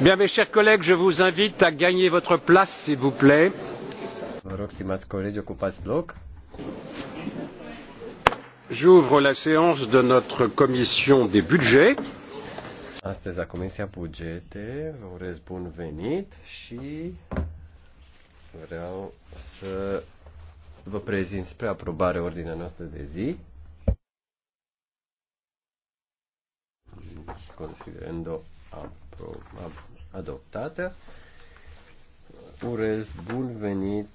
Bien, mes chers collègues, je vous invite à gagner votre place, s'il vous plaît. Vă rog, stimați colegi, ocupați loc. J'ouvre la séance de notre commission des budgets. Astăzi la Comisia Bugete vă urez bun venit și vreau să vă prezint spre aprobare ordinea noastră de zi. Considerând-o adoptată. Urez bun venit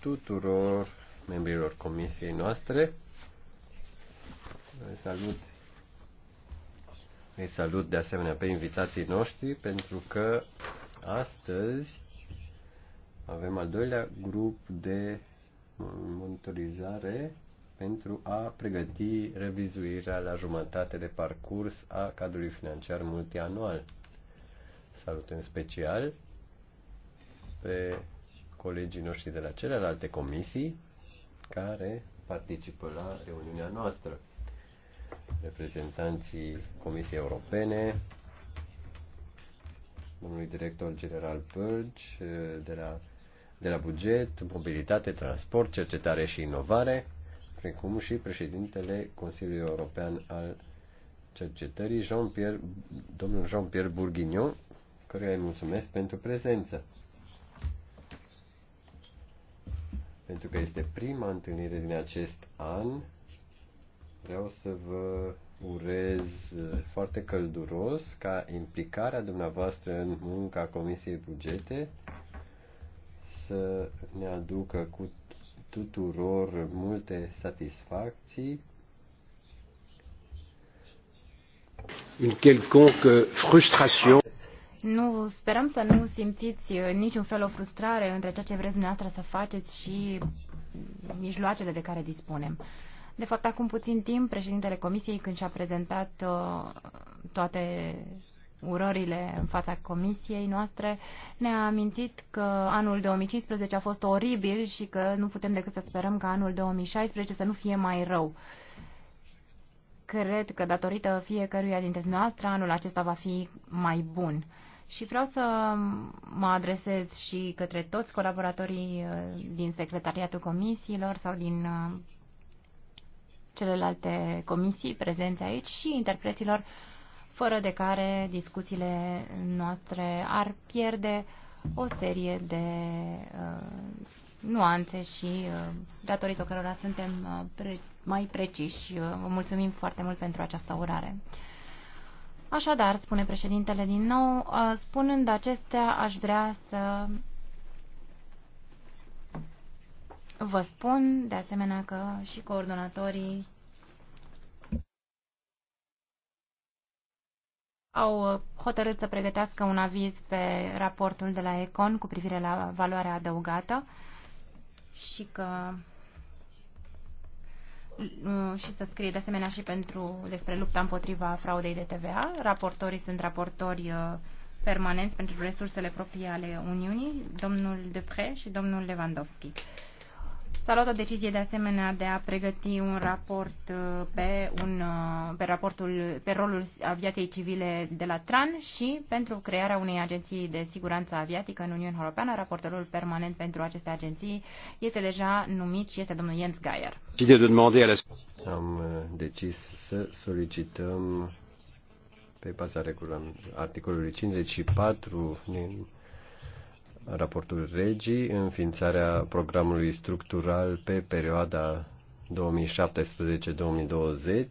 tuturor membrilor comisiei noastre. Îi salut, îi salut de asemenea pe invitații noștri pentru că astăzi avem al doilea grup de monitorizare pentru a pregăti revizuirea la jumătate de parcurs a cadrului financiar multianual. Salut în special pe colegii noștri de la celelalte comisii care participă la reuniunea noastră. Reprezentanții Comisiei Europene, domnului director general Pârgi de la, de la buget, mobilitate, transport, cercetare și inovare, precum și președintele Consiliului European al Cercetării, Jean-Pierre, domnul Jean-Pierre Bourguignon, căruia îi mulțumesc pentru prezență. Pentru că este prima întâlnire din acest an, vreau să vă urez uh, foarte călduros ca implicarea dumneavoastră în munca Comisiei Bugete să ne aducă cu tuturor multe satisfacții. Une quelconque frustration. Nu, sperăm să nu simțiți uh, niciun fel o frustrare între ceea ce vreți dumneavoastră să faceți și mijloacele de care dispunem. De fapt, acum puțin timp, președintele Comisiei, când și-a prezentat uh, toate urările în fața comisiei noastre, ne-a amintit că anul 2015 a fost oribil și că nu putem decât să sperăm că anul 2016 să nu fie mai rău. Cred că datorită fiecăruia dintre noastre, anul acesta va fi mai bun. Și vreau să mă adresez și către toți colaboratorii uh, din Secretariatul Comisiilor sau din uh, celelalte comisii prezenți aici și interpreților uh, fără de care discuțiile noastre ar pierde o serie de uh, nuanțe și uh, datorită cărora suntem uh, pre mai preciși. Uh, vă mulțumim foarte mult pentru această urare. Așadar, spune președintele din nou, uh, spunând acestea, aș vrea să vă spun de asemenea că și coordonatorii au uh, hotărât să pregătească un aviz pe raportul de la Econ cu privire la valoarea adăugată și că uh, și să scrie de asemenea și pentru despre lupta împotriva fraudei de TVA. Raportorii sunt raportori uh, permanenți pentru resursele proprii ale Uniunii, domnul Depre și domnul Lewandowski. S-a luat o decizie de asemenea de a pregăti un raport uh, pe, un, uh, pe, raportul, pe rolul aviației civile de la TRAN și pentru crearea unei agenții de siguranță aviatică în Uniunea Europeană. Raportorul permanent pentru aceste agenții este deja numit și este domnul Jens Geier. Am uh, decis să solicităm pe pasarea cu articolului 54 din raportul regii, înființarea programului structural pe perioada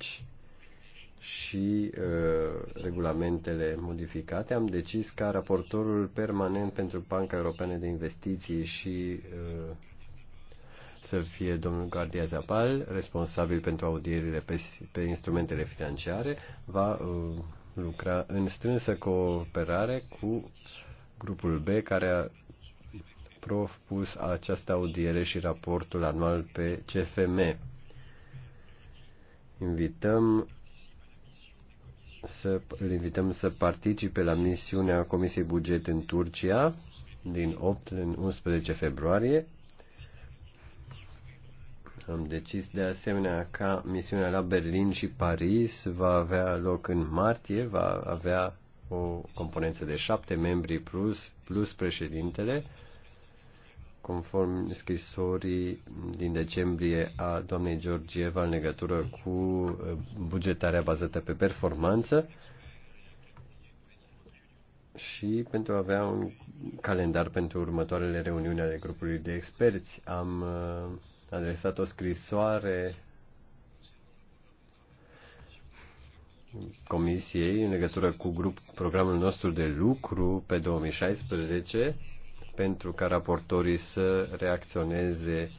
2017-2020 și uh, regulamentele modificate, am decis ca raportorul permanent pentru Banca Europeană de Investiții și uh, să fie domnul Gardia Zapal, responsabil pentru audierile pe, pe instrumentele financiare, va uh, lucra în strânsă cooperare cu grupul B, care a propus această audiere și raportul anual pe CFM. Invităm să îl invităm să participe la misiunea Comisiei Buget în Turcia din 8 în 11 februarie. Am decis de asemenea ca misiunea la Berlin și Paris va avea loc în martie, va avea o componență de șapte membri plus, plus președintele conform scrisorii din decembrie a doamnei Georgieva în legătură cu uh, bugetarea bazată pe performanță și pentru a avea un calendar pentru următoarele reuniuni ale grupului de experți. Am uh, adresat o scrisoare Comisiei în legătură cu grup, programul nostru de lucru pe 2016 pentru ca raportorii să reacționeze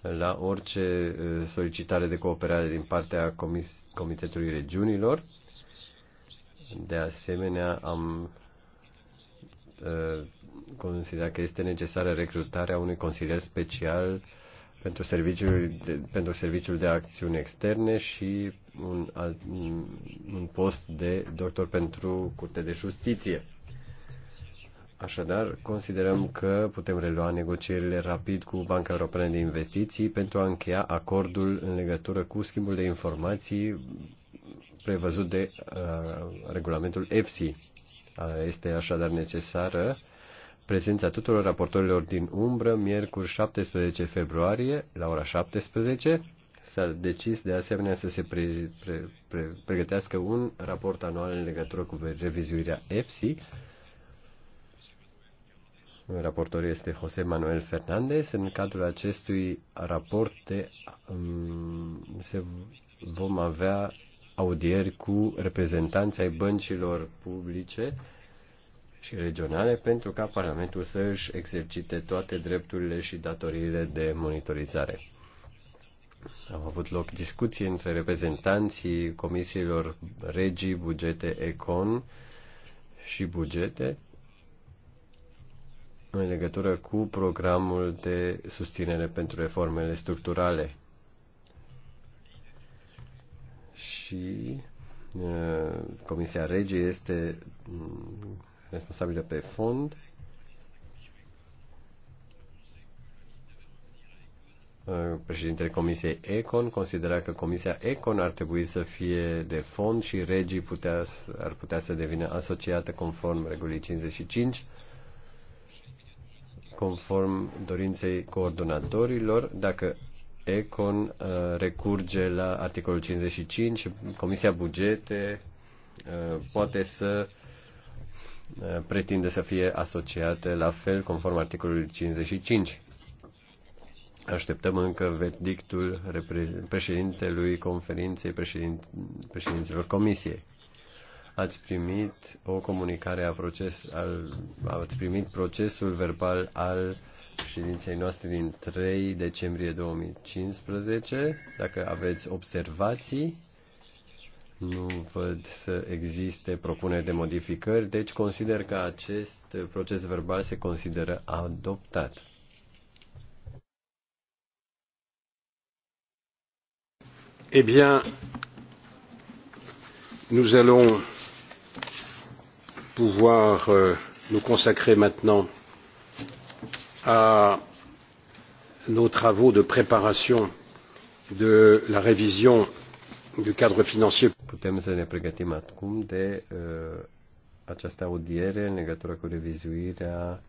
la orice solicitare de cooperare din partea Comitetului Regiunilor. De asemenea, am considerat că este necesară recrutarea unui consilier special pentru serviciul de, pentru serviciul de acțiuni externe și un, un post de doctor pentru Curte de Justiție. Așadar, considerăm că putem relua negocierile rapid cu Banca Europeană de Investiții pentru a încheia acordul în legătură cu schimbul de informații prevăzut de uh, regulamentul EFSI. Uh, este așadar necesară prezența tuturor raportorilor din umbră miercuri 17 februarie la ora 17. S-a decis de asemenea să se pre, pre, pre, pregătească un raport anual în legătură cu revizuirea EFSI Raportor este José Manuel Fernández. În cadrul acestui raport um, se vom avea audieri cu reprezentanții ai băncilor publice și regionale pentru ca Parlamentul să își exercite toate drepturile și datoriile de monitorizare. Au avut loc discuții între reprezentanții comisiilor regii, bugete, econ și bugete în legătură cu programul de susținere pentru reformele structurale. Și uh, Comisia Rege este mm, responsabilă pe fond. Uh, președintele Comisiei Econ considera că Comisia Econ ar trebui să fie de fond și regii putea, ar putea să devină asociată conform regulii 55 conform dorinței coordonatorilor, dacă Econ uh, recurge la articolul 55, Comisia Bugete uh, poate să uh, pretinde să fie asociate la fel conform articolului 55. Așteptăm încă verdictul președintelui conferinței președin... președinților comisiei ați primit o comunicare a proces, al, ați primit procesul verbal al ședinței noastre din 3 decembrie 2015. Dacă aveți observații, nu văd să existe propuneri de modificări, deci consider că acest proces verbal se consideră adoptat. Eh bien, nous allons pouvoir euh, nous consacrer maintenant à nos travaux de préparation de la révision du cadre financier. Putem să ne pregătim acum de uh, această audiere în legătură cu revizuirea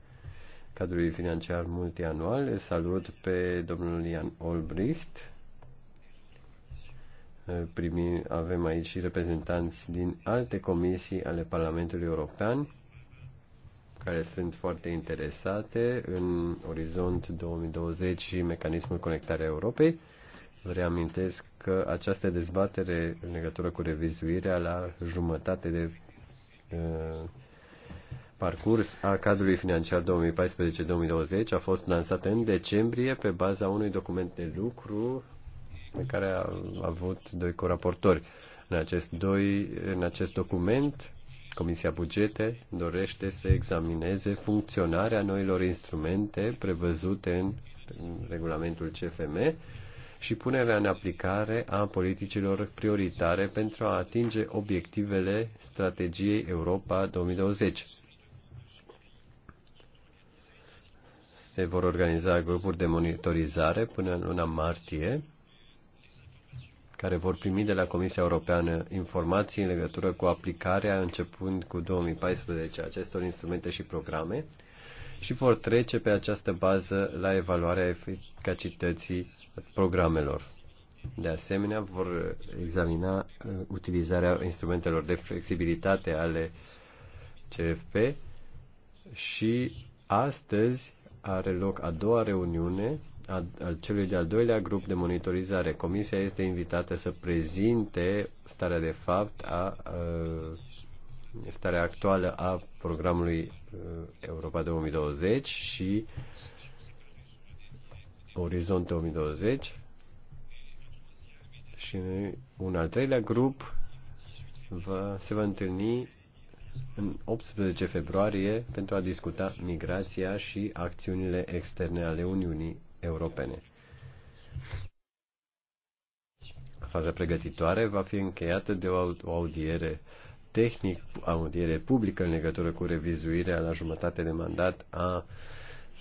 cadrului financiar multianual. Salut pe domnul Ian Olbricht primi, avem aici și reprezentanți din alte comisii ale Parlamentului European care sunt foarte interesate în Orizont 2020 și Mecanismul Conectarea Europei. Vă reamintesc că această dezbatere în legătură cu revizuirea la jumătate de uh, parcurs a cadrului financiar 2014-2020 a fost lansată în decembrie pe baza unui document de lucru pe care a avut doi coraportori. În acest, doi, în acest document, Comisia Bugete dorește să examineze funcționarea noilor instrumente prevăzute în, în regulamentul CFM și punerea în aplicare a politicilor prioritare pentru a atinge obiectivele strategiei Europa 2020. Se vor organiza grupuri de monitorizare până în luna martie care vor primi de la Comisia Europeană informații în legătură cu aplicarea începând cu 2014 acestor instrumente și programe și vor trece pe această bază la evaluarea eficacității programelor. De asemenea, vor examina uh, utilizarea instrumentelor de flexibilitate ale CFP și astăzi are loc a doua reuniune al celui de-al doilea grup de monitorizare. Comisia este invitată să prezinte starea de fapt a, a uh, starea actuală a programului uh, Europa 2020 și Orizont 2020 și un al treilea grup va, se va întâlni în 18 februarie pentru a discuta migrația și acțiunile externe ale Uniunii Europene. Faza pregătitoare va fi încheiată de o audiere tehnic, audiere publică în legătură cu revizuirea la jumătate de mandat a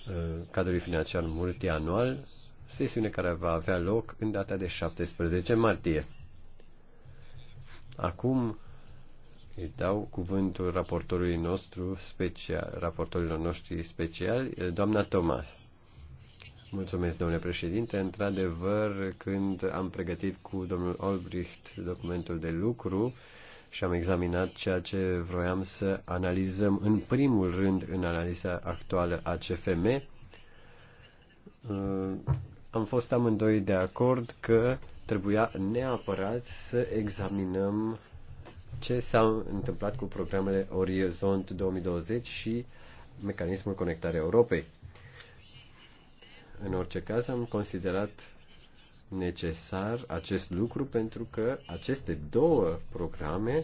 uh, cadrului financiar multianual, sesiune care va avea loc în data de 17 martie. Acum îi dau cuvântul raportorului nostru special, raportorilor noștri speciali, doamna Tomas. Mulțumesc, domnule președinte. Într-adevăr, când am pregătit cu domnul Olbricht documentul de lucru și am examinat ceea ce vroiam să analizăm în primul rând în analiza actuală a CFM, uh, am fost amândoi de acord că trebuia neapărat să examinăm ce s-a întâmplat cu programele Orizont 2020 și mecanismul conectare Europei în orice caz am considerat necesar acest lucru pentru că aceste două programe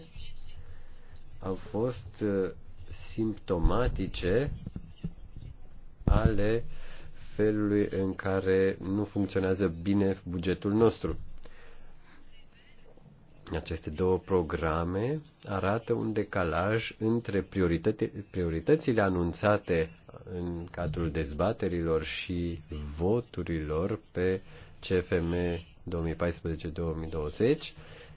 au fost uh, simptomatice ale felului în care nu funcționează bine bugetul nostru. Aceste două programe arată un decalaj între prioritățile anunțate în cadrul dezbaterilor și voturilor pe CFM 2014-2020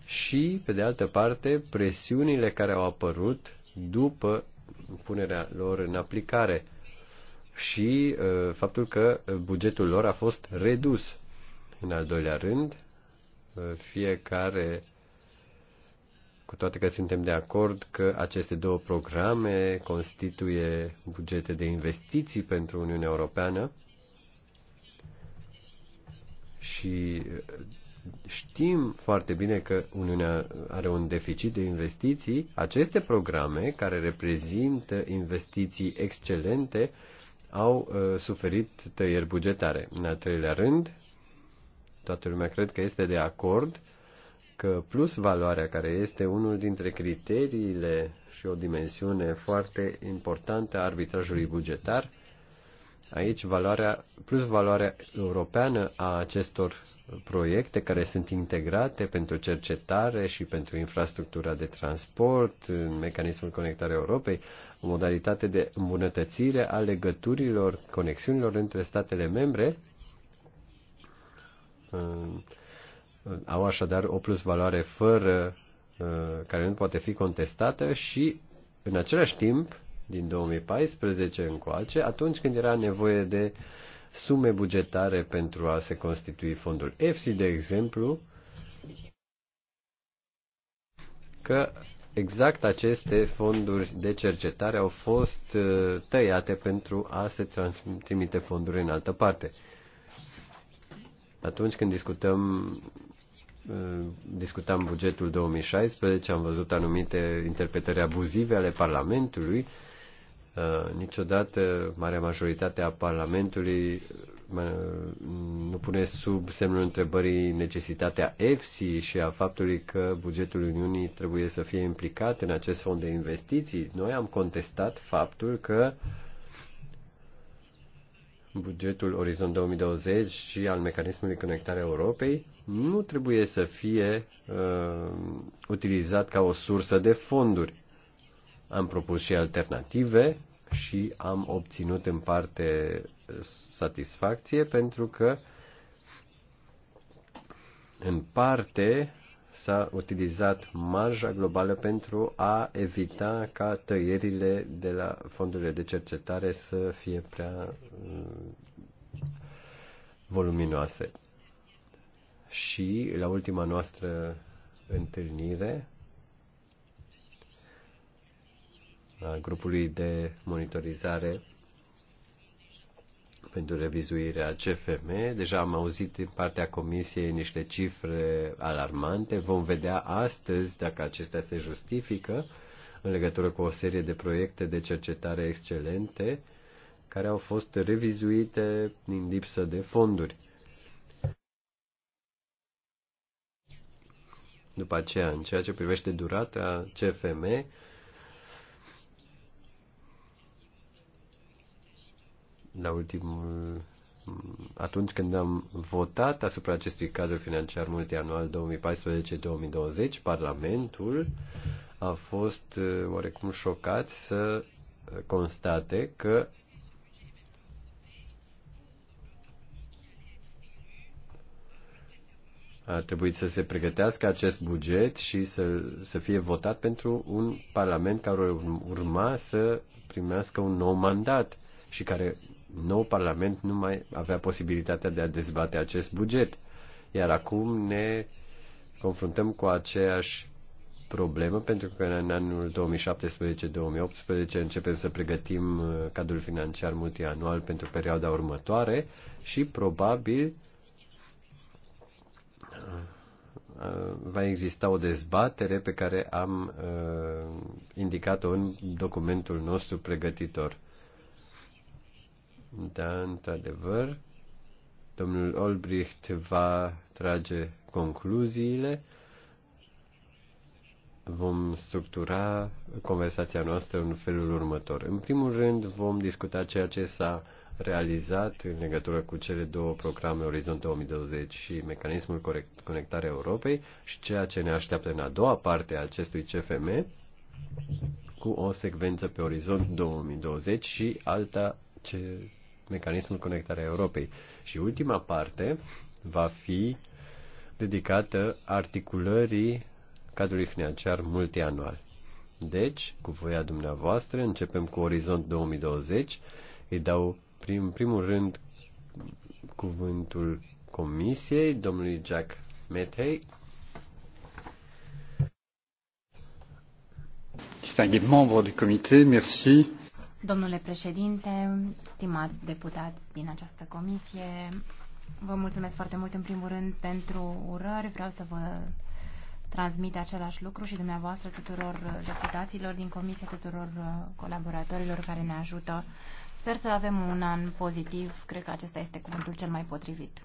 și, pe de altă parte, presiunile care au apărut după punerea lor în aplicare și uh, faptul că bugetul lor a fost redus. În al doilea rând, uh, fiecare cu toate că suntem de acord că aceste două programe constituie bugete de investiții pentru Uniunea Europeană și uh, știm foarte bine că Uniunea are un deficit de investiții, aceste programe care reprezintă investiții excelente au uh, suferit tăieri bugetare. În al treilea rând, toată lumea cred că este de acord uh, că plus valoarea, care este unul dintre criteriile și o dimensiune foarte importantă a arbitrajului bugetar, aici valoarea, plus valoarea europeană a acestor proiecte care sunt integrate pentru cercetare și pentru infrastructura de transport, în mecanismul conectare Europei, o modalitate de îmbunătățire a legăturilor, conexiunilor între statele membre, au așadar o plus valoare fără uh, care nu poate fi contestată și în același timp din 2014 încoace, atunci când era nevoie de sume bugetare pentru a se constitui fondul EFSI, de exemplu, că exact aceste fonduri de cercetare au fost uh, tăiate pentru a se trimite fonduri în altă parte. Atunci când discutăm Eh, discutam bugetul 2016, am văzut anumite interpretări abuzive ale Parlamentului. Eh, niciodată marea majoritate a Parlamentului nu pune sub semnul întrebării necesitatea EFSI și a faptului că bugetul Uniunii trebuie să fie implicat în acest fond de investiții. Noi am contestat faptul că uh, bugetul Orizont 2020 și al mecanismului conectare Europei nu trebuie să fie uh, utilizat ca o sursă de fonduri. Am propus și alternative și am obținut în parte uh, satisfacție pentru că în parte s-a utilizat marja globală pentru a evita ca tăierile de la fondurile de cercetare să fie prea uh, voluminoase. Și la ultima noastră întâlnire a grupului de monitorizare pentru revizuirea CFM. Deja am auzit din partea Comisiei niște cifre alarmante. Vom vedea astăzi dacă acestea se justifică în legătură cu o serie de proiecte de cercetare excelente care au fost revizuite din lipsă de fonduri. După aceea, în ceea ce privește durata CFM, la ultimul mm, atunci când am votat asupra acestui cadru financiar multianual 2014-2020, Parlamentul a fost eh, oarecum șocat să constate că a trebuit să se pregătească acest buget și să, să fie votat pentru un Parlament care urma să primească un nou mandat și care nou Parlament nu mai avea posibilitatea de a dezbate acest buget. Iar acum ne confruntăm cu aceeași problemă, pentru că în anul 2017-2018 începem să pregătim uh, cadrul financiar multianual pentru perioada următoare și probabil uh, va exista o dezbatere pe care am uh, indicat-o în documentul nostru pregătitor. Da, într-adevăr, domnul Olbricht va trage concluziile. Vom structura conversația noastră în felul următor. În primul rând, vom discuta ceea ce s-a realizat în legătură cu cele două programe Orizont 2020 și Mecanismul Conectare Europei și ceea ce ne așteaptă în a doua parte a acestui CFM cu o secvență pe Orizont 2020 și alta ce mecanismul conectarea Europei. Și ultima parte va fi dedicată articulării cadrului financiar multianual. Deci, cu voia dumneavoastră, începem cu Orizont 2020. Îi dau, prim, primul rând, cuvântul Comisiei, domnului Jack Methei. Distinguit membru de comité, merci. Domnule președinte, Stimați deputați din această comisie, vă mulțumesc foarte mult în primul rând pentru urări. Vreau să vă transmit același lucru și dumneavoastră tuturor deputaților din comisie, tuturor uh, colaboratorilor care ne ajută. Sper să avem un an pozitiv. Cred că acesta este cuvântul cel mai potrivit.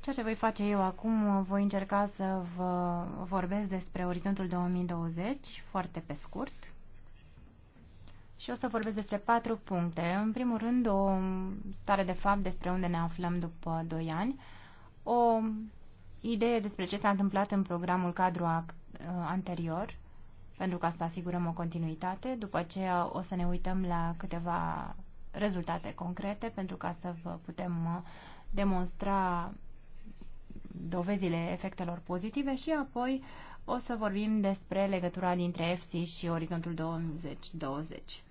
Ceea ce voi face eu acum, voi încerca să vă vorbesc despre orizontul 2020, foarte pe scurt și o să vorbesc despre patru puncte. În primul rând, o stare de fapt despre unde ne aflăm după 2 ani, o idee despre ce s-a întâmplat în programul cadru uh, anterior, pentru ca să asigurăm o continuitate. După aceea o să ne uităm la câteva rezultate concrete pentru ca să vă putem uh, demonstra dovezile efectelor pozitive și apoi o să vorbim despre legătura dintre EFSI și Orizontul 2020.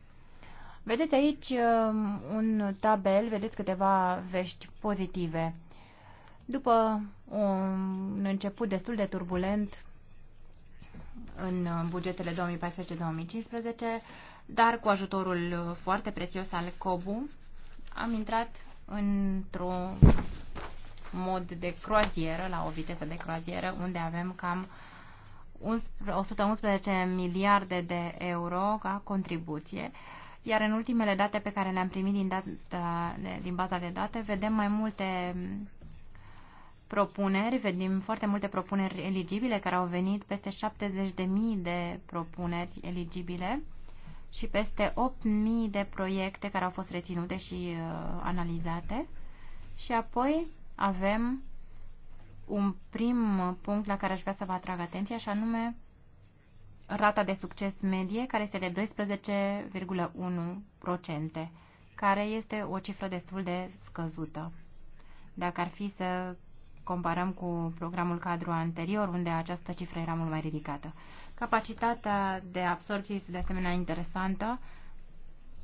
Vedeți aici um, un tabel, vedeți câteva vești pozitive. După un început destul de turbulent în bugetele 2014-2015, dar cu ajutorul foarte prețios al COBU, am intrat într-un mod de croazieră, la o viteză de croazieră, unde avem cam 111 miliarde de euro ca contribuție iar în ultimele date pe care le-am primit din, data, din baza de date, vedem mai multe propuneri, vedem foarte multe propuneri eligibile care au venit, peste 70.000 de propuneri eligibile și peste 8.000 de proiecte care au fost reținute și uh, analizate. Și apoi avem un prim punct la care aș vrea să vă atrag atenția, și anume rata de succes medie, care este de 12,1%, care este o cifră destul de scăzută. Dacă ar fi să comparăm cu programul cadru anterior, unde această cifră era mult mai ridicată. Capacitatea de absorpție este de asemenea interesantă.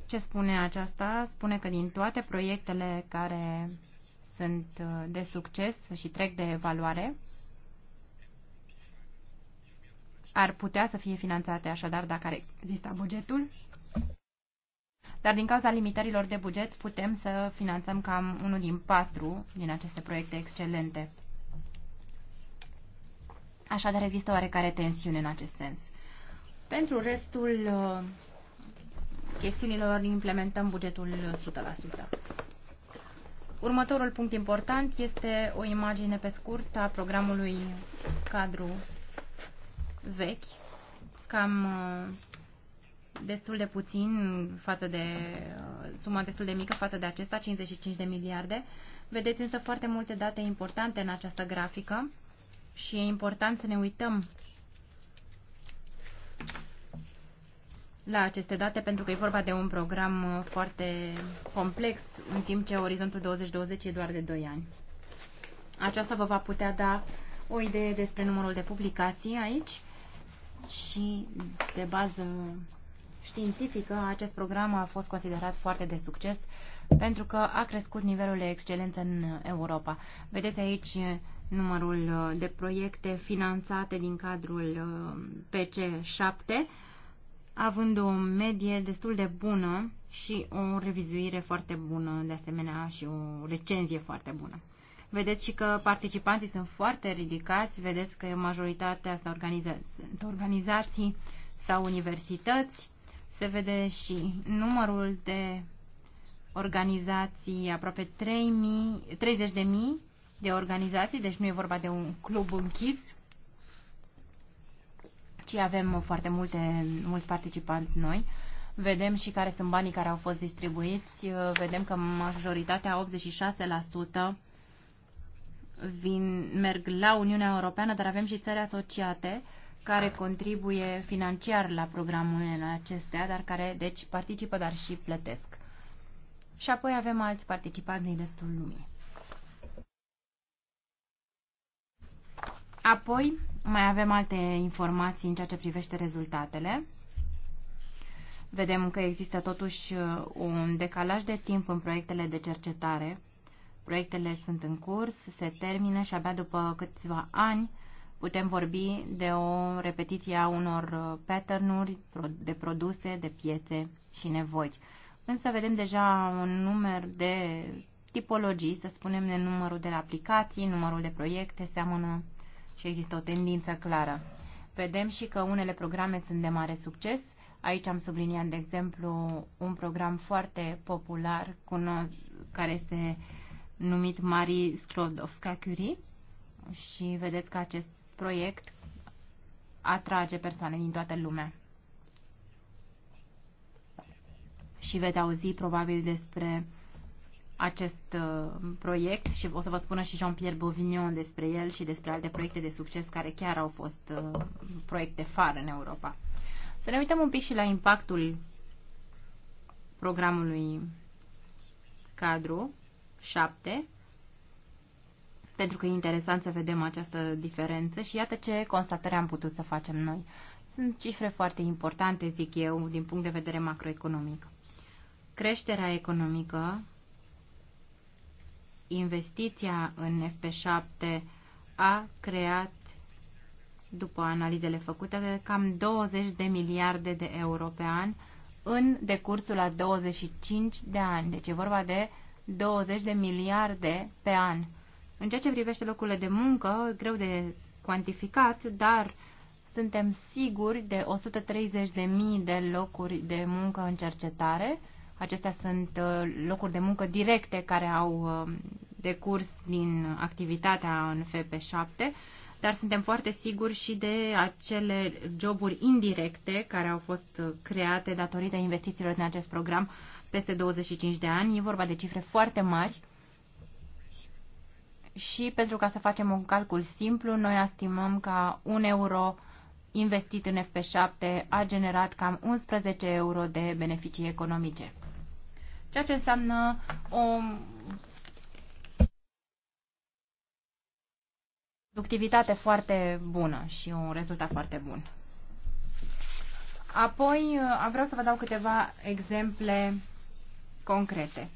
Ce spune aceasta? Spune că din toate proiectele care sunt uh, de succes și trec de evaluare, ar putea să fie finanțate așadar dacă ar exista bugetul. Dar din cauza limitărilor de buget putem să finanțăm cam unul din patru din aceste proiecte excelente. Așadar există oarecare tensiune în acest sens. Pentru restul uh, chestiunilor implementăm bugetul 100%. Următorul punct important este o imagine pe scurt a programului cadru vechi, cam uh, destul de puțin față de uh, suma destul de mică față de acesta, 55 de miliarde. Vedeți însă foarte multe date importante în această grafică și e important să ne uităm la aceste date pentru că e vorba de un program uh, foarte complex, în timp ce Orizontul 2020 e doar de 2 ani. Aceasta vă va putea da o idee despre numărul de publicații aici și de bază științifică, acest program a fost considerat foarte de succes pentru că a crescut nivelul de excelență în Europa. Vedeți aici numărul uh, de proiecte finanțate din cadrul uh, PC7, având o medie destul de bună și o revizuire foarte bună, de asemenea și o recenzie foarte bună. Vedeți și că participanții sunt foarte ridicați, vedeți că majoritatea sunt, organiza organizații sau universități, se vede și numărul de organizații, aproape 30.000 de organizații, deci nu e vorba de un club închis, ci avem foarte multe, mulți participanți noi. Vedem și care sunt banii care au fost distribuiți, vedem că majoritatea, 86%, vin, merg la Uniunea Europeană, dar avem și țări asociate care contribuie financiar la programul acestea, dar care, deci, participă, dar și plătesc. Și apoi avem alți participanți din restul lumii. Apoi, mai avem alte informații în ceea ce privește rezultatele. Vedem că există totuși un decalaj de timp în proiectele de cercetare proiectele sunt în curs, se termină și abia după câțiva ani putem vorbi de o repetiție a unor uh, patternuri de produse, de piețe și nevoi. Însă vedem deja un număr de tipologii, să spunem, de numărul de aplicații, numărul de proiecte, seamănă și există o tendință clară. Vedem și că unele programe sunt de mare succes. Aici am subliniat, de exemplu, un program foarte popular care este numit Marie Sklodowska-Curie și vedeți că acest proiect atrage persoane din toată lumea. Și veți auzi probabil despre acest uh, proiect și o să vă spună și Jean-Pierre Bovignon despre el și despre alte proiecte de succes care chiar au fost uh, proiecte far în Europa. Să ne uităm un pic și la impactul programului cadru 7, pentru că e interesant să vedem această diferență și iată ce constatări am putut să facem noi. Sunt cifre foarte importante, zic eu, din punct de vedere macroeconomic. Creșterea economică, investiția în FP7 a creat, după analizele făcute, cam 20 de miliarde de euro pe an în decursul a 25 de ani. Deci e vorba de 20 de miliarde pe an. În ceea ce privește locurile de muncă, greu de cuantificat, dar suntem siguri de 130.000 de locuri de muncă în cercetare. Acestea sunt uh, locuri de muncă directe care au uh, decurs din activitatea în FP7, dar suntem foarte siguri și de acele joburi indirecte care au fost uh, create datorită investițiilor din acest program peste 25 de ani. E vorba de cifre foarte mari. Și pentru ca să facem un calcul simplu, noi estimăm că un euro investit în FP7 a generat cam 11 euro de beneficii economice. Ceea ce înseamnă o productivitate foarte bună și un rezultat foarte bun. Apoi vreau să vă dau câteva exemple concrete.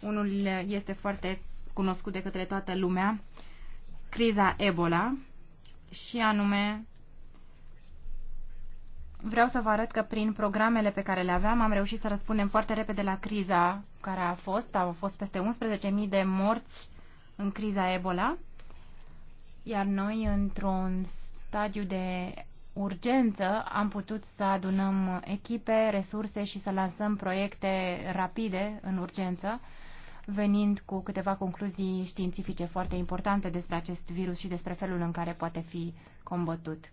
Unul este foarte cunoscut de către toată lumea, criza Ebola, și anume vreau să vă arăt că prin programele pe care le aveam am reușit să răspundem foarte repede la criza care a fost. Au fost peste 11.000 de morți în criza Ebola, iar noi într-un stadiu de urgență am putut să adunăm echipe, resurse și să lansăm proiecte rapide în urgență, venind cu câteva concluzii științifice foarte importante despre acest virus și despre felul în care poate fi combătut.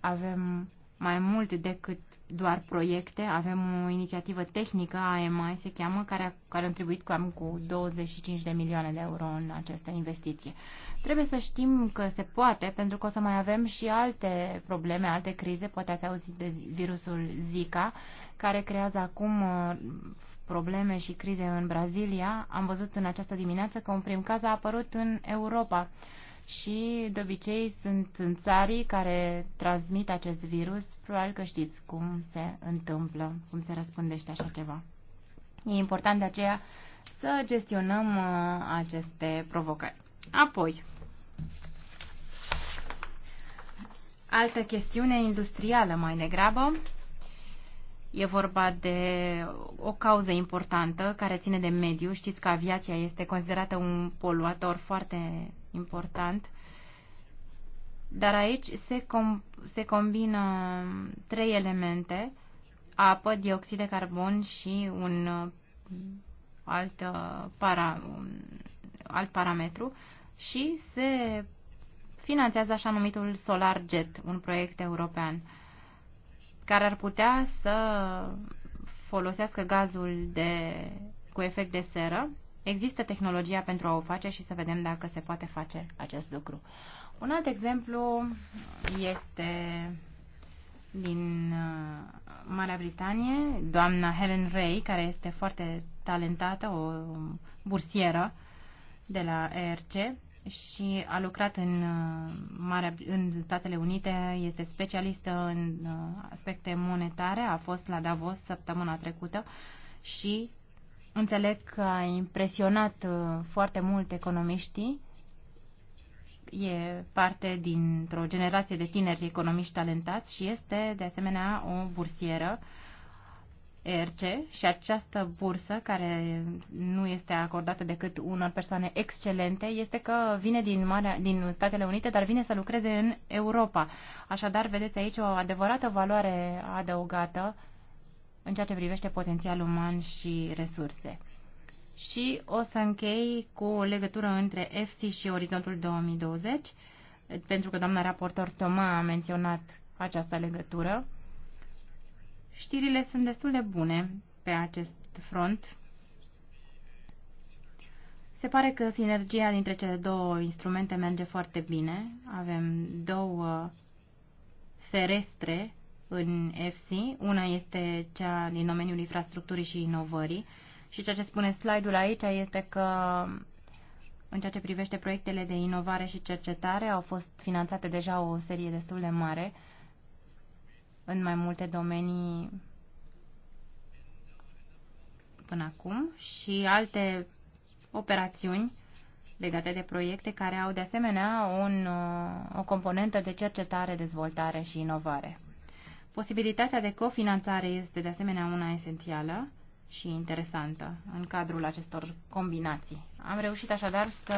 Avem mai mult decât doar proiecte, avem o inițiativă tehnică, AMI se cheamă, care a contribuit cam cu 25 de milioane de euro în această investiție. Trebuie să știm că se poate, pentru că o să mai avem și alte probleme, alte crize. Poate ați auzit de virusul Zika, care creează acum uh, probleme și crize în Brazilia. Am văzut în această dimineață că un prim caz a apărut în Europa și de obicei sunt în țarii care transmit acest virus. Probabil că știți cum se întâmplă, cum se răspândește așa ceva. E important de aceea să gestionăm uh, aceste provocări. Apoi, Altă chestiune industrială mai degrabă. E vorba de o cauză importantă care ține de mediu. Știți că aviația este considerată un poluator foarte important. Dar aici se, com- se combină trei elemente, apă, dioxid de carbon și un uh, alt, uh, para, un alt parametru, și se finanțează așa numitul Solar Jet, un proiect european care ar putea să folosească gazul de, cu efect de seră. Există tehnologia pentru a o face și să vedem dacă se poate face acest lucru. Un alt exemplu este din uh, Marea Britanie, doamna Helen Ray, care este foarte talentată, o bursieră de la ERC, și a lucrat în, uh, Marea, în Statele Unite, este specialistă în uh, aspecte monetare, a fost la Davos săptămâna trecută și înțeleg că a impresionat uh, foarte mult economiștii. E parte dintr-o generație de tineri economiști talentați și este, de asemenea, o bursieră uh, ERC și această bursă, care nu este acordată decât unor persoane excelente, este că vine din, Marea, din Statele Unite, dar vine să lucreze în Europa. Așadar, vedeți aici o adevărată valoare adăugată în ceea ce privește potențial uman și resurse. Și o să închei cu o legătură între EFSI și Orizontul 2020, pentru că doamna raportor Toma a menționat această legătură. Știrile sunt destul de bune pe acest front. Se pare că sinergia dintre cele două instrumente merge foarte bine. Avem două ferestre în FC. Una este cea din domeniul infrastructurii și inovării. Și ceea ce spune slide-ul aici este că în ceea ce privește proiectele de inovare și cercetare au fost finanțate deja o serie destul de mare în mai multe domenii până acum și alte operațiuni legate de proiecte care au de asemenea un, uh, o componentă de cercetare, dezvoltare și inovare. Posibilitatea de cofinanțare este de asemenea una esențială și interesantă în cadrul acestor combinații. Am reușit așadar să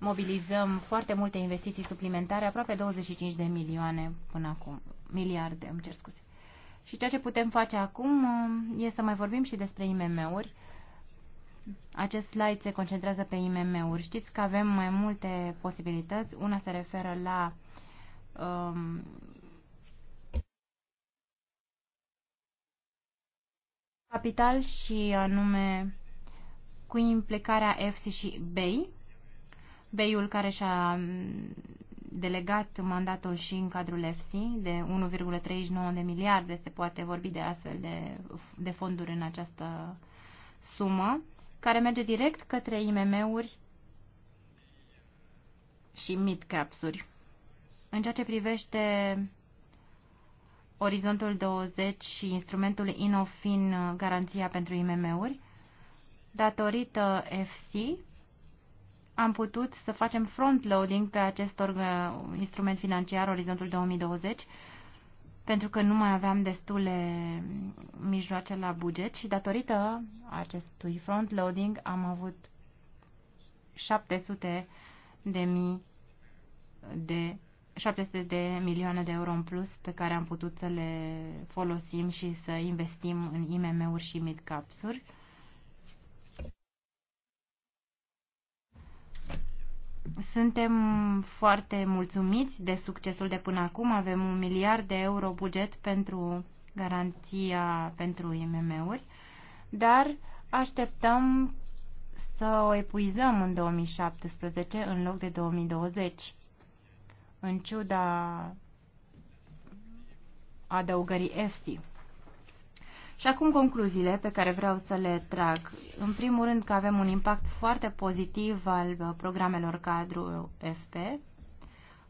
mobilizăm foarte multe investiții suplimentare, aproape 25 de milioane până acum, miliarde, îmi cer scuze. Și ceea ce putem face acum uh, e să mai vorbim și despre IMM-uri. Acest slide se concentrează pe IMM-uri. Știți că avem mai multe posibilități. Una se referă la um, capital și anume cu implicarea EFSI și BEI Beiul care și-a mm, delegat mandatul și în cadrul EFSI de 1,39 de miliarde, se poate vorbi de astfel de, de fonduri în această sumă, care merge direct către IMM-uri și mid-caps-uri. În ceea ce privește Orizontul 20 și instrumentul Inofin uh, Garanția pentru IMM-uri, datorită EFSI, am putut să facem front-loading pe acest uh, instrument financiar Orizontul 2020 pentru că nu mai aveam destule mijloace la buget și datorită acestui front-loading am avut 700 de mii de 700 de milioane de euro în plus pe care am putut să le folosim și să investim în IMM-uri și mid-caps-uri. Suntem foarte mulțumiți de succesul de până acum. Avem un miliard de euro buget pentru garanția pentru IMM-uri, dar așteptăm să o epuizăm în 2017 în loc de 2020. În ciuda adăugării EFSI. Și acum concluziile pe care vreau să le trag. În primul rând că avem un impact foarte pozitiv al uh, programelor cadru uh, FP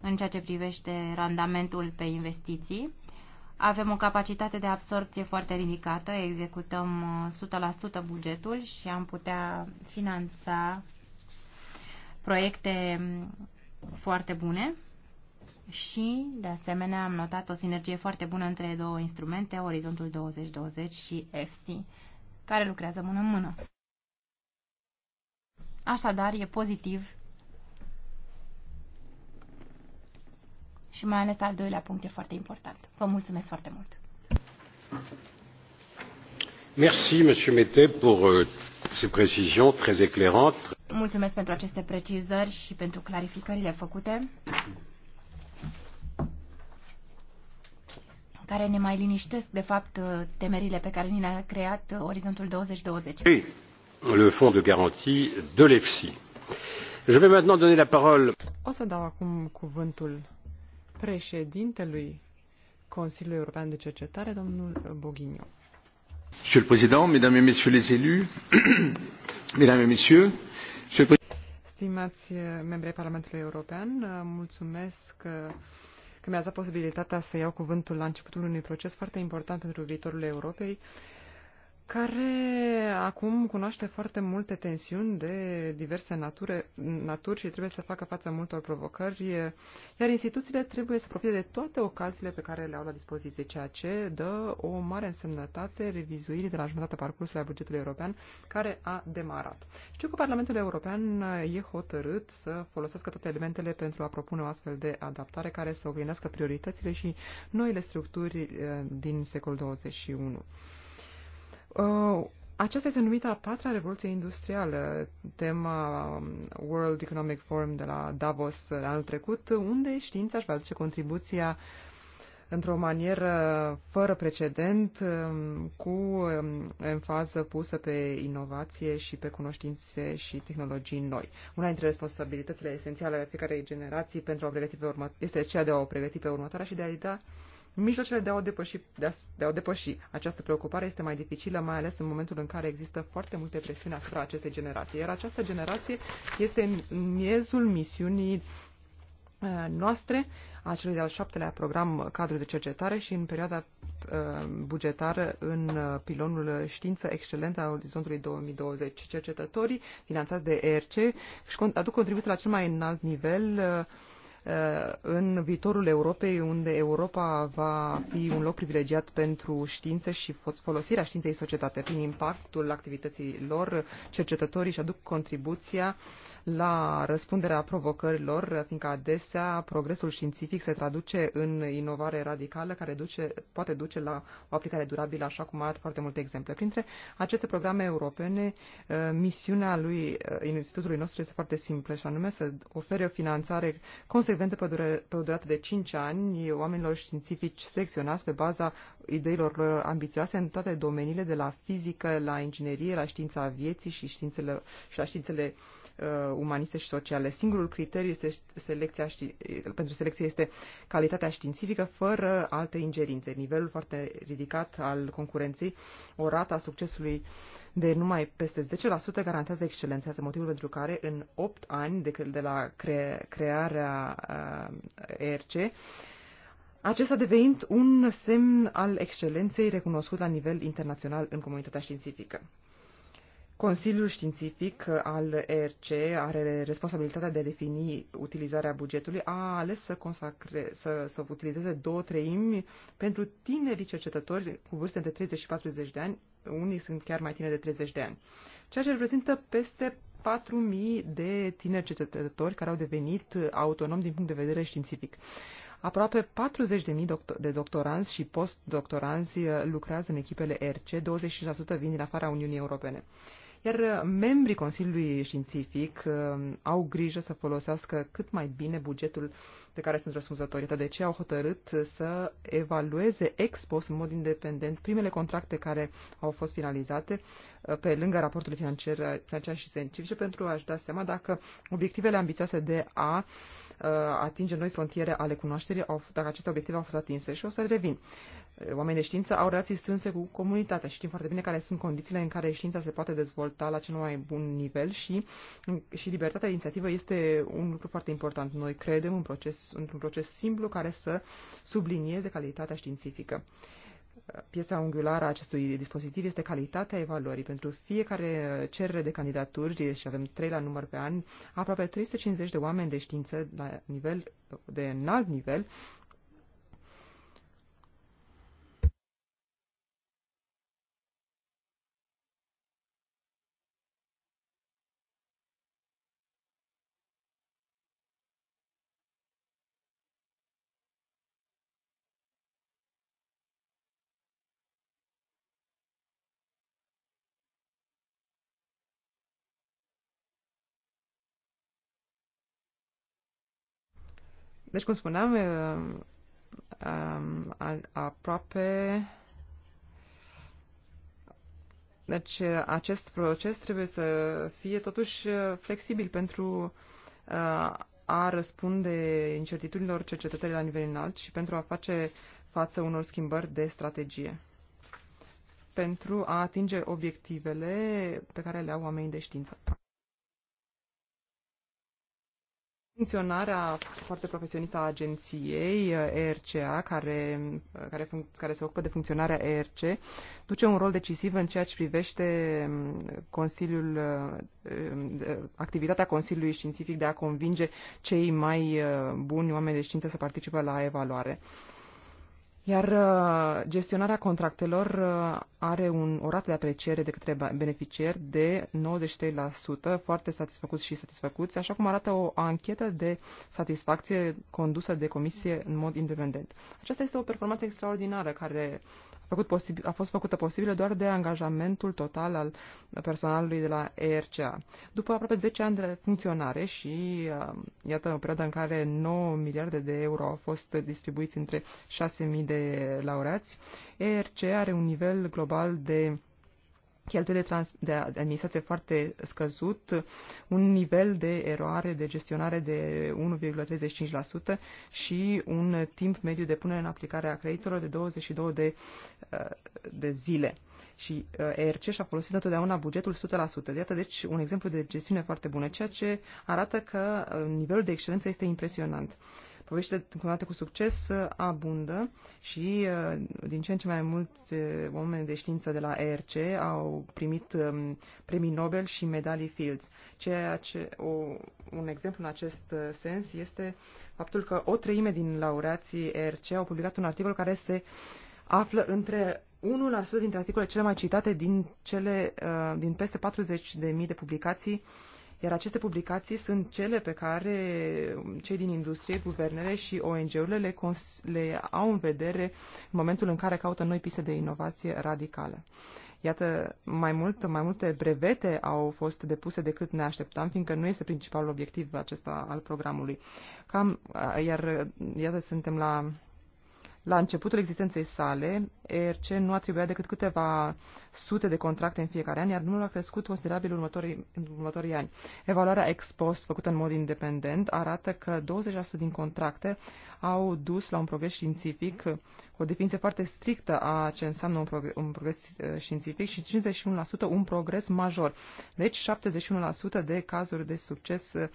în ceea ce privește randamentul pe investiții. Avem o capacitate de absorpție foarte ridicată, executăm 100% uh, bugetul și am putea finanța proiecte mm, foarte bune. Și, de asemenea, am notat o sinergie foarte bună între două instrumente, Orizontul 2020 și FC, care lucrează mână în mână. Așadar, e pozitiv și mai ales al doilea punct e foarte important. Vă mulțumesc foarte mult! Merci, Monsieur Mete, pour euh, ces précisions très éclairantes. Mulțumesc pentru aceste precizări și pentru clarificările făcute care ne mai liniștesc, de fapt, temerile pe care ni le-a creat Orizontul 2020. Le fond de garantie de l'EFSI. Je vais maintenant donner la parole. O să dau acum cuvântul președintelui Consiliului European de Cercetare, domnul Boghiniu. Monsieur le Président, Mesdames et Messieurs les élus, Mesdames et Messieurs, Monsieur le Stimați eh, membrii Parlamentului European, eh, mulțumesc că, eh, că mi-ați dat posibilitatea să iau cuvântul la începutul unui proces foarte important pentru viitorul Europei care acum cunoaște foarte multe tensiuni de diverse nature, naturi și trebuie să facă față multor provocări, iar instituțiile trebuie să profite de toate ocaziile pe care le au la dispoziție, ceea ce dă o mare însemnătate revizuirii de la jumătatea parcursului a bugetului european care a demarat. Știu că Parlamentul European e hotărât să folosească toate elementele pentru a propune o astfel de adaptare care să oglindească prioritățile și noile structuri eh, din secolul 21. Uh, aceasta este numită a patra revoluție industrială, tema um, World Economic Forum de la Davos uh, anul trecut, unde știința își va aduce contribuția într-o manieră fără precedent, um, cu um, enfază pusă pe inovație și pe cunoștințe și tehnologii noi. Una dintre responsabilitățile esențiale ale fiecarei generații pentru a pregăti pe urmă, este cea de a o pregăti pe următoarea și de a-i da Mijlocele de a, o depăși, de, a, de a o depăși. Această preocupare este mai dificilă, mai ales în momentul în care există foarte multe presiuni asupra acestei generații. Iar această generație este miezul misiunii uh, noastre, a celui de-al șaptelea program cadru de cercetare și în perioada uh, bugetară în uh, pilonul știință excelentă a orizontului 2020. Cercetătorii finanțați de ERC își aduc contribuție la cel mai înalt nivel uh, Uh, în viitorul Europei, unde Europa va fi un loc privilegiat pentru știință și folosirea științei societate. Prin impactul activității lor, cercetătorii își aduc contribuția la răspunderea provocărilor, fiindcă adesea progresul științific se traduce în inovare radicală care duce, poate duce la o aplicare durabilă, așa cum arată foarte multe exemple. Printre aceste programe europene, eh, misiunea lui eh, institutului nostru este foarte simplă și anume să ofere o finanțare consecventă pe, dure, pe o durată de 5 ani oamenilor științifici selecționați pe baza ideilor lor ambițioase în toate domeniile, de la fizică, la inginerie, la știința vieții și științele, și la științele uh, uh, umaniste și sociale. Singurul criteriu este selecția ști... pentru selecție este calitatea științifică fără alte ingerințe. Nivelul foarte ridicat al concurenței, o rată a succesului de numai peste 10% garantează excelența. Asta motivul pentru care în 8 ani de, de la cre... crearea uh, ERC acesta devenind un semn al excelenței recunoscut la nivel internațional în comunitatea științifică. Consiliul Științific al ERC are responsabilitatea de a defini utilizarea bugetului, a ales să, consacre, să, să utilizeze două treimi pentru tinerii cercetători cu vârste între 30 și 40 de ani, unii sunt chiar mai tineri de 30 de ani, ceea ce reprezintă peste 4.000 de tineri cercetători care au devenit autonomi din punct de vedere științific. Aproape 40.000 de doctoranți și postdoctoranți lucrează în echipele RC, 26% vin din afara Uniunii Europene iar uh, membrii Consiliului Științific uh, au grijă să folosească cât mai bine bugetul de care sunt răspunzători. De ce au hotărât să evalueze ex post în mod independent primele contracte care au fost finalizate uh, pe lângă raportul financiar, financiar și științifice pentru a-și da seama dacă obiectivele ambițioase de a atinge noi frontiere ale cunoașterii, dacă aceste obiective au fost atinse. Și o să revin oamenii de știință au relații strânse cu comunitatea. Știm foarte bine care sunt condițiile în care știința se poate dezvolta la cel mai bun nivel și, și libertatea de inițiativă este un lucru foarte important. Noi credem în proces, într-un proces simplu care să sublinieze calitatea științifică. Piesa unghiulară a acestui dispozitiv este calitatea evaluării. Pentru fiecare cerere de candidaturi, și avem trei la număr pe an, aproape 350 de oameni de știință la nivel, de înalt nivel, Deci, cum spuneam, aproape. Deci, acest proces trebuie să fie totuși flexibil pentru a răspunde incertitudinilor cercetătorii la nivel înalt și pentru a face față unor schimbări de strategie pentru a atinge obiectivele pe care le au oamenii de știință. funcționarea foarte profesionistă a agenției ERCA, eh, care, eh, care, care se ocupă de funcționarea ERC, duce un rol decisiv în ceea ce privește mm, Consiliul, eh, activitatea Consiliului Științific de a convinge cei mai buni oameni de știință să participe la evaluare. Iar uh, gestionarea contractelor uh, are un, o rată de apreciere de către beneficiar de 93%, foarte satisfăcuți și satisfăcuți, așa cum arată o anchetă de satisfacție condusă de comisie în mod independent. Aceasta este o performanță extraordinară care făcut posibil, a fost făcută posibilă doar de angajamentul total al personalului de la ERCA. După aproape 10 ani de funcționare și, uh, iată, o perioadă în care 9 miliarde de euro au fost distribuiți între 6.000 de laureați, ERCA are un nivel global de cheltuie de, trans- de administrație foarte scăzut, un nivel de eroare de gestionare de 1,35% și un timp mediu de punere în aplicare a creditorilor de 22 de, uh, de zile. Și uh, ERC și-a folosit întotdeauna bugetul 100%. Iată, deci, un exemplu de gestiune foarte bună, ceea ce arată că uh, nivelul de excelență este impresionant. Poveștile cunoate cu succes abundă și uh, din ce în ce mai mulți uh, oameni de știință de la ERC au primit um, premii Nobel și medalii Fields. Ceea ce o, un exemplu în acest uh, sens este faptul că o treime din laureații ERC au publicat un articol care se află între 1% dintre articolele cele mai citate din, cele, din peste 40.000 de publicații uh, iar aceste publicații sunt cele pe care cei din industrie, guvernele și ONG-urile le, le au în vedere în momentul în care caută noi piste de inovație radicală. Iată, mai, mult, mai multe brevete au fost depuse decât ne așteptam, fiindcă nu este principalul obiectiv acesta al programului. Cam, iar, iată, suntem la la începutul existenței sale, ERC nu atribuia decât câteva sute de contracte în fiecare an, iar numărul a crescut considerabil în următorii, următorii ani. Evaluarea ex post, făcută în mod independent, arată că 20% din contracte au dus la un progres științific, o definiție foarte strictă a ce înseamnă un, progres, un progres uh, științific și 51% un progres major. Deci 71% de cazuri de succes uh,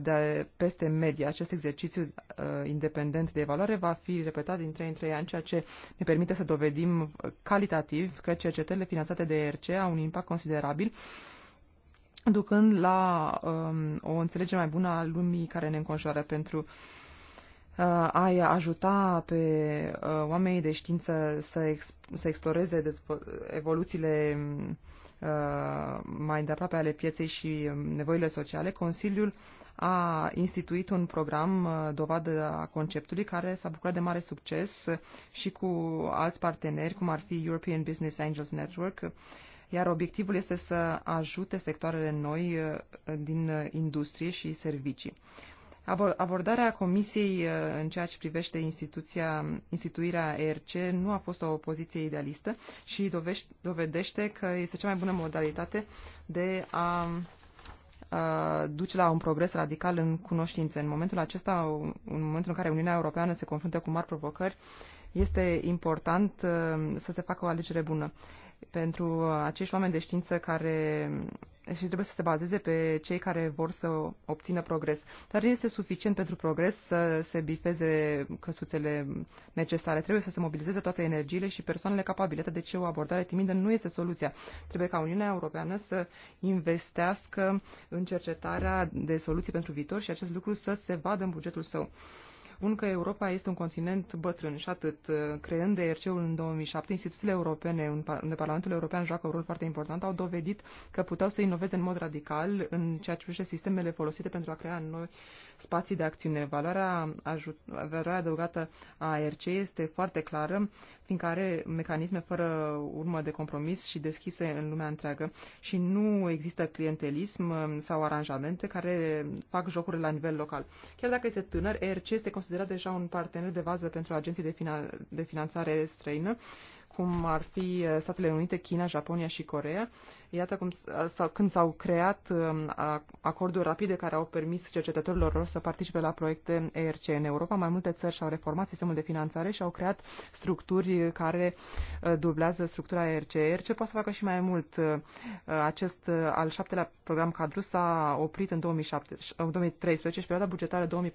de peste media. Acest exercițiu uh, independent de evaluare va fi repetat din din 3 în 3 ani, ceea ce ne permite să dovedim calitativ că cercetările finanțate de ERC au un impact considerabil ducând la um, o înțelegere mai bună a lumii care ne înconjoară pentru uh, a ajuta pe uh, oamenii de știință să, ex- să exploreze dezvo- evoluțiile Uh, mai îndeaproape ale pieței și um, nevoile sociale, Consiliul a instituit un program uh, dovadă a conceptului care s-a bucurat de mare succes și cu alți parteneri, cum ar fi European Business Angels Network, iar obiectivul este să ajute sectoarele noi uh, din industrie și servicii. Abordarea Comisiei uh, în ceea ce privește instituția, instituirea ERC nu a fost o poziție idealistă și dovedește că este cea mai bună modalitate de a uh, duce la un progres radical în cunoștințe. În momentul acesta, în momentul în care Uniunea Europeană se confruntă cu mari provocări, este important uh, să se facă o alegere bună. Pentru acești oameni de știință care și trebuie să se bazeze pe cei care vor să obțină progres. Dar este suficient pentru progres să se bifeze căsuțele necesare. Trebuie să se mobilizeze toate energiile și persoanele capabile. De ce o abordare timidă nu este soluția? Trebuie ca Uniunea Europeană să investească în cercetarea de soluții pentru viitor și acest lucru să se vadă în bugetul său spun că Europa este un continent bătrân și atât. Creând ERC-ul în 2007, instituțiile europene, unde Parlamentul European joacă un rol foarte important, au dovedit că puteau să inoveze în mod radical în ceea ce privește sistemele folosite pentru a crea noi spații de acțiune. Valoarea, ajut, valoarea adăugată a ERC este foarte clară, fiindcă are mecanisme fără urmă de compromis și deschise în lumea întreagă și nu există clientelism sau aranjamente care fac jocuri la nivel local. Chiar dacă este tânăr, ERC este considerat considerat deja un partener de bază pentru agenții de, de finanțare străină cum ar fi eh, Statele Unite, China, Japonia și Corea. Iată cum, eh, sau, când s-au creat eh, acorduri rapide care au permis cercetătorilor lor să participe la proiecte ERC în Europa. Mai multe țări și-au reformat sistemul de finanțare și au creat structuri care dublează structura ERC. ERC poate să facă și mai mult. Acest al șaptelea program cadru s-a oprit în 2007, 2013 și perioada bugetară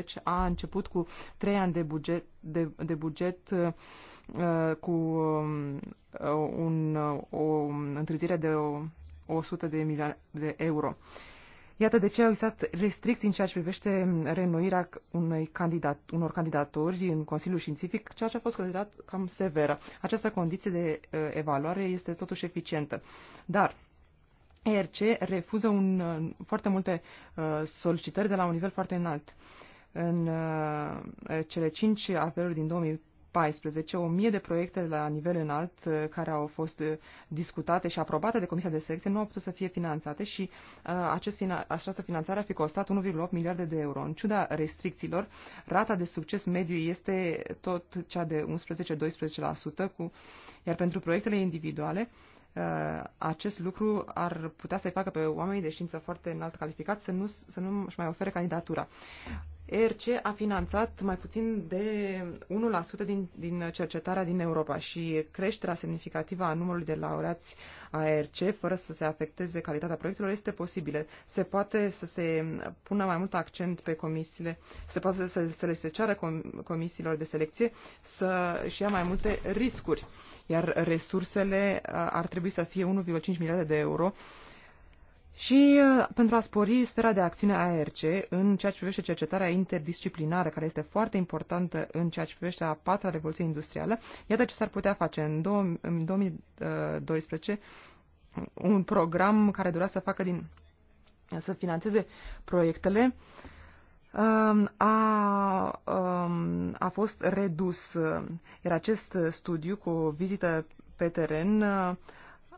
2014-2020 a început cu trei ani de buget, de, de buget Uh, cu uh, un, uh, o întârziere de o, 100 de milioane de euro. Iată de ce au existat restricții în ceea ce privește renoirea unei candidat, unor candidatori în Consiliul Științific, ceea ce a fost considerat cam severă. Această condiție de evaluare este totuși eficientă. Dar ERC refuză un, foarte multe solicitări de la un nivel foarte înalt. În cele cinci apeluri din 2014, o mie de proiecte la nivel înalt uh, care au fost uh, discutate și aprobate de Comisia de Selecție nu au putut să fie finanțate și uh, acest, această finanțare ar fi costat 1,8 miliarde de euro. În ciuda restricțiilor, rata de succes mediu este tot cea de 11-12%, iar pentru proiectele individuale, Uh, acest lucru ar putea să-i facă pe oamenii de știință foarte înalt calificați să nu, să nu își mai ofere candidatura. ERC a finanțat mai puțin de 1% din, din cercetarea din Europa și creșterea semnificativă a numărului de laureați a ERC, fără să se afecteze calitatea proiectelor, este posibilă. Se poate să se pună mai mult accent pe comisiile, se poate să, să le se ceară comisiilor de selecție să-și ia mai multe riscuri iar resursele uh, ar trebui să fie 1,5 miliarde de euro și uh, pentru a spori sfera de acțiune a ARC în ceea ce privește cercetarea interdisciplinară, care este foarte importantă în ceea ce privește a patra revoluție industrială, iată ce s-ar putea face. În, 2012, uh, un program care dorea să facă din să financeze proiectele uh, Um, a, um, a fost redus. Iar acest studiu cu o vizită pe teren uh,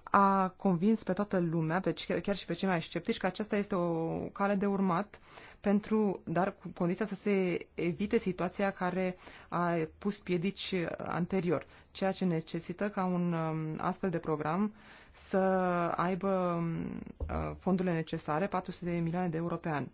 a convins pe toată lumea, pe, chiar și pe cei mai sceptici, că aceasta este o cale de urmat, pentru, dar cu condiția să se evite situația care a pus piedici anterior, ceea ce necesită ca un um, astfel de program să aibă uh, fondurile necesare, 400 de milioane de euro pe an.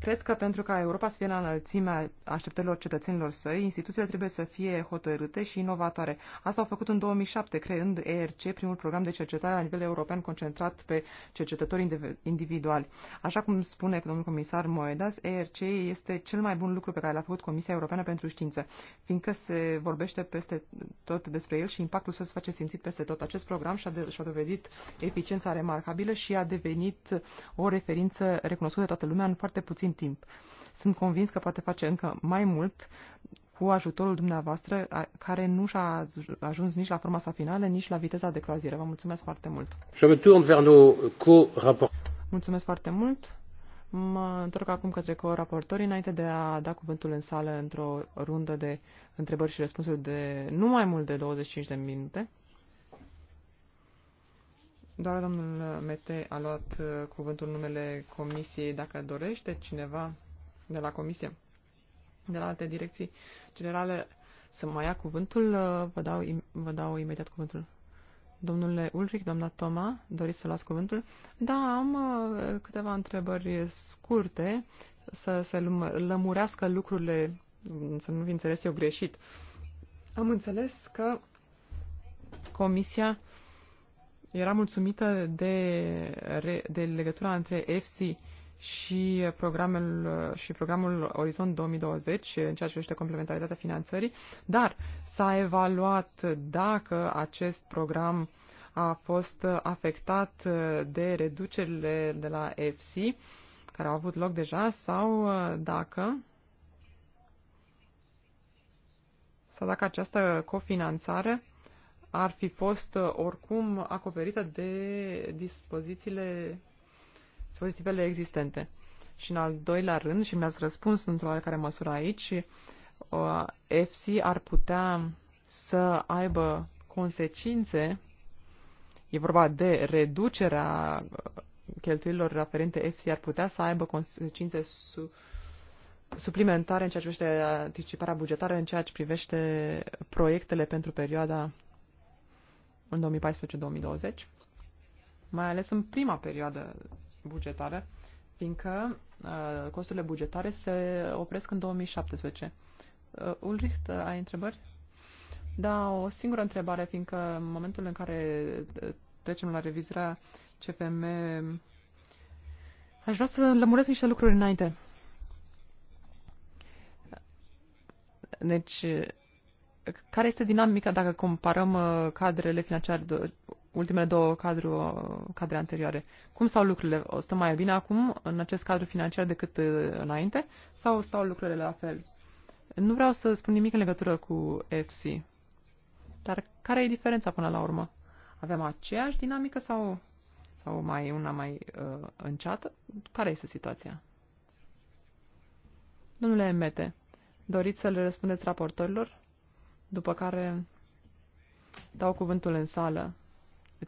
Cred că pentru ca Europa să fie la înălțimea așteptărilor cetățenilor săi, instituțiile trebuie să fie hotărâte și inovatoare. Asta au făcut în 2007, creând ERC, primul program de cercetare la nivel european concentrat pe cercetători individuali. Așa cum spune domnul comisar Moedas, ERC este cel mai bun lucru pe care l-a făcut Comisia Europeană pentru Știință, fiindcă se vorbește peste tot despre el și impactul său se face simțit peste tot. Acest program și-a, și dovedit dobândit eficiența remarcabilă și a devenit o referință recunoscută de toată lumea în foarte puțin timp. Sunt convins că poate face încă mai mult cu ajutorul dumneavoastră, care nu și-a ajuns nici la forma sa finală, nici la viteza de croazieră. Vă mulțumesc foarte mult! Mulțumesc foarte mult! Mă întorc acum către co-raportori înainte de a da cuvântul în sală într-o rundă de întrebări și răspunsuri de nu mai mult de 25 de minute. Doar domnul Mete a luat uh, cuvântul numele comisiei. Dacă dorește cineva de la comisie, de la alte direcții generale, să mai ia cuvântul, uh, vă dau, vă dau imediat cuvântul. Domnule Ulrich, doamna Toma, doriți să luați cuvântul? Da, am uh, câteva întrebări scurte să se lămurească lucrurile, mm, să nu vi înțeles eu greșit. Am înțeles că Comisia era mulțumită de, de legătura între EFSI și programul, și programul Orizont 2020 în ceea ce privește complementaritatea finanțării, dar s-a evaluat dacă acest program a fost afectat de reducerile de la EFSI care au avut loc deja sau dacă sau dacă această cofinanțare ar fi fost uh, oricum acoperită de dispozițiile, dispozitivele existente. Și în al doilea rând, și mi-ați răspuns într-o oarecare măsură aici, uh, FC ar putea să aibă consecințe, e vorba de reducerea uh, cheltuielilor referente FC, ar putea să aibă consecințe su- suplimentare în ceea ce privește anticiparea bugetară, în ceea ce privește proiectele pentru perioada în 2014-2020, mai ales în prima perioadă bugetară, fiindcă uh, costurile bugetare se opresc în 2017. Uh, Ulrich, uh, ai întrebări? Da, o singură întrebare, fiindcă în momentul în care uh, trecem la revizuirea CFM, aș vrea să lămuresc niște lucruri înainte. Deci, care este dinamica dacă comparăm uh, cadrele financiare, ultimele două cadru, uh, cadre anterioare? Cum stau lucrurile? O stă mai bine acum în acest cadru financiar decât uh, înainte sau stau lucrurile la fel? Nu vreau să spun nimic în legătură cu FC, dar care e diferența până la urmă? Avem aceeași dinamică sau, sau mai una mai uh, înceată? Care este situația? Domnule Emete, doriți să le răspundeți raportorilor? după care dau cuvântul în sală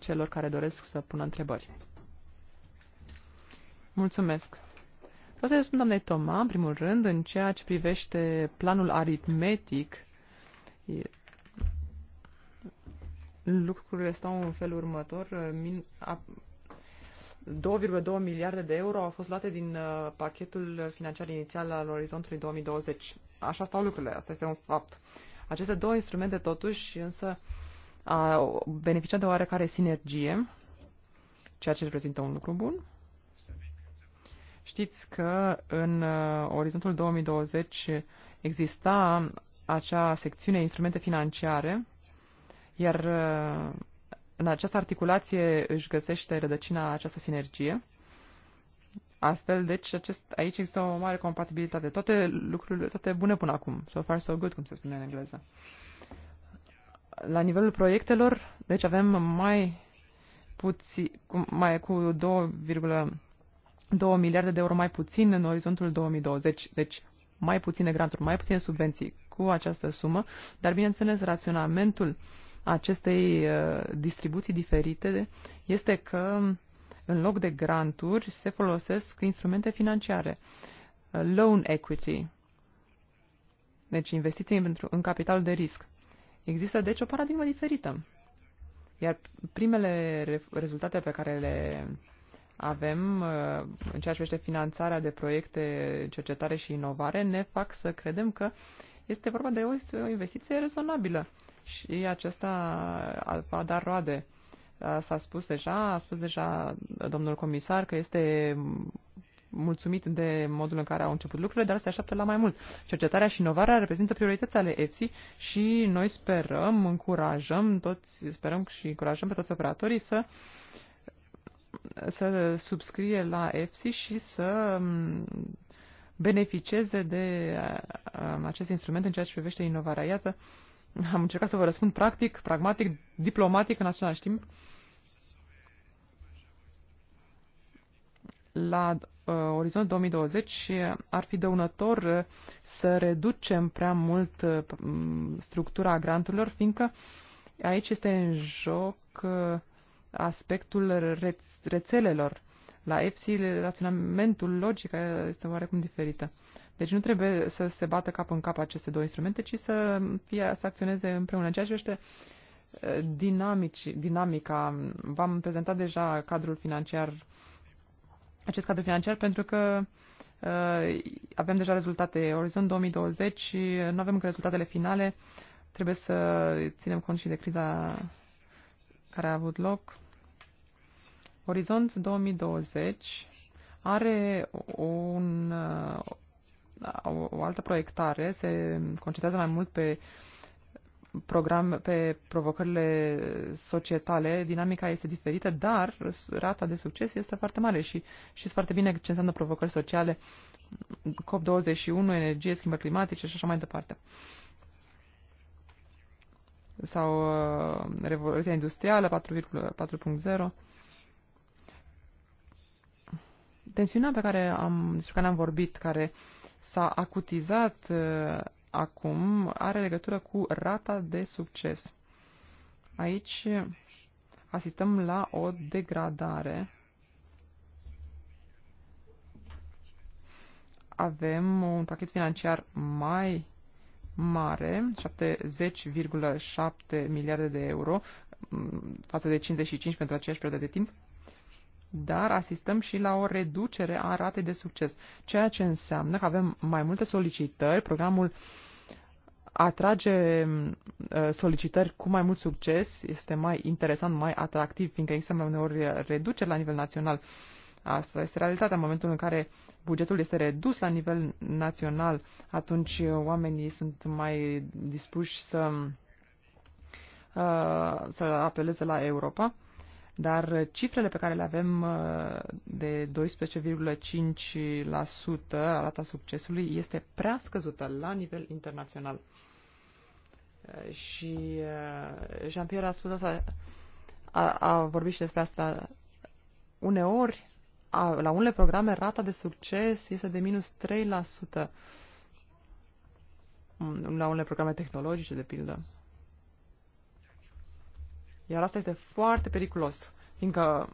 celor care doresc să pună întrebări. Mulțumesc! Vreau să-i spun doamnei Toma, în primul rând, în ceea ce privește planul aritmetic, lucrurile stau în felul următor. 2,2 miliarde de euro au fost luate din uh, pachetul financiar inițial al orizontului 2020. Așa stau lucrurile, asta este un fapt. Aceste două instrumente, totuși, însă, beneficiat de oarecare sinergie, ceea ce reprezintă un lucru bun. Știți că în uh, orizontul 2020 exista acea secțiune instrumente financiare, iar uh, în această articulație își găsește rădăcina această sinergie. Astfel, deci, acest, aici există o mare compatibilitate. Toate lucrurile, toate bune până acum. So far, so good, cum se spune în engleză. La nivelul proiectelor, deci avem mai puțin, mai cu 2,2 miliarde de euro mai puțin în orizontul 2020. Deci, mai puține granturi, mai puține subvenții cu această sumă, dar, bineînțeles, raționamentul acestei uh, distribuții diferite este că în loc de granturi, se folosesc instrumente financiare. Loan equity, deci investiții în, capital de risc. Există deci o paradigmă diferită. Iar primele rezultate pe care le avem uh, în ceea ce privește finanțarea de proiecte, cercetare și inovare, ne fac să credem că este vorba de o investiție rezonabilă și aceasta va da roade. S-a spus deja, a spus deja domnul comisar că este mulțumit de modul în care au început lucrurile, dar se așteaptă la mai mult. Cercetarea și inovarea reprezintă priorități ale EFSI și noi sperăm, încurajăm toți, sperăm și încurajăm pe toți operatorii să să subscrie la EFSI și să mm, beneficieze de mm, acest instrument în ceea ce privește inovarea. Iată, am încercat să vă răspund practic, pragmatic, diplomatic în același timp la uh, orizont 2020 ar fi dăunător uh, să reducem prea mult uh, structura granturilor, fiindcă aici este în joc uh, aspectul reț- rețelelor. La EFSI, raționamentul logic este oarecum diferită. Deci nu trebuie să se bată cap în cap aceste două instrumente, ci să, fie, să acționeze împreună. Ceea ce este uh, dinamici, dinamica, v-am prezentat deja cadrul financiar acest cadru financiar pentru că uh, avem deja rezultate. Orizont 2020 și uh, nu avem încă rezultatele finale. Trebuie să ținem cont și de criza care a avut loc. Orizont 2020 are un, uh, o, o altă proiectare, se concentrează mai mult pe uh, program, pe provocările societale, dinamica este diferită, dar rata de succes este foarte mare și știți foarte bine ce înseamnă provocări sociale, COP21, energie, schimbări climatice și așa mai departe sau uh, Revoluția Industrială 4.0. Tensiunea pe care am, despre care am vorbit, care s-a acutizat uh, acum are legătură cu rata de succes. Aici asistăm la o degradare. Avem un pachet financiar mai mare, 70,7 miliarde de euro, mm, față de 55 pentru aceeași perioadă de timp, dar asistăm și la o reducere a ratei de succes, ceea ce înseamnă că avem mai multe solicitări, programul atrage ă, solicitări cu mai mult succes, este mai interesant, mai atractiv, fiindcă există mai uneori reduceri la nivel național. Asta este realitatea. În momentul în care bugetul este redus la nivel național, atunci oamenii sunt mai dispuși să, ă, să apeleze la Europa dar uh, cifrele pe care le avem uh, de 12,5% rata succesului este prea scăzută la nivel internațional. Uh, și Jean-Pierre a spus asta, a, a vorbit și despre asta. Uneori, a, la unele programe, rata de succes este de minus 3%. Mm, la unele programe tehnologice, de pildă. Iar asta este foarte periculos, fiindcă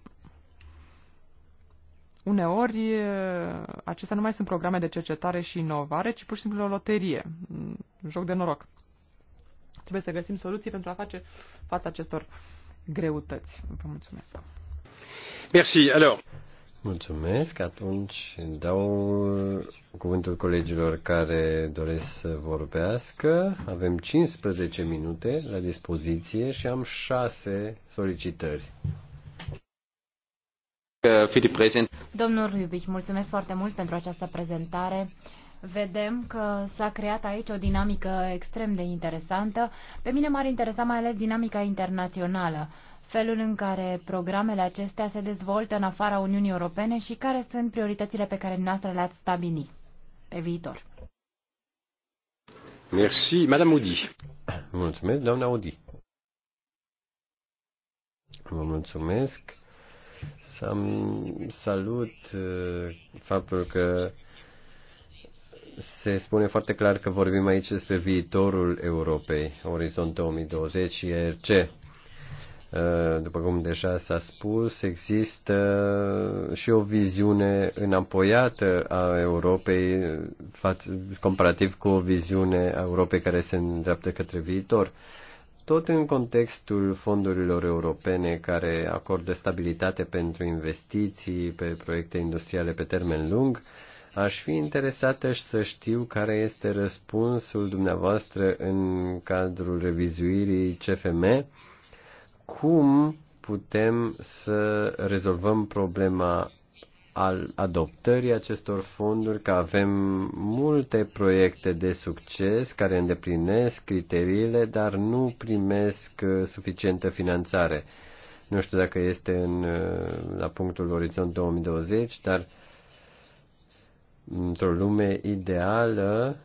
uneori acestea nu mai sunt programe de cercetare și inovare, ci pur și simplu o loterie, un joc de noroc. Trebuie să găsim soluții pentru a face față acestor greutăți. Vă mulțumesc. Merci. Alors, Mulțumesc. Atunci dau cuvântul colegilor care doresc să vorbească. Avem 15 minute la dispoziție și am 6 solicitări. Domnul Rubic, mulțumesc foarte mult pentru această prezentare. Vedem că s-a creat aici o dinamică extrem de interesantă. Pe mine m-ar interesa mai ales dinamica internațională felul în care programele acestea se dezvoltă în afara Uniunii Europene și care sunt prioritățile pe care noastră le-ați stabili pe viitor. Merci, Madame Audi. Mulțumesc, doamna Audi. Vă mulțumesc. Salut uh, faptul că se spune foarte clar că vorbim aici despre viitorul Europei, Orizont 2020 și ERC. Uh, după cum deja s-a spus, există uh, și o viziune înapoiată a Europei uh, comparativ cu o viziune a Europei care se îndreaptă către viitor tot în contextul fondurilor europene care acordă stabilitate pentru investiții pe proiecte industriale pe termen lung, aș fi interesată și să știu care este răspunsul dumneavoastră în cadrul revizuirii CFM cum putem să rezolvăm problema al adoptării acestor fonduri, că avem multe proiecte de succes care îndeplinesc criteriile, dar nu primesc uh, suficientă finanțare. Nu știu dacă este în, uh, la punctul Orizont 2020, dar într-o lume ideală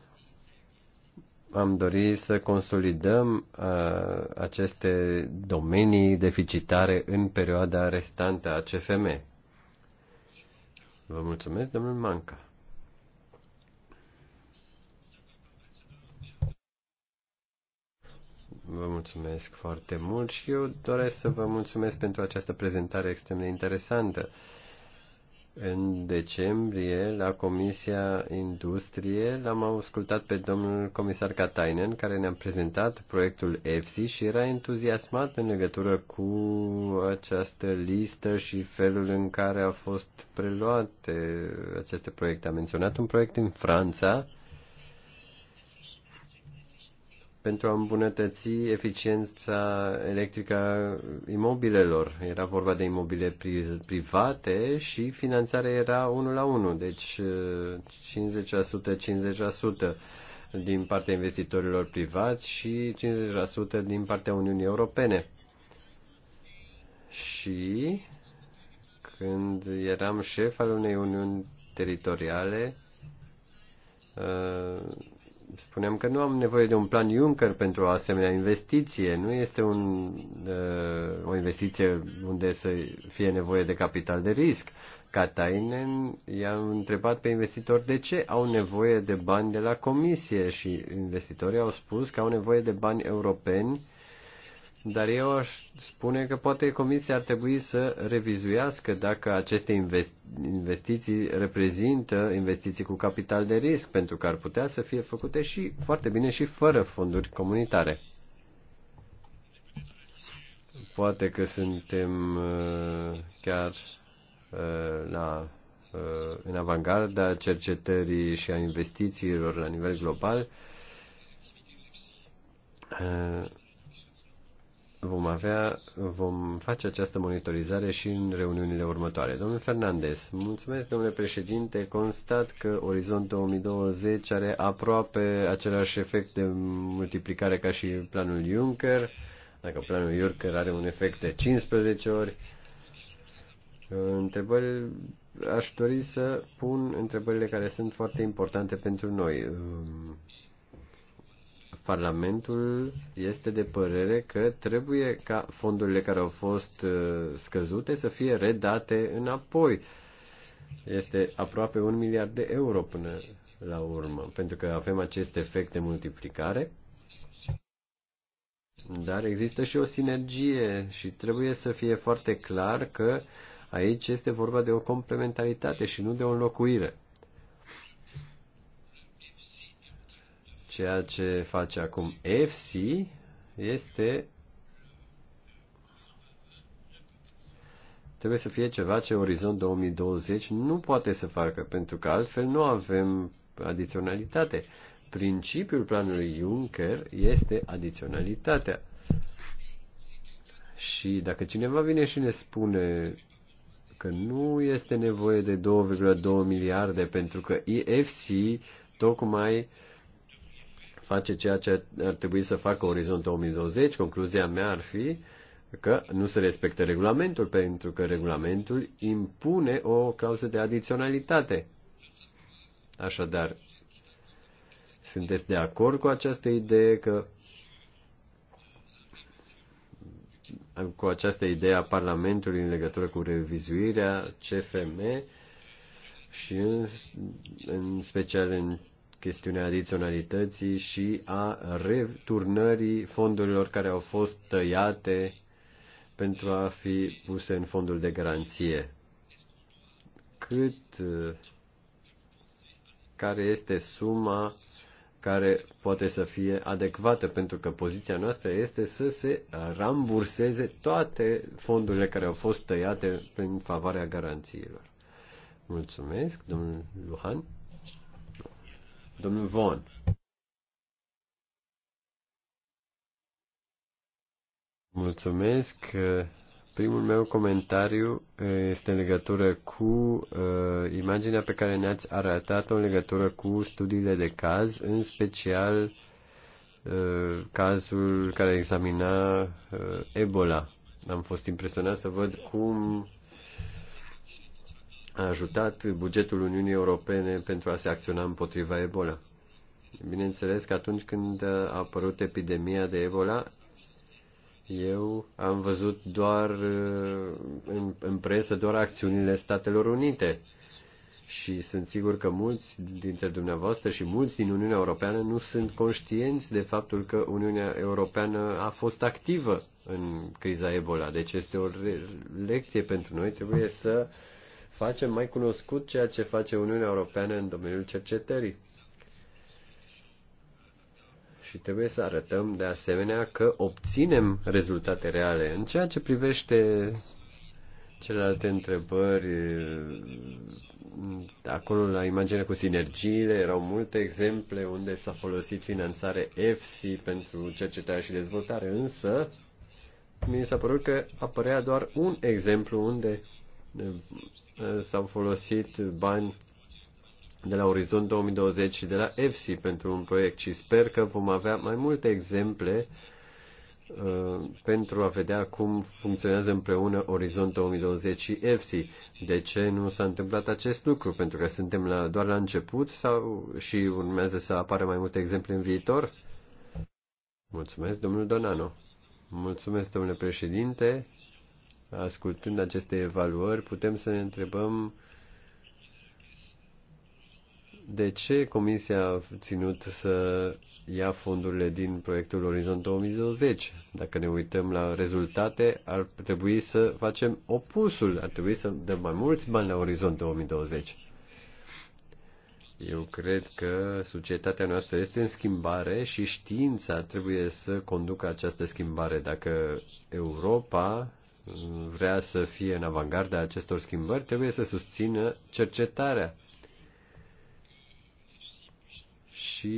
am dori să consolidăm uh, aceste domenii deficitare în perioada restantă a CFM. Vă mulțumesc, domnul Manca. Vă mulțumesc foarte mult și eu doresc să vă mulțumesc pentru această prezentare extrem de interesantă. Uh, în decembrie, la Comisia Industrie, l-am ascultat pe domnul comisar Katainen, care ne-a prezentat proiectul EFSI și era entuziasmat în legătură cu această listă și felul în care au fost preluate aceste proiecte. A menționat un proiect în Franța, pentru a îmbunătăți eficiența electrică a imobilelor. Era vorba de imobile private și finanțarea era 1 la 1, deci 50%, 50% din partea investitorilor privați și 50% din partea Uniunii Europene. Și când eram șef al unei uniuni teritoriale, uh, spuneam că nu am nevoie de un plan Juncker pentru o asemenea investiție. Nu este un, uh, o investiție unde să fie nevoie de capital de risc. Katainen i-a întrebat pe investitori de ce au nevoie de bani de la comisie și investitorii au spus că au nevoie de bani europeni dar eu aș spune că poate Comisia ar trebui să revizuiască dacă aceste investiții reprezintă investiții cu capital de risc, pentru că ar putea să fie făcute și foarte bine și fără fonduri comunitare. Poate că suntem uh, chiar uh, la, uh, în avangarda cercetării și a investițiilor la nivel global vom avea, vom face această monitorizare și în reuniunile următoare. Domnul Fernandez, mulțumesc, domnule președinte, constat că Orizont 2020 are aproape același efect de multiplicare ca și planul Juncker. Dacă planul Juncker are un efect de 15 ori, întrebări aș dori să pun întrebările care sunt foarte importante pentru noi. Parlamentul este de părere că trebuie ca fondurile care au fost uh, scăzute să fie redate înapoi. Este aproape un miliard de euro până la urmă, pentru că avem acest efect de multiplicare. Dar există și o sinergie și trebuie să fie foarte clar că aici este vorba de o complementaritate și nu de o înlocuire. Ceea ce face acum F.C. este trebuie să fie ceva ce Orizont 2020 nu poate să facă, pentru că altfel nu avem adiționalitate. Principiul planului Juncker este adiționalitatea. Și dacă cineva vine și ne spune că nu este nevoie de 2,2 miliarde pentru că EFC tocmai uh, face ceea ce ar trebui să facă Orizont 2020, concluzia mea ar fi că nu se respectă regulamentul, pentru că regulamentul impune o clauză de adiționalitate. Așadar, sunteți de acord cu această idee că cu această idee a Parlamentului în legătură cu revizuirea CFM și în, în special în chestiunea adiționalității și a returnării fondurilor care au fost tăiate pentru a fi puse în fondul de garanție. Cât care este suma care poate să fie adecvată, pentru că poziția noastră este să se ramburseze toate fondurile care au fost tăiate prin favoarea garanțiilor. Mulțumesc, domnul Luhan. Domnul Von. Mulțumesc. Primul meu comentariu este în legătură cu uh, imaginea pe care ne-ați arătat-o în legătură cu studiile de caz, în special uh, cazul care examina uh, Ebola. Am fost impresionat să văd cum a ajutat bugetul Uniunii Europene pentru a se acționa împotriva Ebola. Bineînțeles că atunci când a apărut epidemia de Ebola, eu am văzut doar uh, în, în presă doar acțiunile Statelor Unite și sunt sigur că mulți dintre dumneavoastră și mulți din Uniunea Europeană nu sunt conștienți de faptul că Uniunea Europeană a fost activă în criza Ebola. Deci este o lecție pentru noi. Trebuie să uh, facem mai cunoscut ceea ce face Uniunea Europeană în domeniul cercetării. Și trebuie să arătăm de asemenea că obținem rezultate reale. În ceea ce privește celelalte întrebări, acolo la imagine cu sinergiile erau multe exemple unde s-a folosit finanțare EFSI pentru cercetare și dezvoltare, însă mi s-a părut că apărea doar un exemplu unde Eh, s-au folosit bani de la Orizont 2020 și de la EFSI pentru un proiect și sper că vom avea mai multe exemple eh, pentru a vedea cum funcționează împreună Orizont 2020 și EFSI. De ce nu s-a întâmplat acest lucru? Pentru că suntem la, doar la început sau și urmează să apară mai multe exemple în viitor? Mulțumesc, domnul Donano. Mulțumesc, domnule președinte ascultând aceste evaluări, putem să ne întrebăm de ce Comisia a ținut să ia fondurile din proiectul Orizont 2020. Dacă ne uităm la rezultate, ar trebui să facem opusul, ar trebui să dăm mai mulți bani la Orizont 2020. Eu cred că societatea noastră este în schimbare și știința trebuie să conducă această schimbare. Dacă Europa vrea să fie în avangarda acestor schimbări, trebuie să susțină cercetarea. Și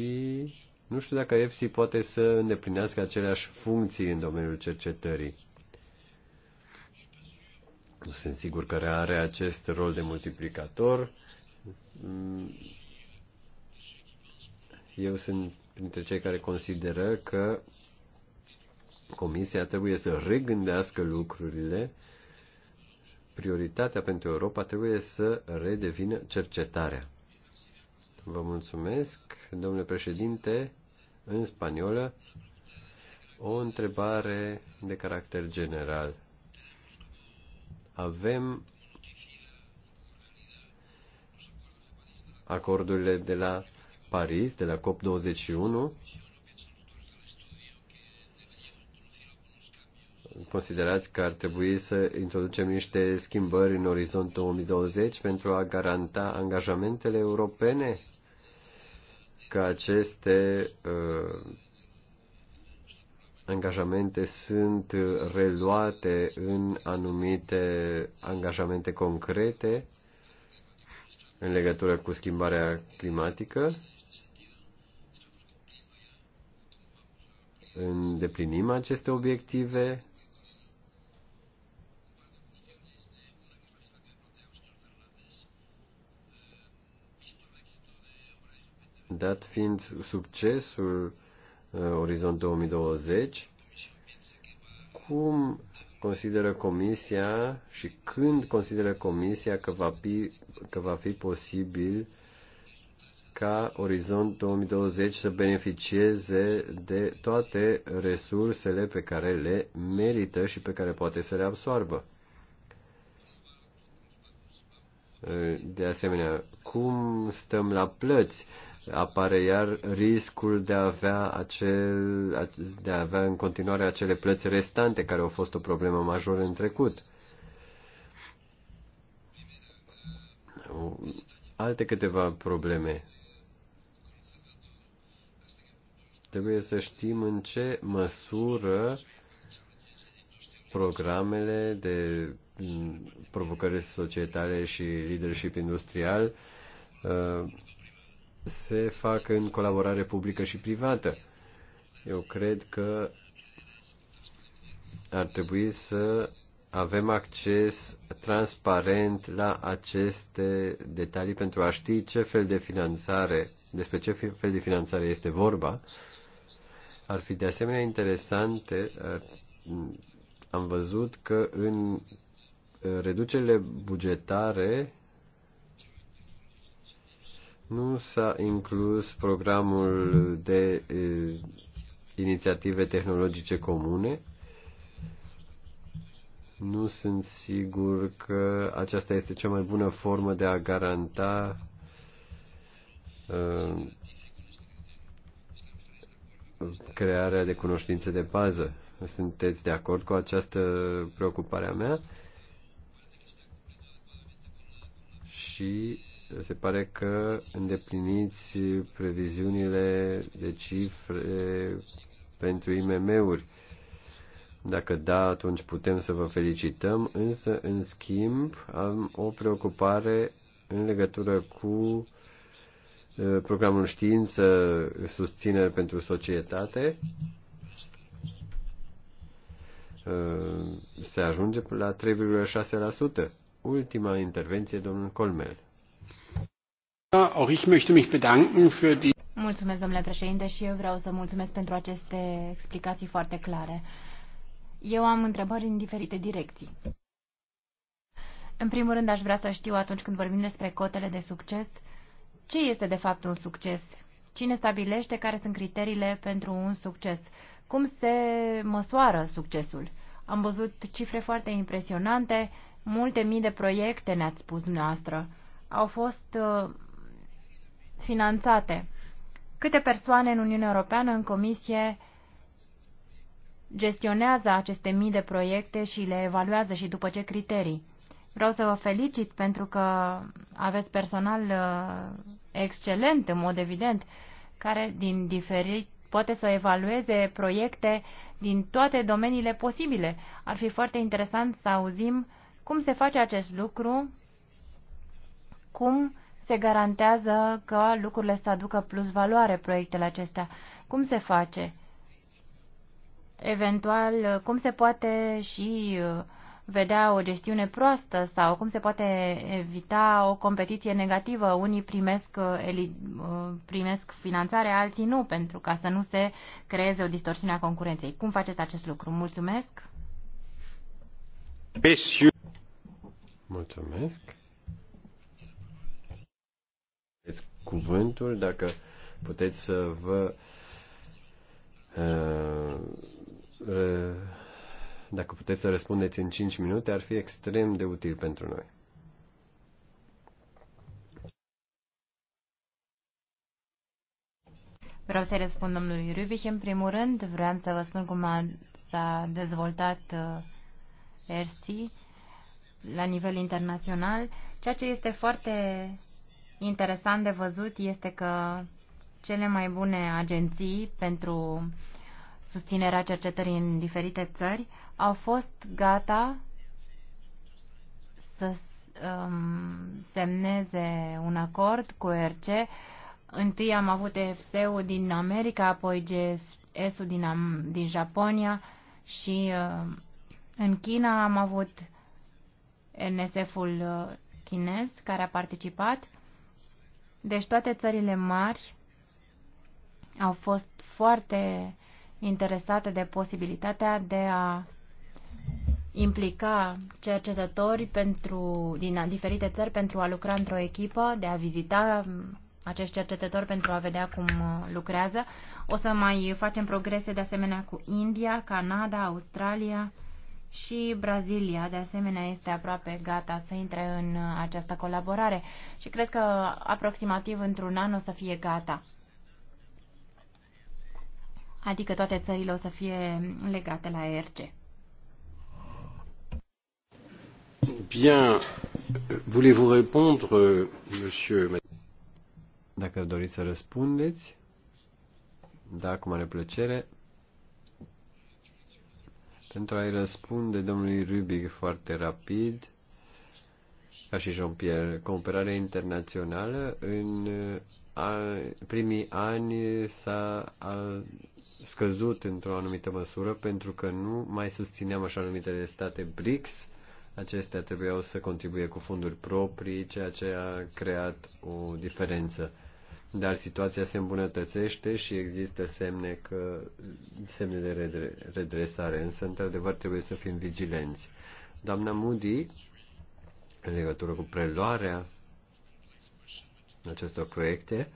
nu știu dacă EFSI poate să îndeplinească aceleași funcții în domeniul cercetării. Nu sunt sigur că are acest rol de multiplicator. Eu sunt printre cei care consideră că Comisia trebuie să regândească lucrurile. Prioritatea pentru Europa trebuie să redevină cercetarea. Vă mulțumesc, domnule președinte, în spaniolă, o întrebare de caracter general. Avem acordurile de la Paris, de la COP21, considerați că ar trebui să introducem niște schimbări în orizont 2020 pentru a garanta angajamentele europene? Că aceste uh, angajamente sunt reluate în anumite angajamente concrete în legătură cu schimbarea climatică? Îndeplinim aceste obiective? dat fiind succesul uh, Orizont 2020, cum consideră Comisia și când consideră Comisia că va fi, că va fi posibil ca Orizont 2020 să beneficieze de toate resursele pe care le merită și pe care poate să le absorbă. Uh, de asemenea, cum stăm la plăți? apare iar riscul de a avea, acel, de a avea în continuare acele plăți restante care au fost o problemă majoră în trecut. Alte câteva probleme. Trebuie să știm în ce măsură programele de provocări societale și leadership industrial uh, se fac în colaborare publică și privată. Eu cred că ar trebui să avem acces transparent la aceste detalii pentru a ști ce fel de finanțare, despre ce fel de finanțare este vorba. Ar fi de asemenea interesante, am văzut că în reducerile bugetare nu s-a inclus programul de uh, inițiative tehnologice comune. Nu sunt sigur că aceasta este cea mai bună formă de a garanta uh, crearea de cunoștințe de bază. Sunteți de acord cu această preocupare a mea? Și se pare că îndepliniți previziunile de cifre pentru IMM-uri. Dacă da, atunci putem să vă felicităm, însă, în schimb, am o preocupare în legătură cu programul știință, susținere pentru societate. Se ajunge la 3,6%. Ultima intervenție, domnul Colmel. Mulțumesc, domnule președinte, și eu vreau să mulțumesc pentru aceste explicații foarte clare. Eu am întrebări în diferite direcții. În primul rând, aș vrea să știu, atunci când vorbim despre cotele de succes, ce este de fapt un succes? Cine stabilește care sunt criteriile pentru un succes? Cum se măsoară succesul? Am văzut cifre foarte impresionante, multe mii de proiecte, ne-ați spus dumneavoastră, au fost uh, finanțate. Câte persoane în Uniunea Europeană, în comisie, gestionează aceste mii de proiecte și le evaluează și după ce criterii? Vreau să vă felicit pentru că aveți personal uh, excelent, în mod evident, care din diferit poate să evalueze proiecte din toate domeniile posibile. Ar fi foarte interesant să auzim cum se face acest lucru, cum se garantează că lucrurile să aducă plus valoare proiectele acestea. Cum se face? Eventual, cum se poate și uh, vedea o gestiune proastă sau cum se poate evita o competiție negativă? Unii primesc, uh, uh, primesc finanțare, alții nu, pentru ca să nu se creeze o distorsiune a concurenței. Cum faceți acest lucru? Mulțumesc! Mulțumesc! cuvântul, dacă puteți să vă uh, uh, dacă puteți să răspundeți în 5 minute, ar fi extrem de util pentru noi. Vreau să-i răspund domnului Rubic. În primul rând, vreau să vă spun cum a, s-a dezvoltat uh, RC la nivel internațional, ceea ce este foarte interesant de văzut este că cele mai bune agenții pentru susținerea cercetării în diferite țări au fost gata să um, semneze un acord cu RC. Întâi am avut efse ul din America, apoi GFS-ul din, din Japonia și uh, în China am avut NSF-ul uh, chinez care a participat deci toate țările mari au fost foarte interesate de posibilitatea de a implica cercetători pentru, din diferite țări pentru a lucra într-o echipă, de a vizita acești cercetători pentru a vedea cum uh, lucrează. O să mai facem progrese de asemenea cu India, Canada, Australia și Brazilia, de asemenea, este aproape gata să intre în uh, această colaborare și cred că aproximativ într-un an o să fie gata. Adică toate țările o să fie legate la ERC. Bien. Voulez-vous répondre, monsieur Dacă doriți să răspundeți, da, cu mare plăcere. Pentru a-i răspunde domnului Rubic foarte rapid, ca și Jean-Pierre, cooperarea internațională în primii ani s-a scăzut într-o anumită măsură pentru că nu mai susțineam așa numitele state BRICS. Acestea trebuiau să contribuie cu fonduri proprii, ceea ce a creat o diferență dar situația se îmbunătățește și există semne, că, semne de redresare, însă, într-adevăr, trebuie să fim vigilenți. Doamna Moody, în legătură cu preluarea acestor proiecte,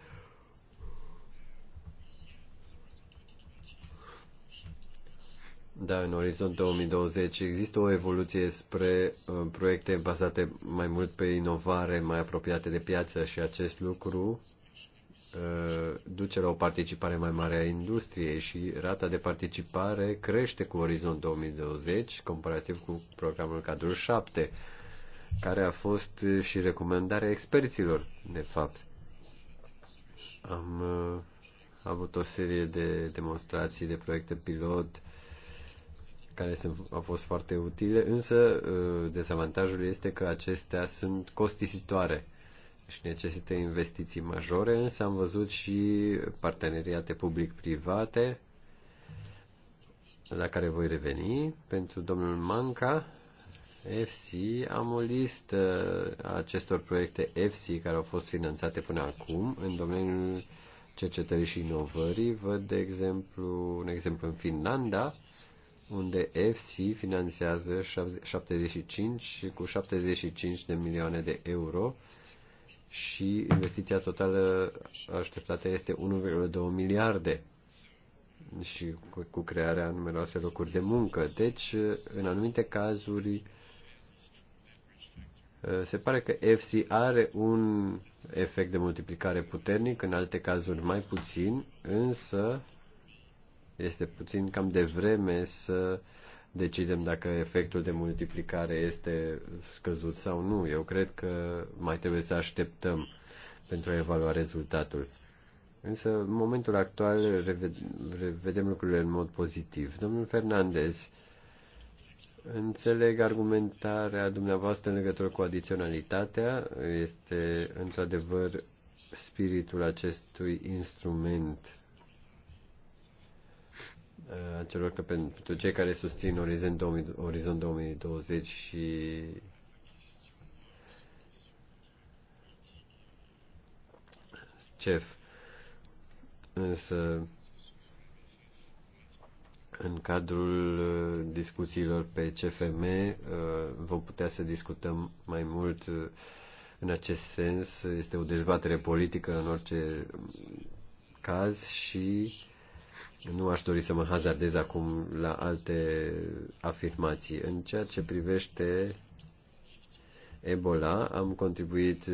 Da, în orizont 2020 există o evoluție spre uh, proiecte bazate mai mult pe inovare, mai apropiate de piață și acest lucru Uh, duce la o participare mai mare a industriei și rata de participare crește cu orizont 2020 comparativ cu programul cadrul 7, care a fost și recomandarea experților, de fapt. Am uh, avut o serie de demonstrații, de proiecte pilot care sunt, au fost foarte utile, însă uh, dezavantajul este că acestea sunt costisitoare și necesită investiții majore, însă am văzut și parteneriate public-private la care voi reveni. Pentru domnul Manca, FC, am o listă a acestor proiecte FC care au fost finanțate până acum în domeniul cercetării și inovării. Văd, de exemplu, un exemplu în Finlanda, unde FC finanțează 75 cu 75 de milioane de euro și investiția totală așteptată este 1,2 miliarde și cu, cu crearea numeroase locuri de muncă. Deci, în anumite cazuri, se pare că FC are un efect de multiplicare puternic, în alte cazuri mai puțin, însă este puțin cam de vreme să uh, decidem dacă efectul de multiplicare este scăzut sau nu. Eu cred că mai trebuie să așteptăm pentru a evalua rezultatul. Însă, în momentul actual, revedem lucrurile în mod pozitiv. Domnul Fernandez, Înțeleg argumentarea dumneavoastră în legătură cu adiționalitatea. Este într-adevăr spiritul acestui instrument Uh, celor că pentru cei care susțin Orizont 2020, și CEF, însă în cadrul uh, discuțiilor pe CFM uh, vom putea să discutăm mai mult în acest sens. Este o dezbatere politică în orice caz și uh, nu aș dori să mă hazardez acum la alte afirmații. În ceea ce privește Ebola, am contribuit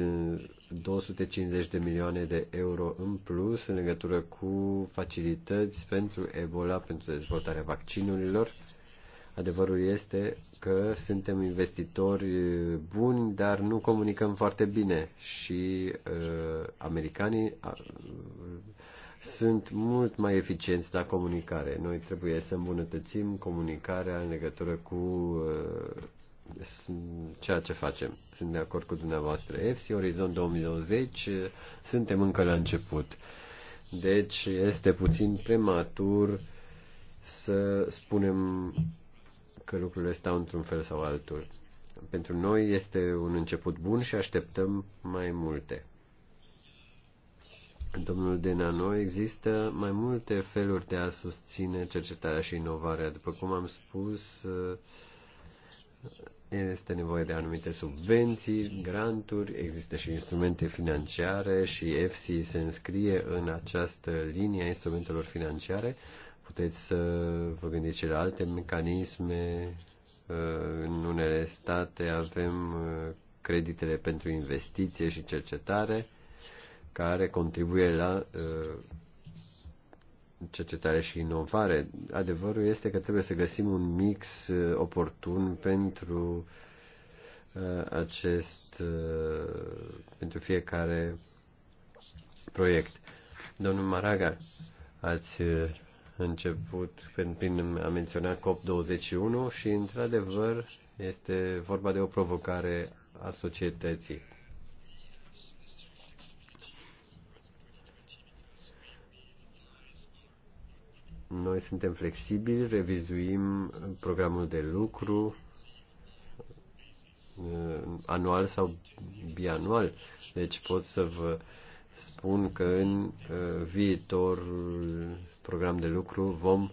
250 de milioane de euro în plus în legătură cu facilități pentru Ebola, pentru dezvoltarea vaccinurilor. Adevărul este că suntem investitori buni, dar nu comunicăm foarte bine și uh, americanii uh, sunt mult mai eficienți la comunicare. Noi trebuie să îmbunătățim comunicarea în legătură cu uh, ceea ce facem. Sunt de acord cu dumneavoastră. EFSI, Orizont 2020, uh, suntem încă la început. Deci este puțin prematur să spunem că lucrurile stau într-un fel sau altul. Pentru noi este un început bun și așteptăm mai multe domnul Denano, există mai multe feluri de a susține cercetarea și inovarea. După cum am spus, este nevoie de anumite subvenții, granturi, există și instrumente financiare și EFSI se înscrie în această linie a instrumentelor financiare. Puteți să vă gândiți și la alte mecanisme. În unele state avem uh, creditele pentru investiție și cercetare care contribuie la uh, cercetare și inovare. Adevărul este că trebuie să găsim un mix uh, oportun pentru uh, acest pentru fiecare proiect. Domnul Maraga, ați început prin a menționa COP21 și într-adevăr este vorba de o provocare a societății. Noi suntem flexibili, revizuim programul de lucru uh, anual sau bianual. Deci pot să vă spun că în uh, viitorul program de lucru vom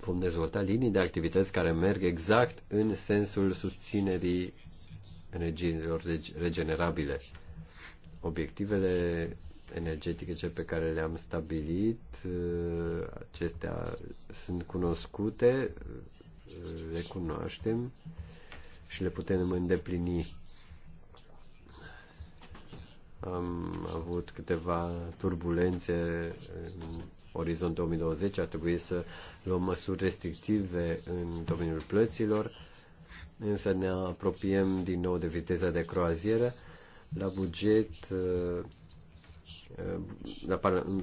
vom dezvolta linii de activități care merg exact în sensul susținerii energiilor regenerabile obiectivele energetice pe care le-am stabilit, uh, acestea sunt cunoscute, uh, le cunoaștem și le putem îndeplini. Am avut câteva turbulențe în orizont 2020, ar trebui să luăm măsuri restrictive în domeniul plăților, însă ne apropiem din nou de viteza de croazieră la buget, uh, la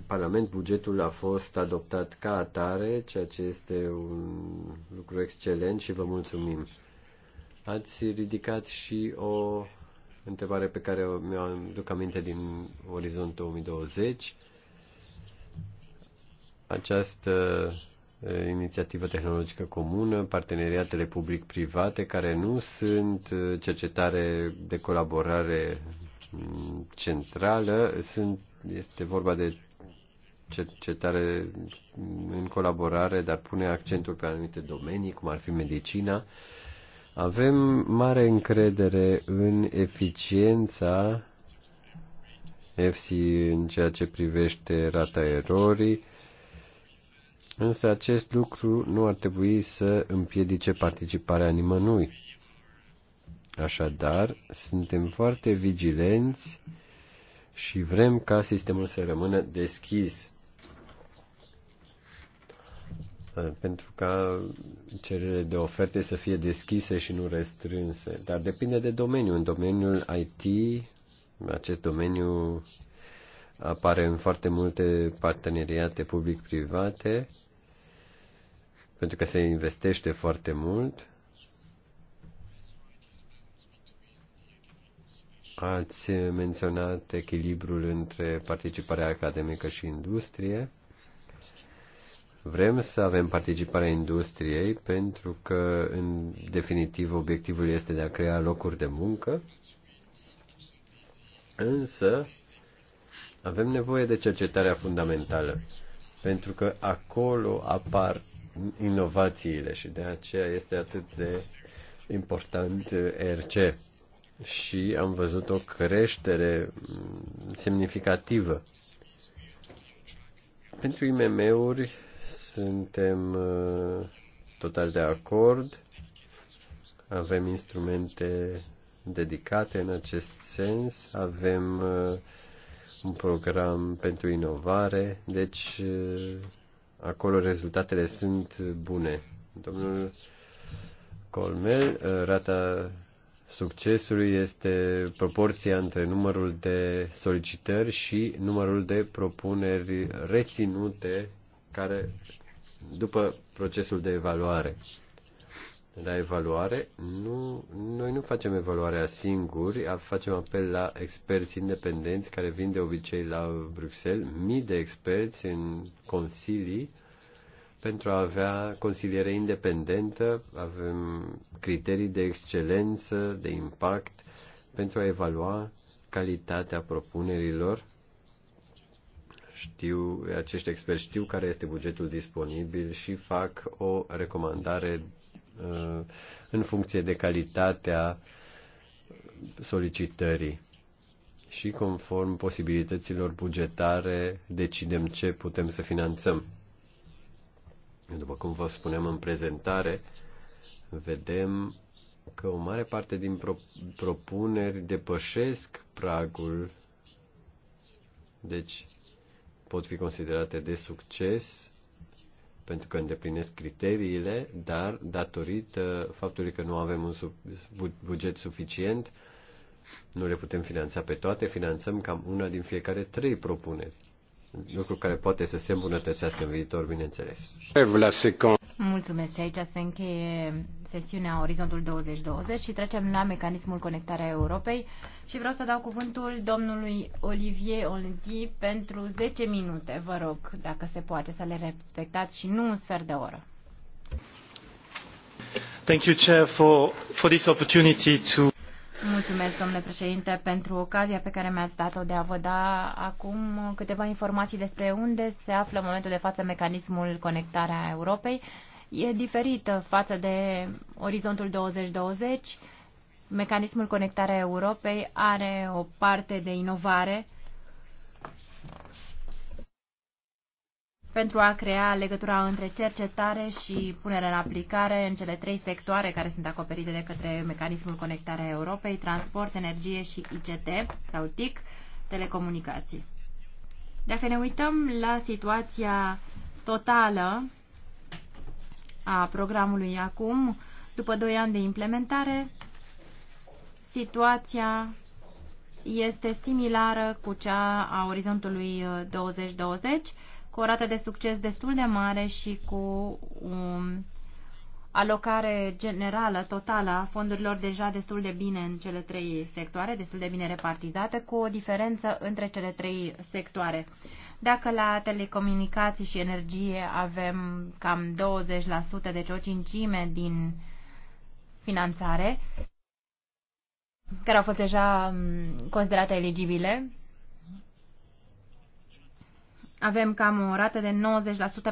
Parlament, bugetul a fost adoptat ca atare, ceea ce este un lucru excelent și vă mulțumim. Ați ridicat și o întrebare pe care mi-o duc aminte din Orizont 2020. Această Eh, inițiativă tehnologică comună, parteneriatele public-private care nu sunt eh, cercetare de colaborare mm, centrală, sunt, este vorba de cercetare mm, în colaborare, dar pune accentul pe anumite domenii, cum ar fi medicina. Avem mare încredere în eficiența EFSI în ceea ce privește rata erorii, Însă acest lucru nu ar trebui să împiedice participarea nimănui. Așadar, suntem foarte vigilenți și vrem ca sistemul să rămână deschis. Uh, pentru ca cererile de oferte să fie deschise și nu restrânse. Dar depinde de domeniu. În domeniul IT, acest domeniu apare în foarte multe parteneriate public-private pentru că se investește foarte mult. Ați menționat echilibrul între participarea academică și industrie. Vrem să avem participarea industriei pentru că, în definitiv, obiectivul este de a crea locuri de muncă, însă avem nevoie de cercetarea fundamentală, pentru că acolo apar inovațiile și de aceea este atât de important uh, RC. Și am văzut o creștere mm, semnificativă. Pentru IMM-uri suntem uh, total de acord. Avem instrumente dedicate în acest sens. Avem uh, un program pentru inovare. Deci acolo rezultatele sunt bune. Domnul Colmel, uh, rata succesului este proporția între numărul de solicitări și numărul de propuneri reținute care după procesul de evaluare la evaluare, nu, noi nu facem evaluarea singuri, facem apel la experți independenți care vin de obicei la Bruxelles, mii de experți în consilii pentru a avea consiliere independentă, avem criterii de excelență, de impact, pentru a evalua calitatea propunerilor. Știu, acești experți știu care este bugetul disponibil și fac o recomandare în funcție de calitatea solicitării și conform posibilităților bugetare decidem ce putem să finanțăm. După cum vă spuneam în prezentare, vedem că o mare parte din pro- propuneri depășesc pragul, deci pot fi considerate de succes pentru că îndeplinesc criteriile, dar datorită faptului că nu avem un buget suficient, nu le putem finanța pe toate, finanțăm cam una din fiecare trei propuneri. Lucru care poate să se îmbunătățească în viitor, bineînțeles. Mulțumesc și aici se încheie sesiunea Orizontul 2020 și trecem la mecanismul conectarea Europei și vreau să dau cuvântul domnului Olivier Oldi pentru 10 minute, vă rog, dacă se poate să le respectați și nu un sfert de oră. Thank you, Chair, for, for this opportunity to... Mulțumesc, domnule președinte, pentru ocazia pe care mi-ați dat-o de a vă da acum câteva informații despre unde se află în momentul de față mecanismul conectarea Europei e diferită față de Orizontul 2020. Mecanismul Conectarea Europei are o parte de inovare pentru a crea legătura între cercetare și punere în aplicare în cele trei sectoare care sunt acoperite de către mecanismul Conectarea Europei, transport, energie și ICT sau TIC, telecomunicații. Dacă ne uităm la situația totală a programului acum, după 2 ani de implementare, situația este similară cu cea a orizontului 2020, uh, cu o rată de succes destul de mare și cu un um, alocare generală, totală a fondurilor deja destul de bine în cele trei sectoare, destul de bine repartizate, cu o diferență între cele trei sectoare. Dacă la telecomunicații și energie avem cam 20%, deci o cincime din finanțare, care au fost deja mm, considerate eligibile, avem cam o rată de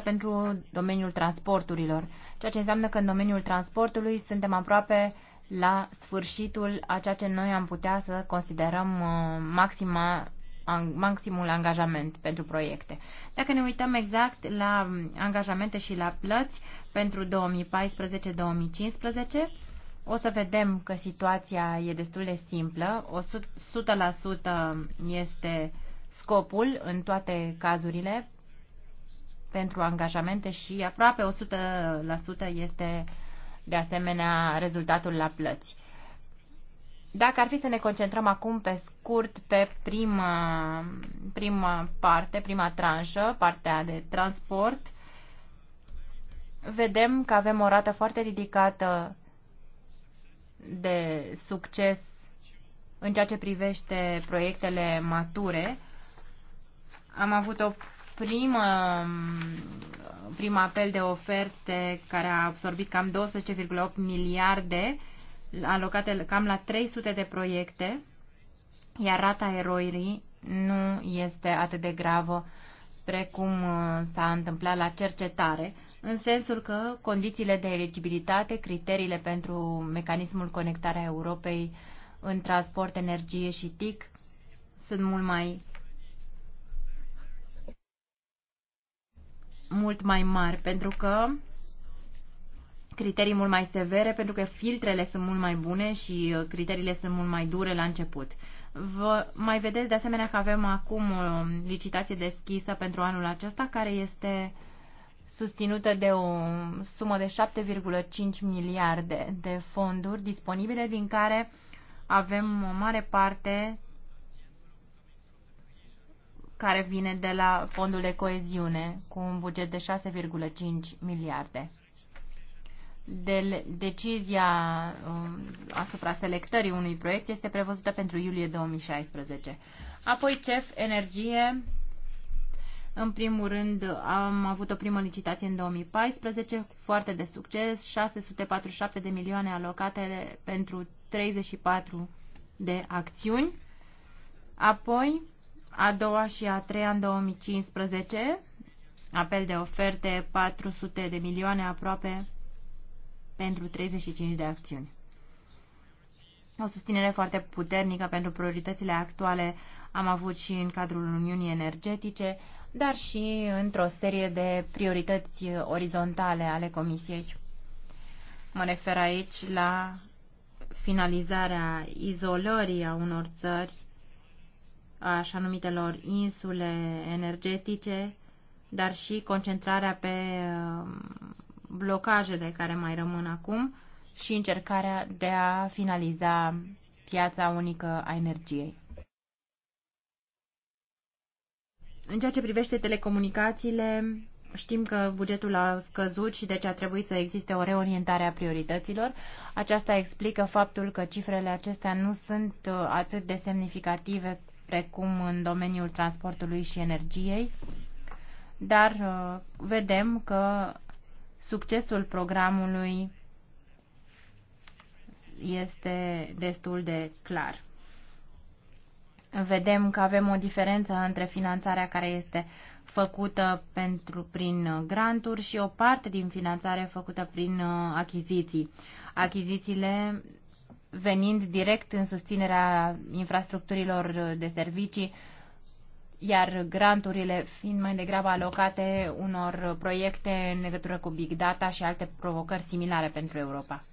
90% pentru domeniul transporturilor, ceea ce înseamnă că în domeniul transportului suntem aproape la sfârșitul a ceea ce noi am putea să considerăm uh, maxima, maximul angajament pentru proiecte. Dacă ne uităm exact la um, angajamente și la plăți pentru 2014-2015, o să vedem că situația e destul de simplă. 100% este Scopul, în toate cazurile, pentru angajamente și aproape 100% este de asemenea rezultatul la plăți. Dacă ar fi să ne concentrăm acum pe scurt pe prima, prima parte, prima tranșă, partea de transport, vedem că avem o rată foarte ridicată de succes în ceea ce privește proiectele mature, am avut o primă, prim apel de oferte care a absorbit cam 12,8 miliarde alocate cam la 300 de proiecte, iar rata eroirii nu este atât de gravă precum uh, s-a întâmplat la cercetare, în sensul că condițiile de eligibilitate, criteriile pentru mecanismul conectarea Europei în transport, energie și TIC sunt mult mai mult mai mari, pentru că criterii mult mai severe, pentru că filtrele sunt mult mai bune și uh, criteriile sunt mult mai dure la început. Vă mai vedeți de asemenea că avem acum o uh, licitație deschisă pentru anul acesta care este susținută de o sumă de 7,5 miliarde de fonduri disponibile, din care avem o mare parte care vine de la fondul de coeziune cu un buget de 6,5 miliarde. De decizia um, asupra selectării unui proiect este prevăzută pentru iulie 2016. Apoi CEF Energie, în primul rând am avut o primă licitație în 2014, foarte de succes, 647 de milioane alocate pentru 34 de acțiuni. Apoi, a doua și a treia în 2015, apel de oferte 400 de milioane aproape pentru 35 de acțiuni. O susținere foarte puternică pentru prioritățile actuale am avut și în cadrul Uniunii Energetice, dar și într-o serie de priorități orizontale ale Comisiei. Mă refer aici la finalizarea izolării a unor țări așa numitelor insule energetice, dar și concentrarea pe um, blocajele care mai rămân acum și încercarea de a finaliza piața unică a energiei. În ceea ce privește telecomunicațiile, știm că bugetul a scăzut și deci a trebuit să existe o reorientare a priorităților. Aceasta explică faptul că cifrele acestea nu sunt uh, atât de semnificative precum în domeniul transportului și energiei, dar uh, vedem că succesul programului este destul de clar. Vedem că avem o diferență între finanțarea care este făcută pentru, prin uh, granturi și o parte din finanțare făcută prin uh, achiziții. Achizițiile venind direct în susținerea infrastructurilor de servicii, iar granturile fiind mai degrabă alocate unor proiecte în legătură cu Big Data și alte provocări similare pentru Europa.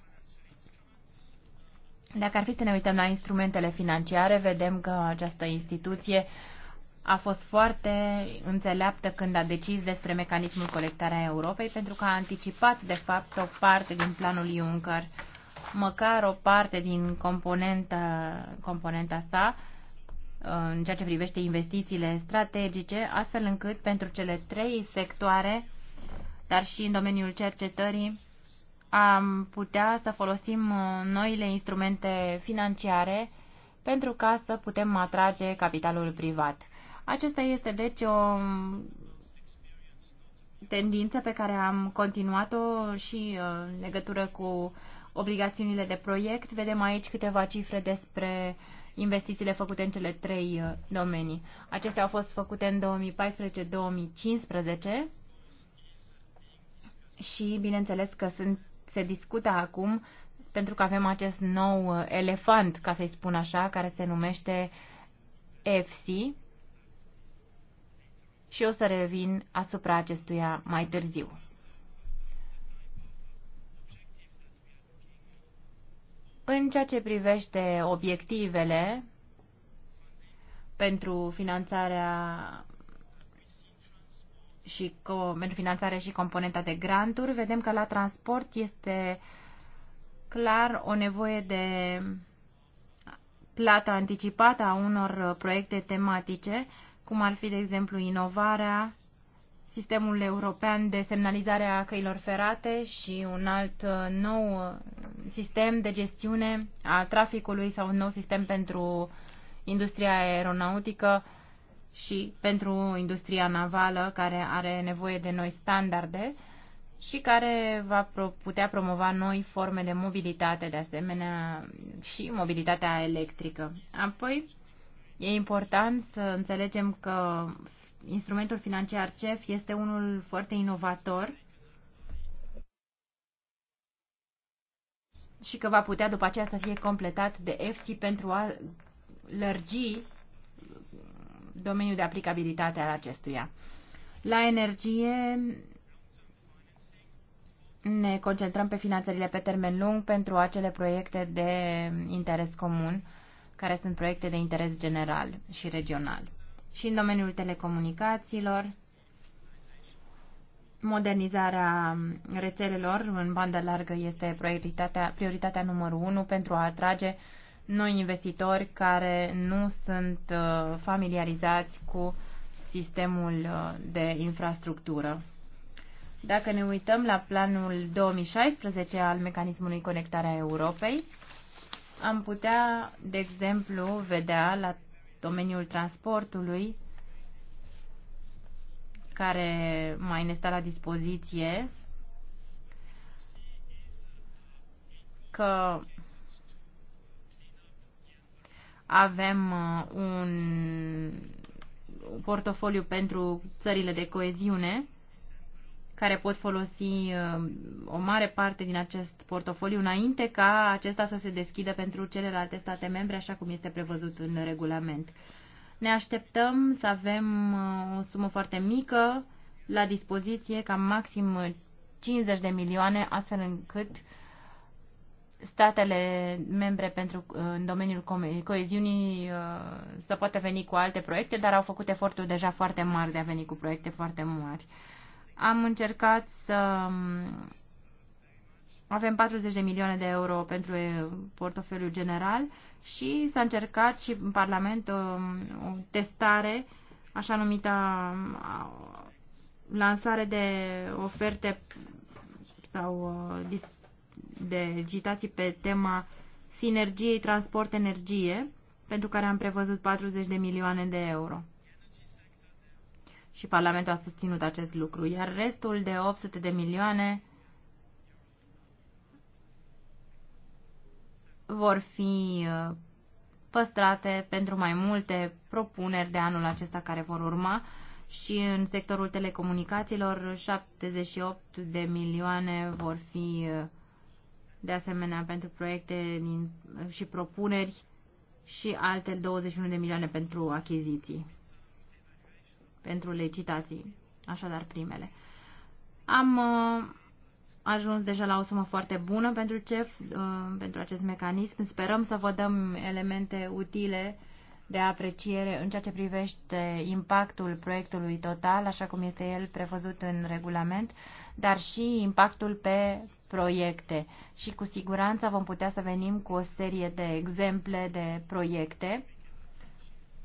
Dacă ar fi să ne uităm la instrumentele financiare, vedem că această instituție a fost foarte înțeleaptă când a decis despre mecanismul colectarea Europei, pentru că a anticipat, de fapt, o parte din planul Juncker măcar o parte din componenta, componenta sa uh, în ceea ce privește investițiile strategice, astfel încât pentru cele trei sectoare, dar și în domeniul cercetării, am putea să folosim uh, noile instrumente financiare pentru ca să putem atrage capitalul privat. Acesta este deci o tendință pe care am continuat-o și uh, în legătură cu obligațiunile de proiect. Vedem aici câteva cifre despre investițiile făcute în cele trei uh, domenii. Acestea au fost făcute în 2014-2015 și bineînțeles că sunt, se discută acum pentru că avem acest nou uh, elefant, ca să-i spun așa, care se numește FC și o să revin asupra acestuia mai târziu. În ceea ce privește obiectivele pentru finanțarea și pentru finanțarea și componenta de granturi, vedem că la transport este clar o nevoie de plata anticipată a unor proiecte tematice, cum ar fi, de exemplu, inovarea sistemul european de semnalizare a căilor ferate și un alt uh, nou uh, sistem de gestiune a traficului sau un nou sistem pentru industria aeronautică și pentru industria navală care are nevoie de noi standarde și care va putea promova noi forme de mobilitate, de asemenea și mobilitatea electrică. Apoi, e important să înțelegem că instrumentul financiar CEF este unul foarte inovator și că va putea după aceea să fie completat de EFSI pentru a lărgi domeniul de aplicabilitate al acestuia. La energie ne concentrăm pe finanțările pe termen lung pentru acele proiecte de interes comun, care sunt proiecte de interes general și regional și în domeniul telecomunicațiilor, modernizarea rețelelor în bandă largă este prioritatea, prioritatea numărul unu pentru a atrage noi investitori care nu sunt uh, familiarizați cu sistemul uh, de infrastructură. Dacă ne uităm la planul 2016 al mecanismului conectarea Europei, am putea, de exemplu, vedea la domeniul transportului, care mai ne stă la dispoziție, că avem uh, un portofoliu pentru țările de coeziune care pot folosi uh, o mare parte din acest portofoliu înainte ca acesta să se deschidă pentru celelalte state membre, așa cum este prevăzut în regulament. Ne așteptăm să avem uh, o sumă foarte mică la dispoziție, cam maxim 50 de milioane, astfel încât statele membre pentru, uh, în domeniul coeziunii să poată veni cu alte proiecte, dar au făcut eforturi deja foarte mari de a veni cu proiecte foarte mari. Am încercat să mm, avem 40 de milioane de euro pentru portofeliul general și s-a încercat și în Parlament o, um, o testare, așa numită um, lansare de oferte sau uh, de agitații pe tema sinergiei transport-energie, pentru care am prevăzut 40 de milioane de euro și Parlamentul a susținut acest lucru, iar restul de 800 de milioane vor fi uh, păstrate pentru mai multe propuneri de anul acesta care vor urma și în sectorul telecomunicațiilor 78 de milioane vor fi uh, de asemenea pentru proiecte din, uh, și propuneri și alte 21 de milioane pentru achiziții pentru licitații, așadar primele. Am uh, ajuns deja la o sumă foarte bună pentru CEF, uh, pentru acest mecanism. Sperăm să vă dăm elemente utile de apreciere în ceea ce privește impactul proiectului total, așa cum este el prevăzut în regulament, dar și impactul pe proiecte. Și cu siguranță vom putea să venim cu o serie de exemple de proiecte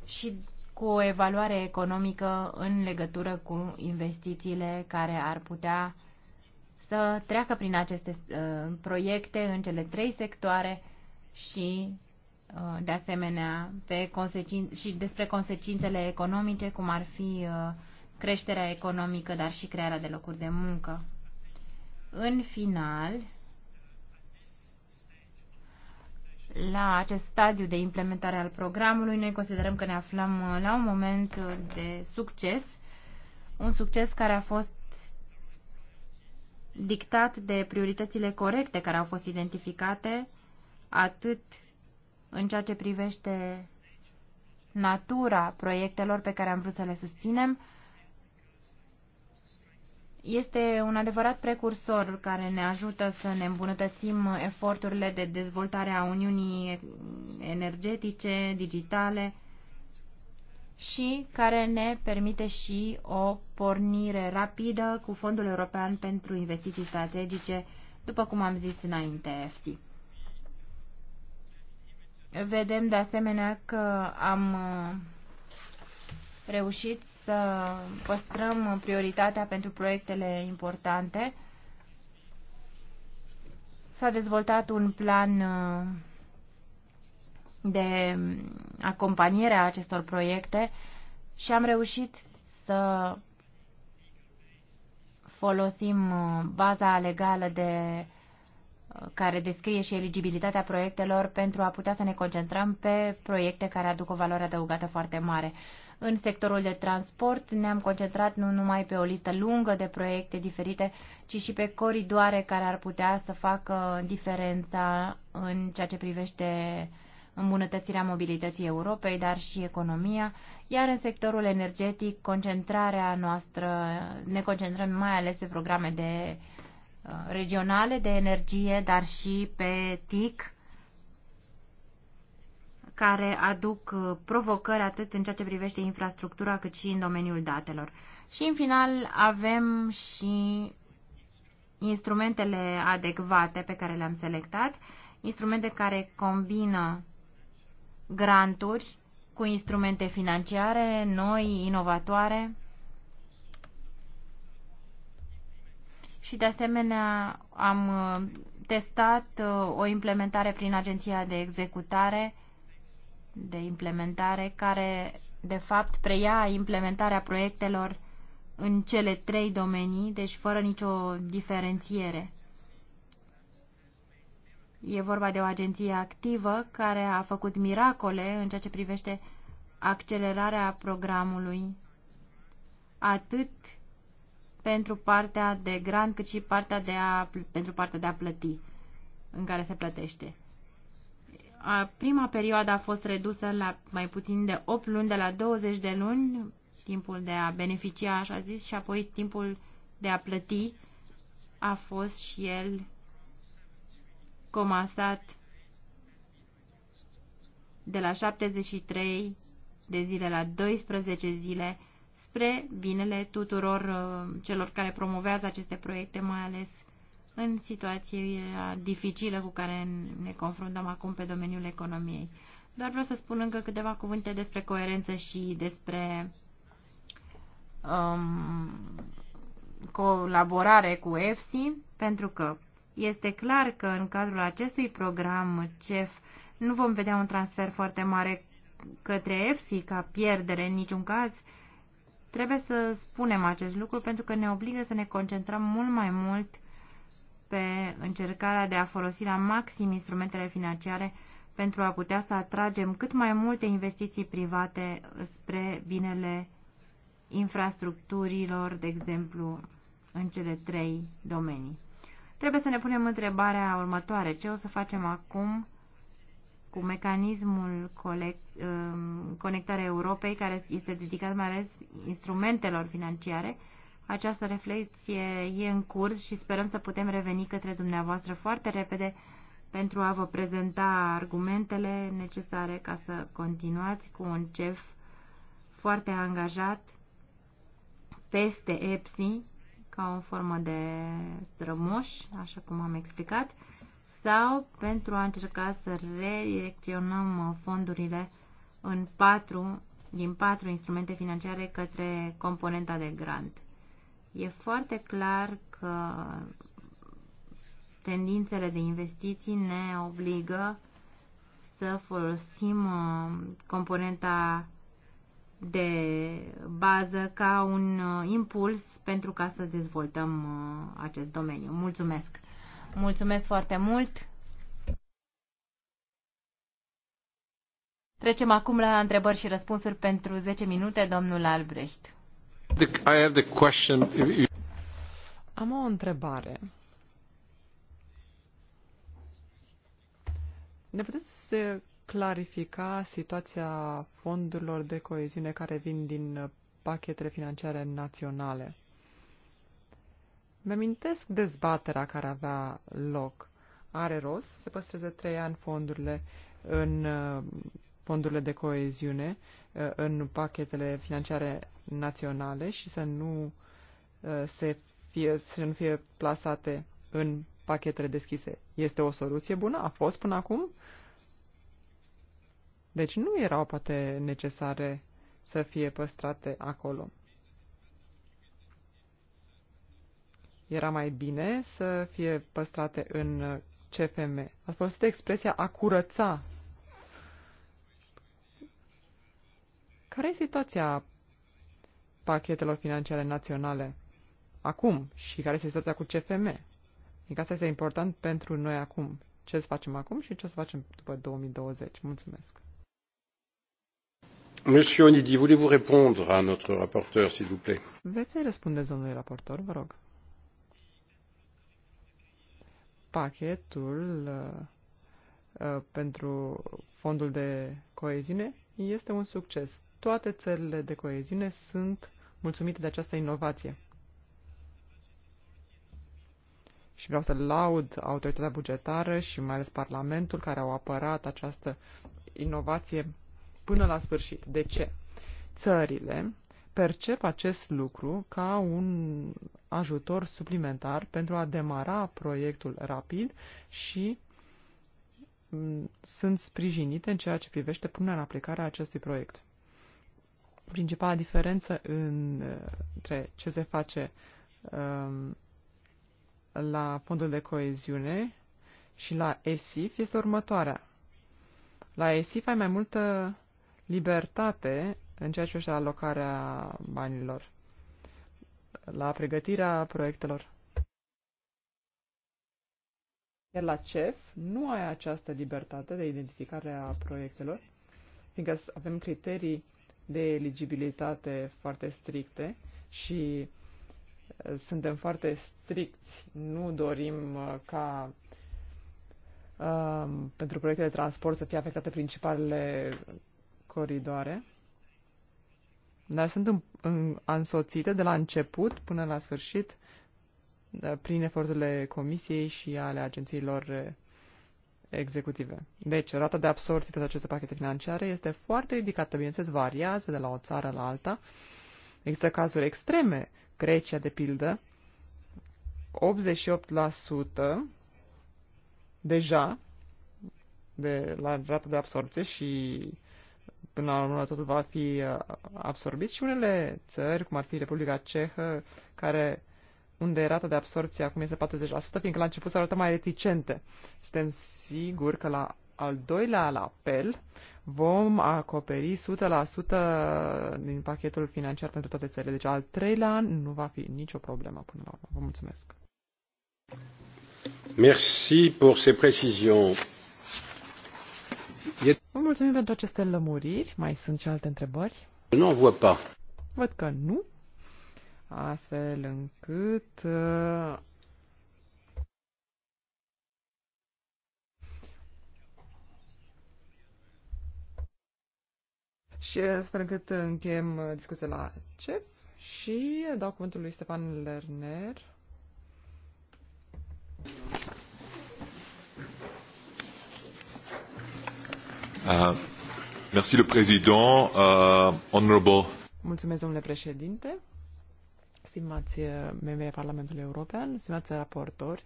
și cu o evaluare economică în legătură cu investițiile care ar putea să treacă prin aceste uh, proiecte în cele trei sectoare și uh, de asemenea pe consecin- și despre consecințele economice, cum ar fi uh, creșterea economică, dar și crearea de locuri de muncă. În final, la acest stadiu de implementare al programului, noi considerăm că ne aflăm uh, la un moment uh, de succes, un succes care a fost dictat de prioritățile corecte care au fost identificate, atât în ceea ce privește natura proiectelor pe care am vrut să le susținem, este un adevărat precursor care ne ajută să ne îmbunătățim eforturile de dezvoltare a Uniunii energetice, digitale și care ne permite și o pornire rapidă cu Fondul European pentru Investiții Strategice, după cum am zis înainte, EFSI. Vedem de asemenea că am reușit să păstrăm prioritatea pentru proiectele importante. S-a dezvoltat un plan uh, de acompaniere a acestor proiecte și am reușit să folosim uh, baza legală de, uh, care descrie și eligibilitatea proiectelor pentru a putea să ne concentrăm pe proiecte care aduc o valoare adăugată foarte mare. În sectorul de transport ne-am concentrat nu numai pe o listă lungă de proiecte diferite, ci și pe coridoare care ar putea să facă diferența în ceea ce privește îmbunătățirea mobilității Europei, dar și economia, iar în sectorul energetic concentrarea noastră, ne concentrăm mai ales pe programe de uh, regionale de energie, dar și pe TIC, care aduc uh, provocări atât în ceea ce privește infrastructura cât și în domeniul datelor. Și în final avem și instrumentele adecvate pe care le-am selectat, instrumente care combină granturi cu instrumente financiare noi, inovatoare și de asemenea am uh, testat uh, o implementare prin agenția de executare de implementare care, de fapt, preia implementarea proiectelor în cele trei domenii, deci fără nicio diferențiere. E vorba de o agenție activă care a făcut miracole în ceea ce privește accelerarea programului, atât pentru partea de grant, cât și partea de a, pentru partea de a plăti, în care se plătește. A, prima perioadă a fost redusă la mai puțin de 8 luni, de la 20 de luni, timpul de a beneficia, așa zis, și apoi timpul de a plăti a fost și el comasat de la 73 de zile la 12 zile spre binele tuturor uh, celor care promovează aceste proiecte, mai ales în situația dificilă cu care ne confruntăm acum pe domeniul economiei. Doar vreau să spun încă câteva cuvinte despre coerență și despre um, colaborare cu EFSI, pentru că este clar că în cadrul acestui program CEF nu vom vedea un transfer foarte mare către EFSI ca pierdere în niciun caz. Trebuie să spunem acest lucru pentru că ne obligă să ne concentrăm mult mai mult pe încercarea de a folosi la maxim instrumentele financiare pentru a putea să atragem cât mai multe investiții private spre binele infrastructurilor, de exemplu, în cele trei domenii. Trebuie să ne punem întrebarea următoare. Ce o să facem acum cu mecanismul um, Conectarea Europei, care este dedicat mai ales instrumentelor financiare această reflexie e în curs și sperăm să putem reveni către dumneavoastră foarte repede pentru a vă prezenta argumentele necesare ca să continuați cu un CEF foarte angajat peste EPSI ca o formă de strămoș, așa cum am explicat, sau pentru a încerca să redirecționăm fondurile în patru, din patru instrumente financiare către componenta de grant. E foarte clar că tendințele de investiții ne obligă să folosim uh, componenta de bază ca un uh, impuls pentru ca să dezvoltăm uh, acest domeniu. Mulțumesc! Mulțumesc foarte mult! Trecem acum la întrebări și răspunsuri pentru 10 minute, domnul Albrecht. Am o întrebare. Ne puteți clarifica situația fondurilor de coeziune care vin din pachetele financiare naționale? Mi-amintesc dezbaterea care avea loc. Are rost să păstreze trei ani fondurile în fondurile de coeziune uh, în pachetele financiare naționale și să nu uh, se fie, să nu fie plasate în pachetele deschise. Este o soluție bună? A fost până acum? Deci nu erau poate necesare să fie păstrate acolo. Era mai bine să fie păstrate în CFM. A fost expresia a curăța Care e situația pachetelor financiare naționale acum și care este situația cu CFM? Adică asta este important pentru noi acum. Ce să facem acum și ce să facem după 2020? Mulțumesc. Monsieur Onidi, voulez-vous répondre à notre rapporteur, s'il vous plaît? Veți răspunde, domnule răspundeți, raportor, vă rog. Pachetul uh, uh, pentru fondul de coeziune este un succes. Toate țările de coeziune sunt mulțumite de această inovație. Și vreau să laud autoritatea bugetară și mai ales Parlamentul care au apărat această inovație până la sfârșit. De ce? Țările percep acest lucru ca un ajutor suplimentar pentru a demara proiectul rapid și mm, sunt sprijinite în ceea ce privește punerea în aplicare a acestui proiect principala diferență în, între ce se face um, la fondul de coeziune și la ESIF este următoarea. La ESIF ai mai multă libertate în ceea ce privește alocarea banilor, la pregătirea proiectelor. Iar la CEF nu ai această libertate de identificare a proiectelor, fiindcă avem criterii de eligibilitate foarte stricte și uh, suntem foarte stricți, nu dorim uh, ca um, pentru proiectele de transport să fie afectate principalele coridoare, dar sunt în, în, însoțite de la început până la sfârșit uh, prin eforturile Comisiei și ale agențiilor executive. Deci, rata de absorție pentru aceste pachete financiare este foarte ridicată, bineînțeles, variază de la o țară la alta. Există cazuri extreme. Grecia, de pildă, 88% deja de la rata de absorție și până la urmă totul va fi uh, absorbit și unele țări, cum ar fi Republica Cehă, care unde rata de absorpție acum este 40%, fiindcă la început se arată mai reticente. Suntem siguri că la al doilea la apel vom acoperi 100% din pachetul financiar pentru toate țările. Deci al treilea an nu va fi nicio problemă până la urmă. Vă mulțumesc. Merci pour ces précisions. Vă mulțumim pentru aceste lămuriri. Mai sunt și alte întrebări? Nu en pas. Văd că nu astfel încât uh, și astfel încât încheiem discuția la CEP și dau cuvântul lui Stefan Lerner. Uh, merci le président, uh, honorable. Mulțumesc, domnule președinte stimați eh, membrii Parlamentului European, stimați raportori,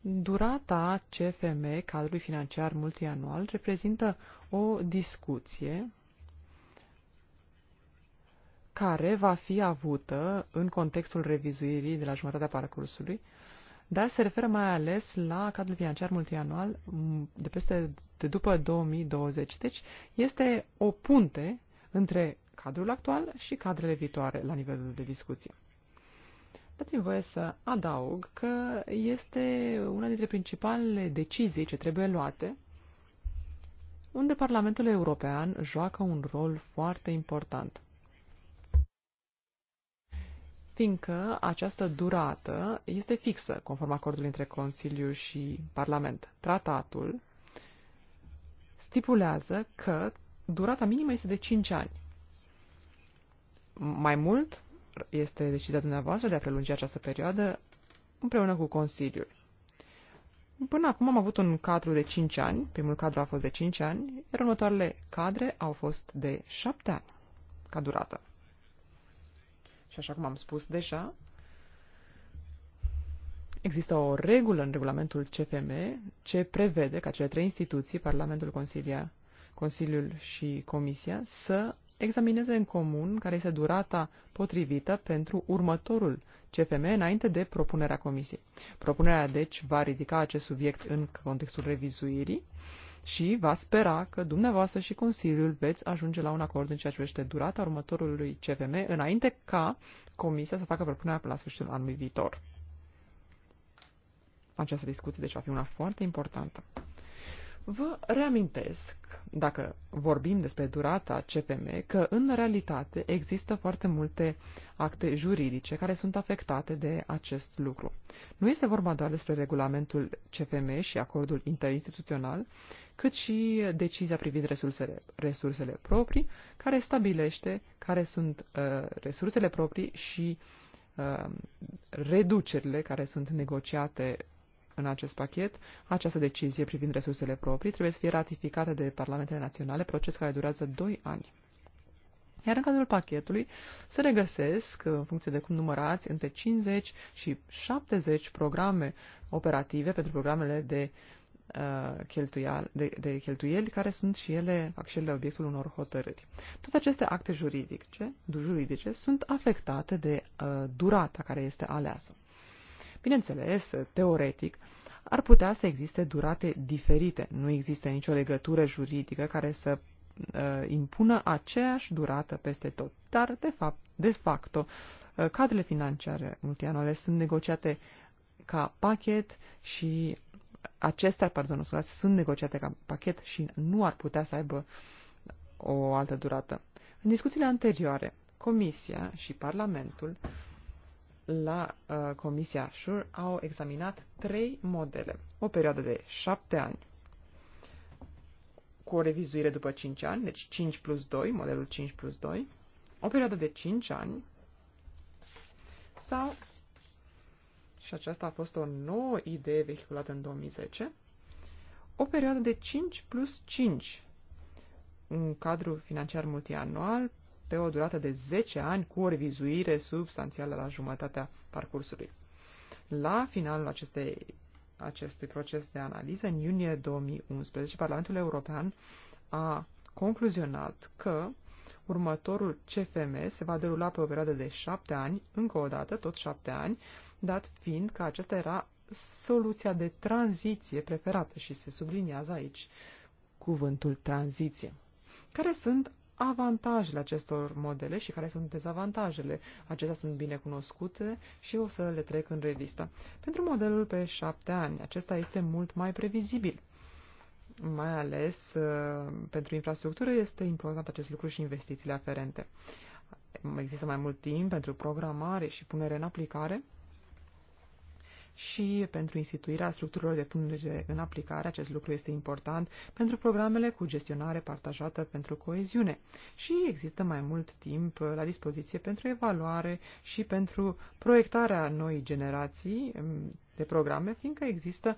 durata CFM, cadrului financiar multianual, reprezintă o discuție care va fi avută în contextul revizuirii de la jumătatea parcursului, dar se referă mai ales la cadrul financiar multianual de peste de după 2020. Deci este o punte între cadrul actual și cadrele viitoare la nivelul de discuție. Dați-mi voie să adaug că este una dintre principalele decizii ce trebuie luate, unde Parlamentul European joacă un rol foarte important. Fiindcă această durată este fixă, conform acordului între Consiliu și Parlament. Tratatul stipulează că durata minimă este de 5 ani. Mai mult, este decizia dumneavoastră de a prelungi această perioadă împreună cu Consiliul. Până acum am avut un cadru de 5 ani, primul cadru a fost de 5 ani, iar următoarele cadre au fost de 7 ani ca durată. Și așa cum am spus deja, există o regulă în regulamentul CFM ce prevede ca cele trei instituții, Parlamentul, Consilia, Consiliul și Comisia, să examineze în comun care este durata potrivită pentru următorul CFM înainte de propunerea comisiei. Propunerea, deci, va ridica acest subiect în contextul revizuirii și va spera că dumneavoastră și Consiliul veți ajunge la un acord în ceea ce privește durata următorului CFM înainte ca comisia să facă propunerea la sfârșitul anului viitor. Această discuție, deci, va fi una foarte importantă. Vă reamintesc, dacă vorbim despre durata CPM, că în realitate există foarte multe acte juridice care sunt afectate de acest lucru. Nu este vorba doar despre regulamentul CPM și acordul interinstituțional, cât și decizia privind resursele, resursele proprii, care stabilește care sunt uh, resursele proprii și uh, reducerile care sunt negociate în acest pachet. Această decizie privind resursele proprii trebuie să fie ratificată de parlamentele naționale, proces care durează 2 ani. Iar în cadrul pachetului se regăsesc, în funcție de cum numărați, între 50 și 70 programe operative pentru programele de, uh, cheltuial, de, de cheltuieli, care sunt și ele, fac și ele obiectul unor hotărâri. Toate aceste acte juridice, juridice sunt afectate de uh, durata care este aleasă. Bineînțeles, teoretic, ar putea să existe durate diferite. Nu există nicio legătură juridică care să uh, impună aceeași durată peste tot. Dar, de fapt, de facto, uh, cadrele financiare multianuale sunt negociate ca pachet și acestea, pardon, scuzați, sunt negociate ca pachet și nu ar putea să aibă o altă durată. În discuțiile anterioare, Comisia și Parlamentul la uh, Comisia Sure au examinat trei modele. O perioadă de șapte ani cu o revizuire după 5 ani, deci 5 plus 2, modelul 5 plus 2, o perioadă de 5 ani sau, și aceasta a fost o nouă idee vehiculată în 2010, o perioadă de 5 plus 5, un cadru financiar multianual pe o durată de 10 ani cu o revizuire substanțială la jumătatea parcursului. La finalul acestei, acestui proces de analiză, în iunie 2011, Parlamentul European a concluzionat că următorul CFM se va derula pe o perioadă de 7 ani, încă o dată, tot 7 ani, dat fiind că acesta era soluția de tranziție preferată și se subliniază aici cuvântul tranziție. Care sunt avantajele acestor modele și care sunt dezavantajele. Acestea sunt bine cunoscute și o să le trec în revistă. Pentru modelul pe șapte ani, acesta este mult mai previzibil. Mai ales uh, pentru infrastructură este important acest lucru și investițiile aferente. Există mai mult timp pentru programare și punere în aplicare și pentru instituirea structurilor de punere în aplicare. Acest lucru este important pentru programele cu gestionare partajată pentru coeziune și există mai mult timp la dispoziție pentru evaluare și pentru proiectarea noii generații de programe, fiindcă există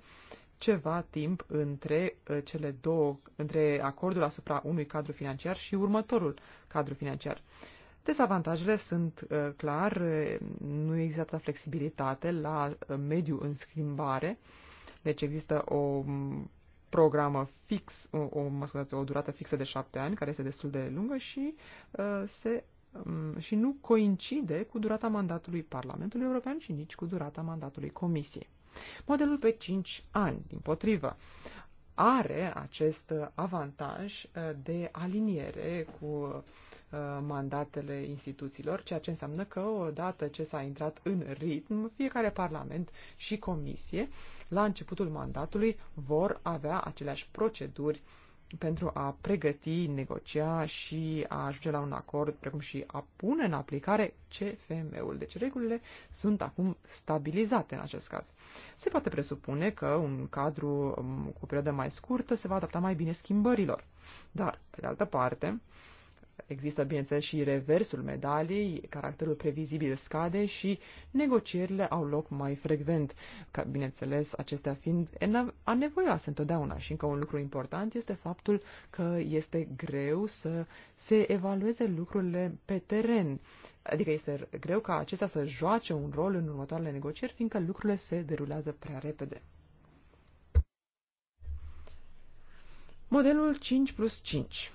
ceva timp între eh, cele două, între acordul asupra unui cadru financiar și următorul cadru financiar. Dezavantajele sunt uh, clar, uh, nu există flexibilitate la uh, mediu în schimbare, deci există o programă fix, o, o, scuzați, o durată fixă de șapte ani, care este destul de lungă și, uh, se, um, și nu coincide cu durata mandatului Parlamentului European și nici cu durata mandatului Comisiei. Modelul pe 5 ani, din potrivă, are acest avantaj de aliniere cu Uh, mandatele instituțiilor, ceea ce înseamnă că odată ce s-a intrat în ritm, fiecare parlament și comisie, la începutul mandatului, vor avea aceleași proceduri pentru a pregăti, negocia și a ajunge la un acord, precum și a pune în aplicare CFM-ul. Deci regulile sunt acum stabilizate în acest caz. Se poate presupune că un cadru um, cu perioadă mai scurtă se va adapta mai bine schimbărilor. Dar, pe de altă parte, Există, bineînțeles, și reversul medaliei, caracterul previzibil scade și negocierile au loc mai frecvent, ca, bineînțeles, acestea fiind anevoioase întotdeauna. Și încă un lucru important este faptul că este greu să se evalueze lucrurile pe teren. Adică este greu ca acestea să joace un rol în următoarele negocieri, fiindcă lucrurile se derulează prea repede. Modelul 5 plus 5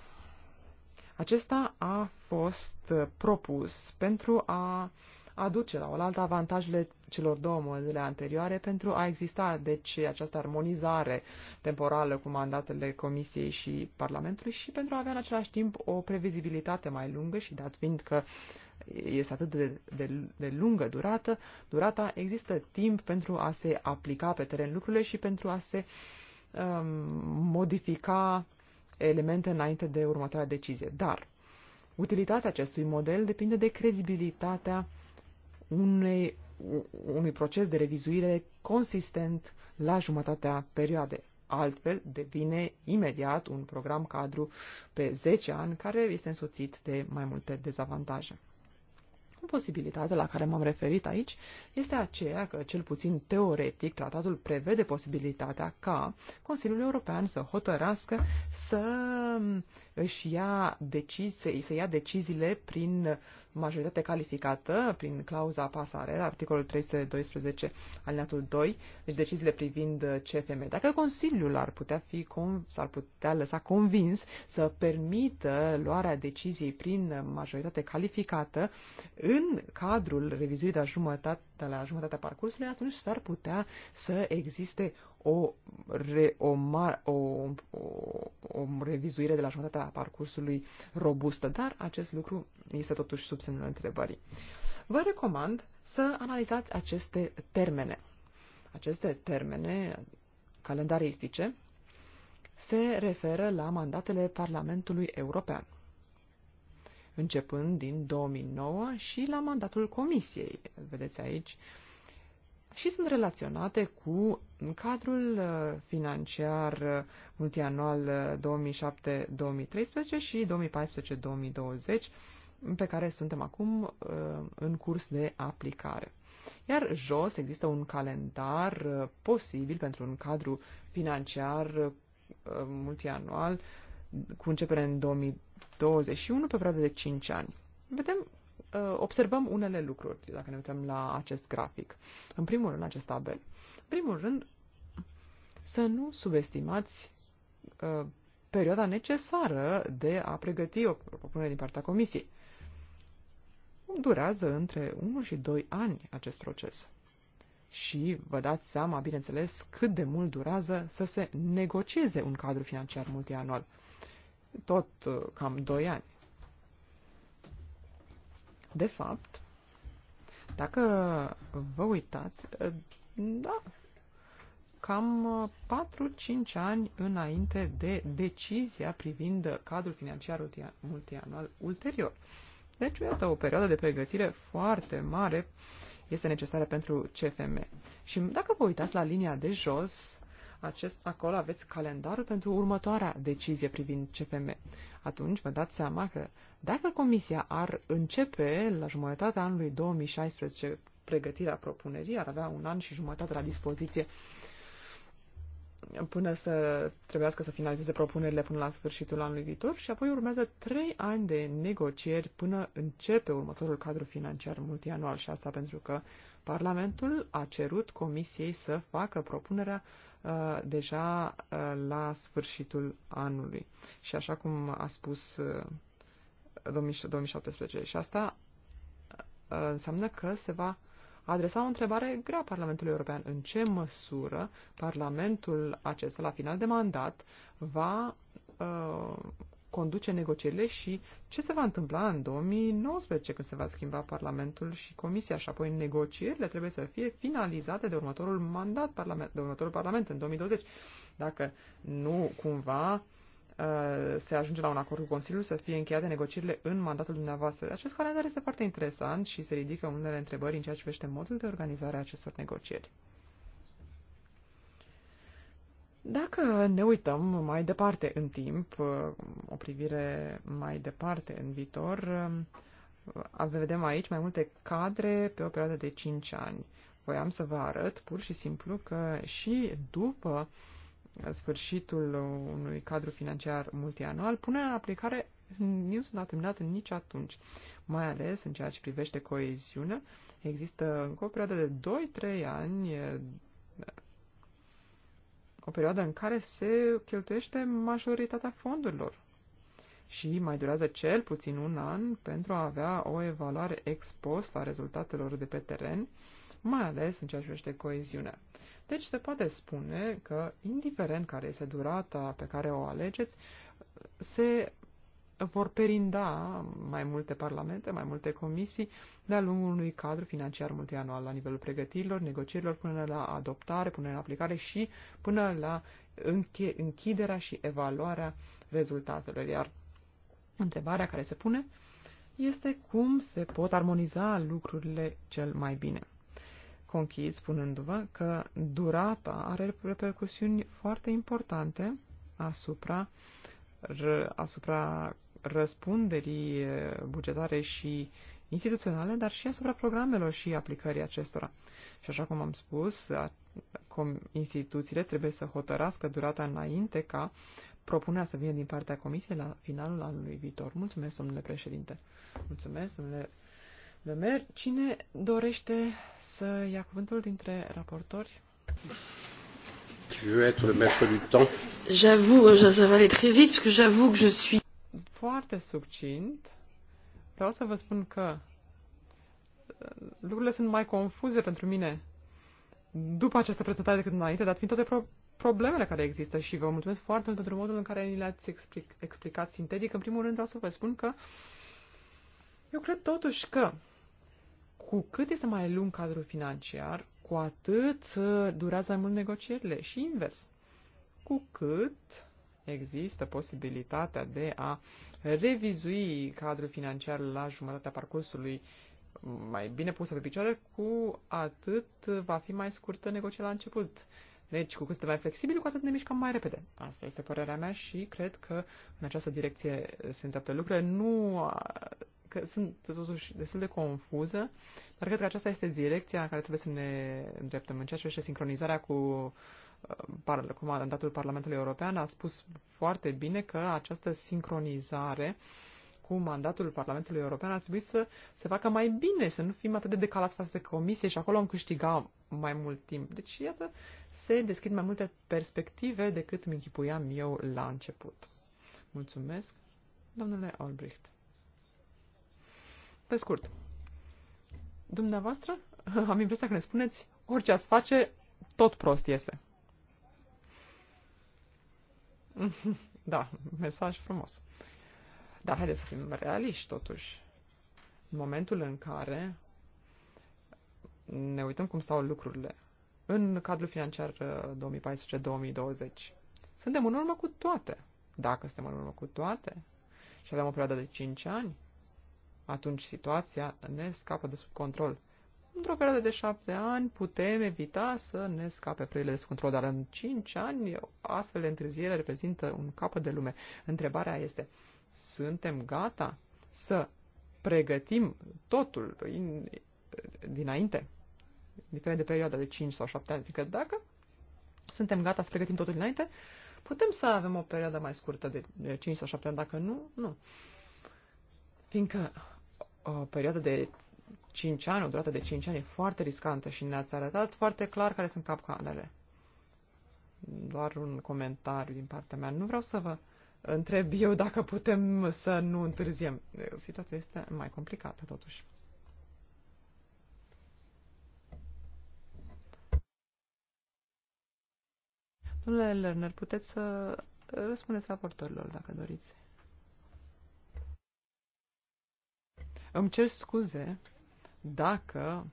acesta a fost uh, propus pentru a aduce la oaltă avantajele celor două modele anterioare pentru a exista, deci, această armonizare temporală cu mandatele Comisiei și Parlamentului și pentru a avea în același timp o previzibilitate mai lungă și dat fiind că este atât de, de, de lungă durată, durata există timp pentru a se aplica pe teren lucrurile și pentru a se um, modifica elemente înainte de următoarea decizie. Dar utilitatea acestui model depinde de credibilitatea unei, unui proces de revizuire consistent la jumătatea perioadei. Altfel, devine imediat un program cadru pe 10 ani care este însoțit de mai multe dezavantaje. Posibilitatea la care m-am referit aici este aceea că, cel puțin teoretic, tratatul prevede posibilitatea ca Consiliul European să hotărască să își ia decizii, să ia deciziile prin majoritate calificată, prin clauza pasare, articolul 312 alineatul 2, deci deciziile privind CFM. Dacă Consiliul ar putea fi, s-ar putea lăsa convins să permită luarea deciziei prin majoritate calificată, în cadrul revizuirii de la jumătatea, la jumătatea parcursului, atunci s-ar putea să existe o, re, o, mar, o, o, o revizuire de la jumătatea parcursului robustă, dar acest lucru este totuși sub semnul întrebării. Vă recomand să analizați aceste termene. Aceste termene calendaristice se referă la mandatele Parlamentului European începând din 2009 și la mandatul comisiei, vedeți aici, și sunt relaționate cu cadrul uh, financiar uh, multianual 2007-2013 uh, și 2014-2020, pe care suntem acum în curs de aplicare. Iar jos există un calendar posibil pentru un cadru financiar multianual cu începere în 21 pe perioada de 5 ani. Vedem, uh, observăm unele lucruri dacă ne uităm la acest grafic. În primul rând, acest tabel. În primul rând, să nu subestimați uh, perioada necesară de a pregăti o propunere din partea comisiei. Durează între 1 și 2 ani acest proces. Și vă dați seama, bineînțeles, cât de mult durează să se negocieze un cadru financiar multianual tot uh, cam 2 ani. De fapt, dacă vă uitați, uh, da, cam 4-5 uh, ani înainte de decizia privind cadrul financiar multianual ulterior. Deci, iată, o perioadă de pregătire foarte mare este necesară pentru CFM. Și dacă vă uitați la linia de jos, acest, acolo aveți calendarul pentru următoarea decizie privind CFM. Atunci vă dați seama că dacă Comisia ar începe la jumătatea anului 2016 pregătirea propunerii, ar avea un an și jumătate la dispoziție uh, până să trebuiască să finalizeze propunerile până la sfârșitul anului viitor și apoi urmează trei ani de negocieri până începe următorul cadru financiar multianual și asta pentru că Parlamentul a cerut Comisiei să facă propunerea uh, deja uh, la sfârșitul anului și așa cum a spus uh, 2017 și asta uh, înseamnă că se va adresa o întrebare grea Parlamentului European. În ce măsură Parlamentul acesta, la final de mandat, va uh, conduce negocierile și ce se va întâmpla în 2019 când se va schimba Parlamentul și Comisia și apoi negocierile trebuie să fie finalizate de următorul mandat, parlament, de următorul Parlament în 2020. Dacă nu cumva Uh, se ajunge la un acord cu Consiliul să fie încheiate negocierile în mandatul dumneavoastră. Acest calendar este foarte interesant și se ridică unele întrebări în ceea ce vește modul de organizare a acestor negocieri. Dacă ne uităm mai departe în timp, uh, o privire mai departe în viitor, uh, vedem aici mai multe cadre pe o perioadă de 5 ani. Voiam să vă arăt pur și simplu că și după uh, sfârșitul unui cadru financiar multianual, punerea în aplicare nu sunt a nici atunci. Mai ales în ceea ce privește coeziunea, există încă o perioadă de 2-3 ani, o perioadă în care se cheltuiește majoritatea fondurilor. Și mai durează cel puțin un an pentru a avea o evaluare ex post a rezultatelor de pe teren, uh, mai ales în ceea ce privește coeziunea. Deci se poate spune că, indiferent care este durata pe care o alegeți, se vor perinda mai multe parlamente, mai multe comisii de-a lungul unui cadru financiar multianual la nivelul pregătirilor, negocierilor până la adoptare, până la aplicare și până la închiderea și evaluarea rezultatelor. Iar întrebarea care se pune este cum se pot armoniza lucrurile cel mai bine. Conchid spunându-vă că durata are repercusiuni foarte importante asupra, asupra răspunderii bugetare și instituționale, dar și asupra programelor și aplicării acestora. Și așa cum am spus, instituțiile trebuie să hotărască durata înainte ca propunerea să vină din partea Comisiei la finalul anului viitor. Mulțumesc, domnule președinte. Mulțumesc, domnule Bemer. Cine dorește să ia cuvântul dintre raportori? Tu veux être le maître du temps J'avoue, ça va aller très vite, parce que j'avoue que je suis... Foarte succint. Vreau să vă spun că uh, lucrurile sunt mai confuze pentru mine după această prezentare decât înainte, dat fiind toate pro- problemele care există și vă mulțumesc foarte mult pentru modul în care ni le-ați explic- explicat sintetic. În primul rând vreau să vă spun că eu cred totuși că cu cât este mai lung cadrul financiar, cu atât uh, durează mai mult negocierile și invers. Cu cât există posibilitatea de a revizui cadrul financiar la jumătatea parcursului mm, mai bine pusă pe picioare, cu atât va fi mai scurtă negocierea la început. Deci, cu cât este mai flexibil, cu atât ne mișcăm mai repede. Asta este părerea mea și cred că în această direcție se întreaptă lucrurile. Nu că sunt totuși destul de confuză, dar cred că aceasta este direcția în care trebuie să ne îndreptăm. În ceea ce este sincronizarea cu uh, cu mandatul Parlamentului European, a spus foarte bine că această sincronizare cu mandatul Parlamentului European ar trebui să se facă mai bine, să nu fim atât de decalați față de comisie și acolo am câștiga mai mult timp. Deci, iată, se deschid mai multe perspective decât mi închipuiam eu la început. Mulțumesc, domnule Albrecht. Pe scurt, dumneavoastră, am impresia că ne spuneți, orice ați face, tot prost este. Da, mesaj frumos. Dar haideți să fim realiști, totuși. În momentul în care ne uităm cum stau lucrurile în cadrul financiar 2014-2020, uh, suntem în urmă cu toate. Dacă suntem în urmă cu toate și avem o perioadă de 5 ani, atunci situația ne scapă de sub control. Într-o perioadă de șapte ani putem evita să ne scape frâile de sub control, dar în cinci ani astfel de întârziere reprezintă un capăt de lume. Întrebarea este, suntem gata să pregătim totul in, dinainte, indiferent de perioada de 5 sau 7 ani, adică dacă suntem gata să pregătim totul dinainte, putem să avem o perioadă mai scurtă de 5 sau 7 ani, dacă nu, nu. Fiindcă o perioadă de 5 ani, o durată de 5 ani, e foarte riscantă și ne-ați arătat foarte clar care sunt capcanele. Doar un comentariu din partea mea. Nu vreau să vă întreb eu dacă putem să nu întârziem. Situația este mai complicată, totuși. Domnule Lerner, puteți să răspundeți raportorilor, dacă doriți. Îmi cer scuze dacă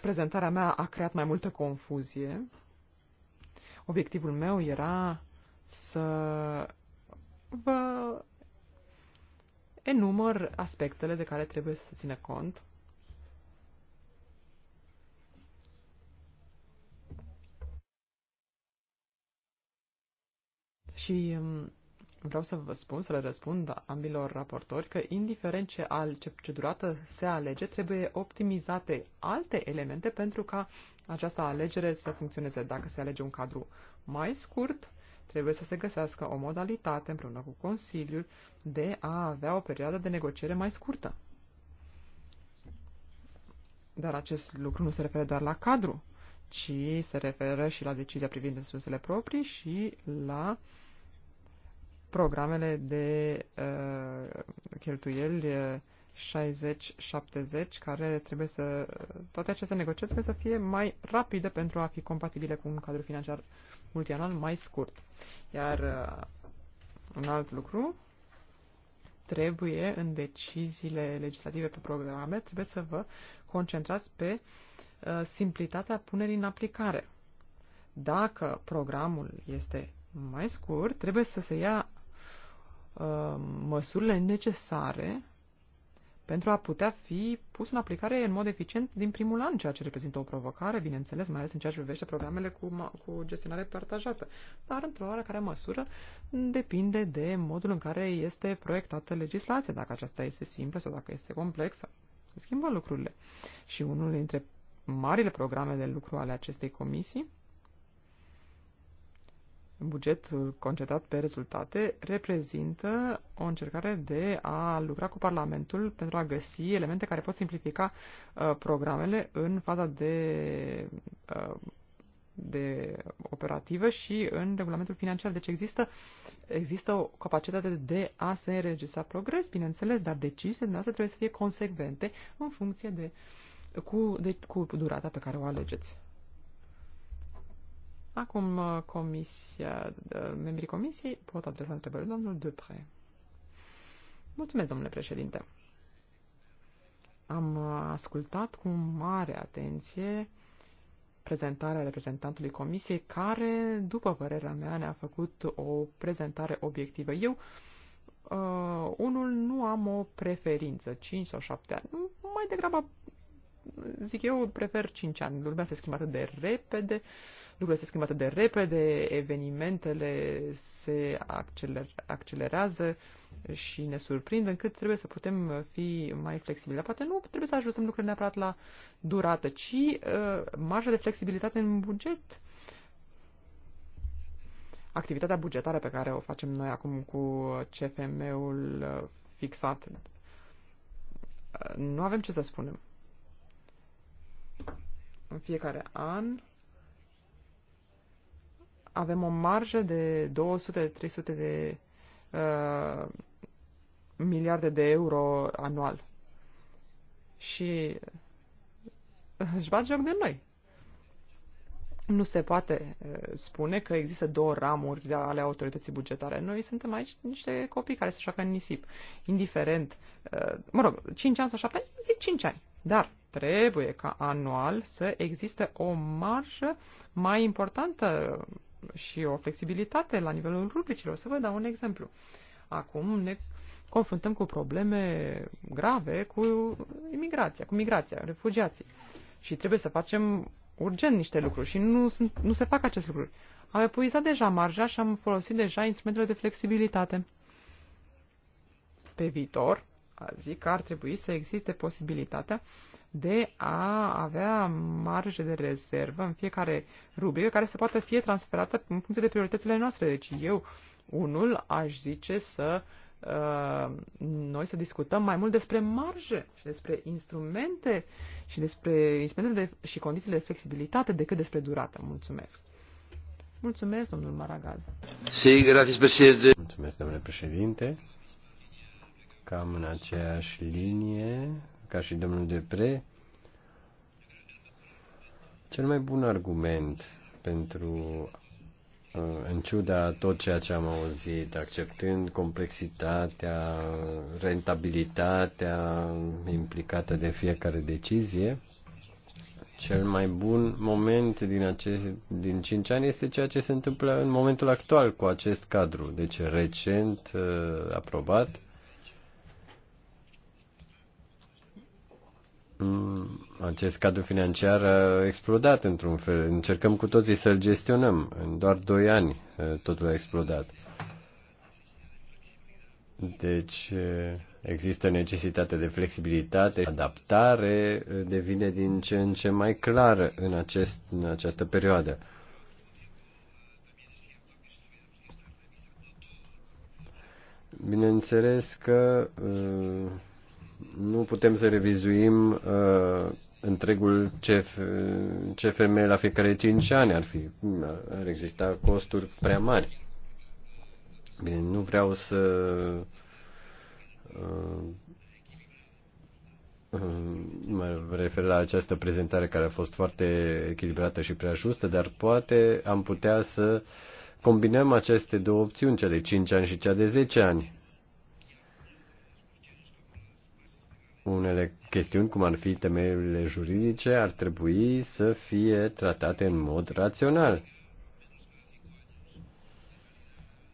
prezentarea mea a creat mai multă confuzie. Obiectivul meu era să vă enumăr aspectele de care trebuie să se țină cont. Și um, vreau să vă spun, să le răspund ambilor raportori că indiferent ce, al, ce, ce durată se alege, trebuie optimizate alte elemente pentru ca această alegere să funcționeze. Dacă se alege un cadru mai scurt, trebuie să se găsească o modalitate împreună cu Consiliul de a avea o perioadă de negociere mai scurtă. Dar acest lucru nu se referă doar la cadru, ci se referă și la decizia privind resursele proprii și la uh, programele de uh, cheltuieli 60-70, uh, care trebuie să, toate aceste negocieri trebuie să fie mai rapide pentru a fi compatibile cu un cadru financiar multianual mai scurt. Iar uh, un alt lucru, trebuie în deciziile legislative pe programe, trebuie să vă concentrați pe uh, simplitatea punerii în aplicare. Dacă programul este mai scurt, trebuie să se ia Uh, măsurile necesare pentru a putea fi pus în aplicare în mod eficient din primul an, ceea ce reprezintă o provocare, bineînțeles, mai ales în ceea ce privește programele cu, cu gestionare partajată. Dar, într-o oarecare măsură, depinde de modul în care este proiectată legislația, dacă aceasta este simplă sau dacă este complexă. Se schimbă lucrurile. Și unul dintre marile programe de lucru ale acestei comisii bugetul concentrat pe rezultate reprezintă o încercare de a lucra cu Parlamentul pentru a găsi elemente care pot simplifica uh, programele în faza de, uh, de operativă și în regulamentul financiar. Deci există, există o capacitate de a se înregistra progres, bineînțeles, dar deciziile noastre trebuie să fie consecvente în funcție de, cu, de, cu durata pe care o alegeți. Acum uh, comisia, uh, membrii comisiei pot adresa întrebări. Domnul Dupre. Mulțumesc, domnule președinte. Am uh, ascultat cu mare atenție prezentarea reprezentantului comisiei, care, după părerea mea, ne-a făcut o prezentare obiectivă. Eu, uh, unul, nu am o preferință, 5 sau 7 ani, mai degrabă, zic eu, prefer 5 ani. Lumea se schimbă atât de repede. Uh, lucrurile se schimbă atât de repede, evenimentele se acceler, accelerează și ne surprind, încât trebuie să putem fi mai flexibili. Dar poate nu trebuie să ajustăm lucrurile neapărat la durată, ci uh, marja de flexibilitate în buget. Activitatea bugetară pe care o facem noi acum cu CFM-ul uh, fixat, uh, nu avem ce să spunem. În fiecare an avem o marjă de 200-300 de uh, miliarde de euro anual. Și își bat joc de noi. Nu se poate uh, spune că există două ramuri de ale autorității bugetare. Noi suntem aici niște copii care se joacă în nisip, indiferent. Uh, mă rog, 5 ani sau 7 ani, zic 5 ani. Dar trebuie ca anual să existe o marjă mai importantă și o flexibilitate la nivelul rubricilor. Să vă dau un exemplu. Acum ne confruntăm cu probleme grave cu imigrația, cu migrația, refugiații. Și trebuie să facem urgent niște lucruri și nu, sunt, nu se fac acest lucruri. Am epuizat deja marja și am folosit deja instrumentele de flexibilitate. Pe viitor, zic că ar trebui să existe posibilitatea de a avea marge de rezervă în fiecare rubrică care să poată fi transferată în funcție de prioritățile noastre. Deci eu, unul, aș zice să uh, noi să discutăm mai mult despre marje și despre instrumente și despre instrumentele de, și condițiile de flexibilitate decât despre durată. Mulțumesc. Mulțumesc, domnul Maragal. Sí, gracias, președinte. Mulțumesc, domnule președinte cam în aceeași linie ca și domnul Depre. Cel mai bun argument pentru, uh, în ciuda tot ceea ce am auzit, acceptând complexitatea, rentabilitatea implicată de fiecare decizie, cel mai bun moment din, acest, din 5 ani este ceea ce se întâmplă în momentul actual cu acest cadru, deci recent uh, aprobat Mm, acest cadru financiar a explodat într-un fel. Încercăm cu toții să-l gestionăm. În doar doi ani totul a explodat. Deci există necesitate de flexibilitate, adaptare devine din ce în ce mai clară în, acest, în această perioadă. Bineînțeles că nu putem să revizuim uh, întregul CF, CFM la fiecare 5 ani. Ar, fi, ar exista costuri prea mari. Bine, nu vreau să uh, uh, mă refer la această prezentare care a fost foarte echilibrată și prea justă, dar poate am putea să combinăm aceste două opțiuni, cea de 5 ani și cea de 10 ani. unele chestiuni, cum ar fi temerile juridice, ar trebui să fie tratate în mod rațional.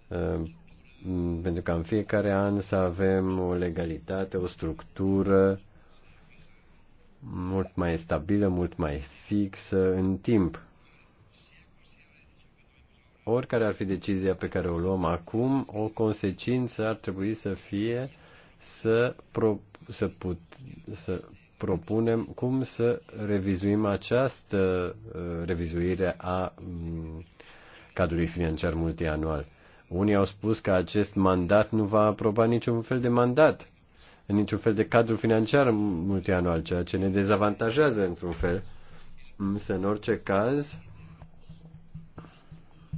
Ehm, pentru că în fiecare an să avem o legalitate, o structură mult mai stabilă, mult mai fixă în timp. Oricare ar fi decizia pe care o luăm acum, o consecință ar trebui să fie uh, să, pro, să, put, să propunem cum să revizuim această uh, revizuire a um, cadrului financiar multianual. Unii au spus că acest mandat nu va aproba niciun fel de mandat, niciun fel de cadru financiar multianual, ceea ce ne dezavantajează într-un fel. Însă, în orice caz,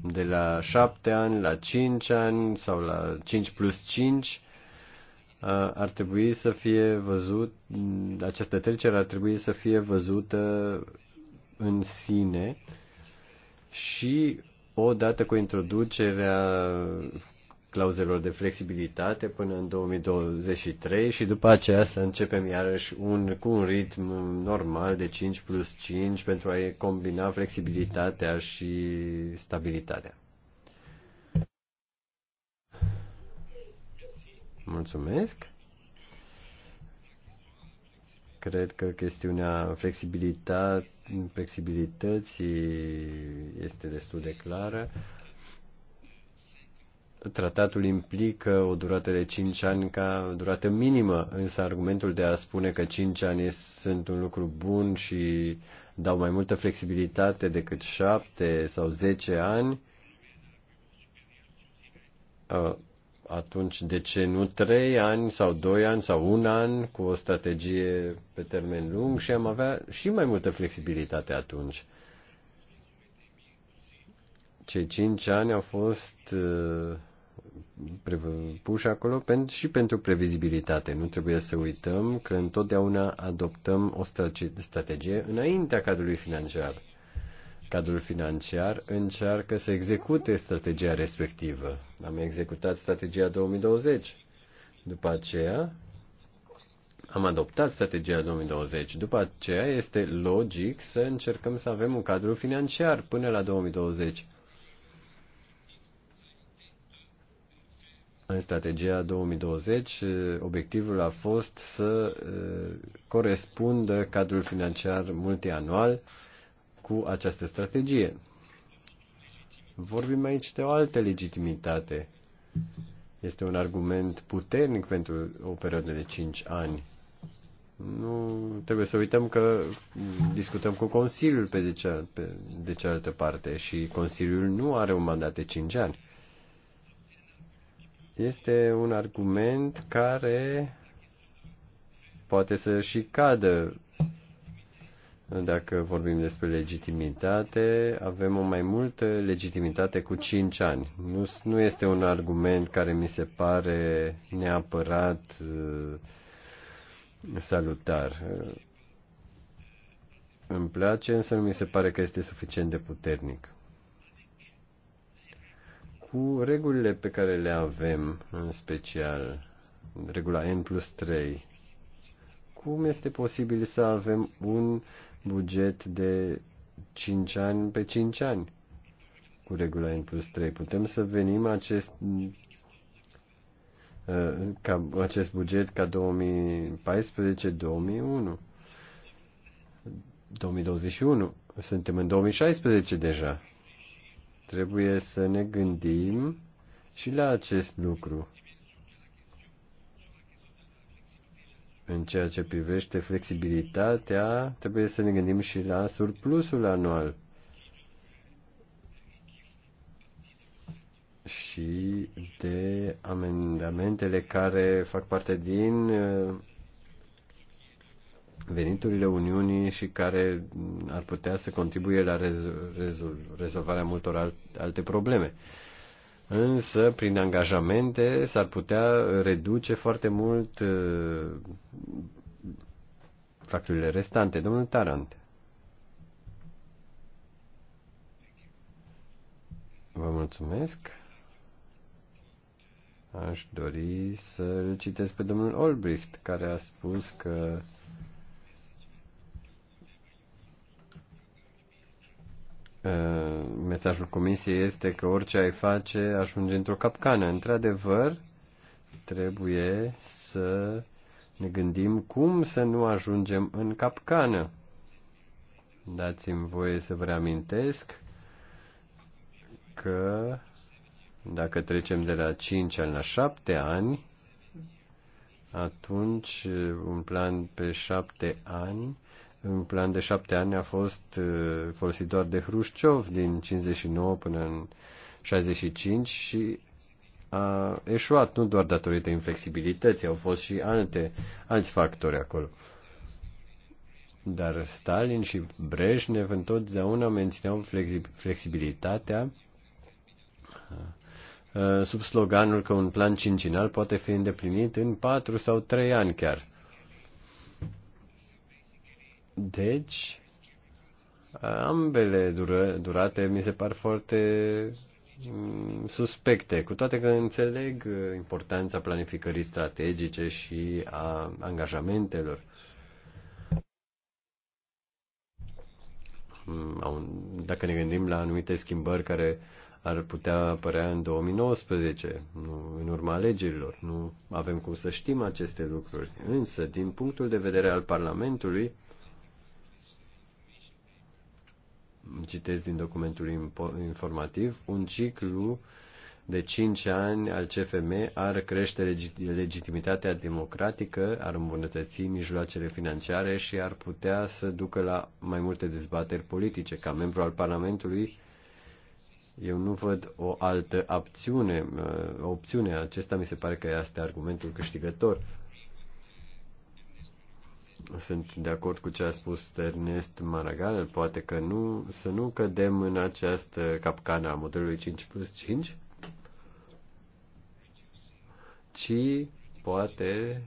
de la șapte ani la cinci ani sau la cinci plus cinci ar trebui să fie văzut, această trecere ar trebui să fie văzută în sine și odată cu introducerea clauzelor de flexibilitate până în 2023 și după aceea să începem iarăși un, cu un ritm normal de 5 plus 5 pentru a combina flexibilitatea și stabilitatea. Mulțumesc. Cred că chestiunea flexibilității este destul de clară. Tratatul implică o durată de 5 ani ca durată minimă, însă argumentul de a spune că 5 ani sunt un lucru bun și dau mai multă flexibilitate decât 7 sau 10 ani, uh, atunci de ce nu trei ani sau doi ani sau un an cu o strategie pe termen lung și am avea și mai multă flexibilitate atunci. Cei cinci ani au fost uh, puși acolo și pentru previzibilitate. Nu trebuie să uităm că întotdeauna adoptăm o strategie înaintea cadrului financiar cadrul financiar încearcă să execute strategia respectivă. Am executat strategia 2020. După aceea, am adoptat strategia 2020. După aceea, este logic să încercăm să avem un cadru financiar până la 2020. În strategia 2020, obiectivul a fost să eh, corespundă cadrul financiar multianual cu această strategie. Vorbim aici de o altă legitimitate. Este un argument puternic pentru o perioadă de 5 ani. Nu trebuie să uităm că discutăm cu Consiliul pe de, cea, pe de cealaltă parte și Consiliul nu are un mandat de 5 ani. Este un argument care poate să și cadă dacă vorbim despre legitimitate, avem o mai multă legitimitate cu 5 ani. Nu, nu este un argument care mi se pare neapărat uh, salutar. Îmi place, însă nu mi se pare că este suficient de puternic. Cu regulile pe care le avem, în special regula N plus 3, cum este posibil să avem un buget de 5 ani pe 5 ani cu regula N plus 3. Putem să venim acest, uh, ca, acest buget ca 2014-2001. 2021. Suntem în 2016 deja. Trebuie să ne gândim și la acest lucru. În ceea ce privește flexibilitatea, trebuie să ne gândim și la surplusul anual. și de amendamentele care fac parte din uh, veniturile Uniunii și care ar putea să contribuie la rezolvarea multor alte probleme. Însă, prin angajamente, s-ar putea reduce foarte mult uh, facturile restante. Domnul Tarant. Vă mulțumesc. Aș dori să-l citesc pe domnul Olbricht, care a spus că Uh, mesajul comisiei este că orice ai face ajunge într-o capcană. Într-adevăr, trebuie să ne gândim cum să nu ajungem în capcană. Dați-mi voie să vă reamintesc că dacă trecem de la 5 ani la 7 ani, atunci un plan pe 7 ani în plan de șapte ani a fost uh, folosit doar de Hrușciov din 59 până în 65 și a eșuat nu doar datorită inflexibilității, au fost și alte, alți factori acolo. Dar Stalin și Brezhnev întotdeauna mențineau flexibilitatea uh, sub sloganul că un plan cincinal poate fi îndeplinit în patru sau trei ani chiar. Deci, ambele dură, durate mi se par foarte mm, suspecte, cu toate că înțeleg uh, importanța planificării strategice și a angajamentelor. Mm, dacă ne gândim la anumite schimbări care ar putea apărea în 2019, nu, în urma alegerilor, nu avem cum să știm aceste lucruri. Însă, din punctul de vedere al Parlamentului, citesc din documentul informativ, un ciclu de 5 ani al CFM ar crește legitimitatea democratică, ar îmbunătăți mijloacele financiare și ar putea să ducă la mai multe dezbateri politice. Ca membru al Parlamentului, eu nu văd o altă opțiune. Uh, opțiune, acesta mi se pare că este argumentul câștigător. Sunt de acord cu ce a spus Ernest Maragall, poate că nu, să nu cădem în această capcană a modelului 5 plus 5, ci poate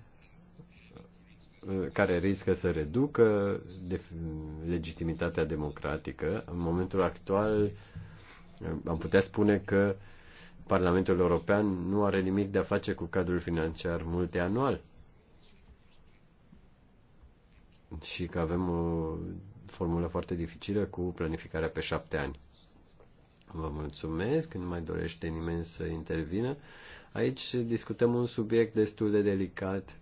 uh, care riscă să reducă legitimitatea democratică. În momentul actual uh, am putea spune că Parlamentul European nu are nimic de a face cu cadrul financiar multianual și că avem o uh, formulă foarte dificilă cu planificarea pe șapte ani. Vă mulțumesc, nu mai dorește nimeni să intervină. Aici discutăm un subiect destul de delicat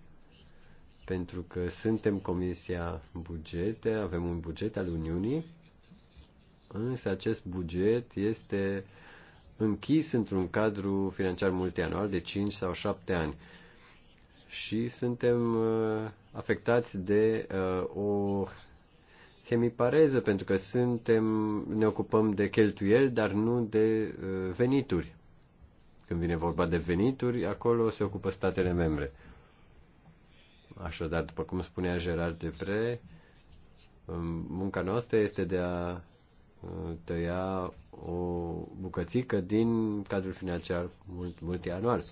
pentru că suntem Comisia Bugete, avem un buget al Uniunii, însă acest buget este închis într-un cadru financiar multianual de 5 sau 7 ani. Și suntem uh, afectați de uh, o hemipareză, pentru că suntem, ne ocupăm de cheltuieli, dar nu de uh, venituri. Când vine vorba de venituri, acolo se ocupă statele membre. Așadar, după cum spunea Gerard Depre, um, munca noastră este de a uh, tăia o bucățică din cadrul financiar multianual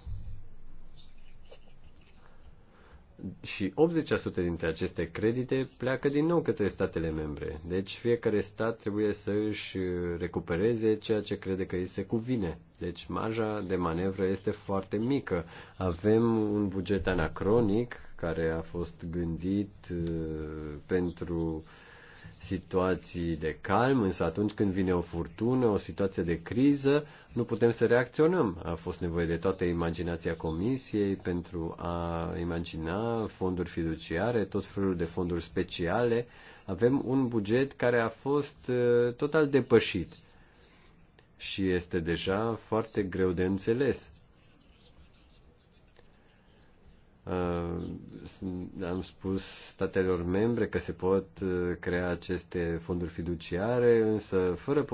și 80% dintre aceste credite pleacă din nou către statele membre. Deci fiecare stat trebuie să își recupereze ceea ce crede că îi se cuvine. Deci marja de manevră este foarte mică. Avem un buget anacronic care a fost gândit uh, pentru uh, situații de calm, însă atunci când vine o furtună, o situație de criză, nu putem să reacționăm. A fost nevoie de toată imaginația comisiei pentru a imagina fonduri fiduciare, tot felul de fonduri speciale. Avem un buget care a fost uh, total depășit și este deja foarte greu de înțeles. Uh, am spus statelor membre că se pot uh, crea aceste fonduri fiduciare, însă fără,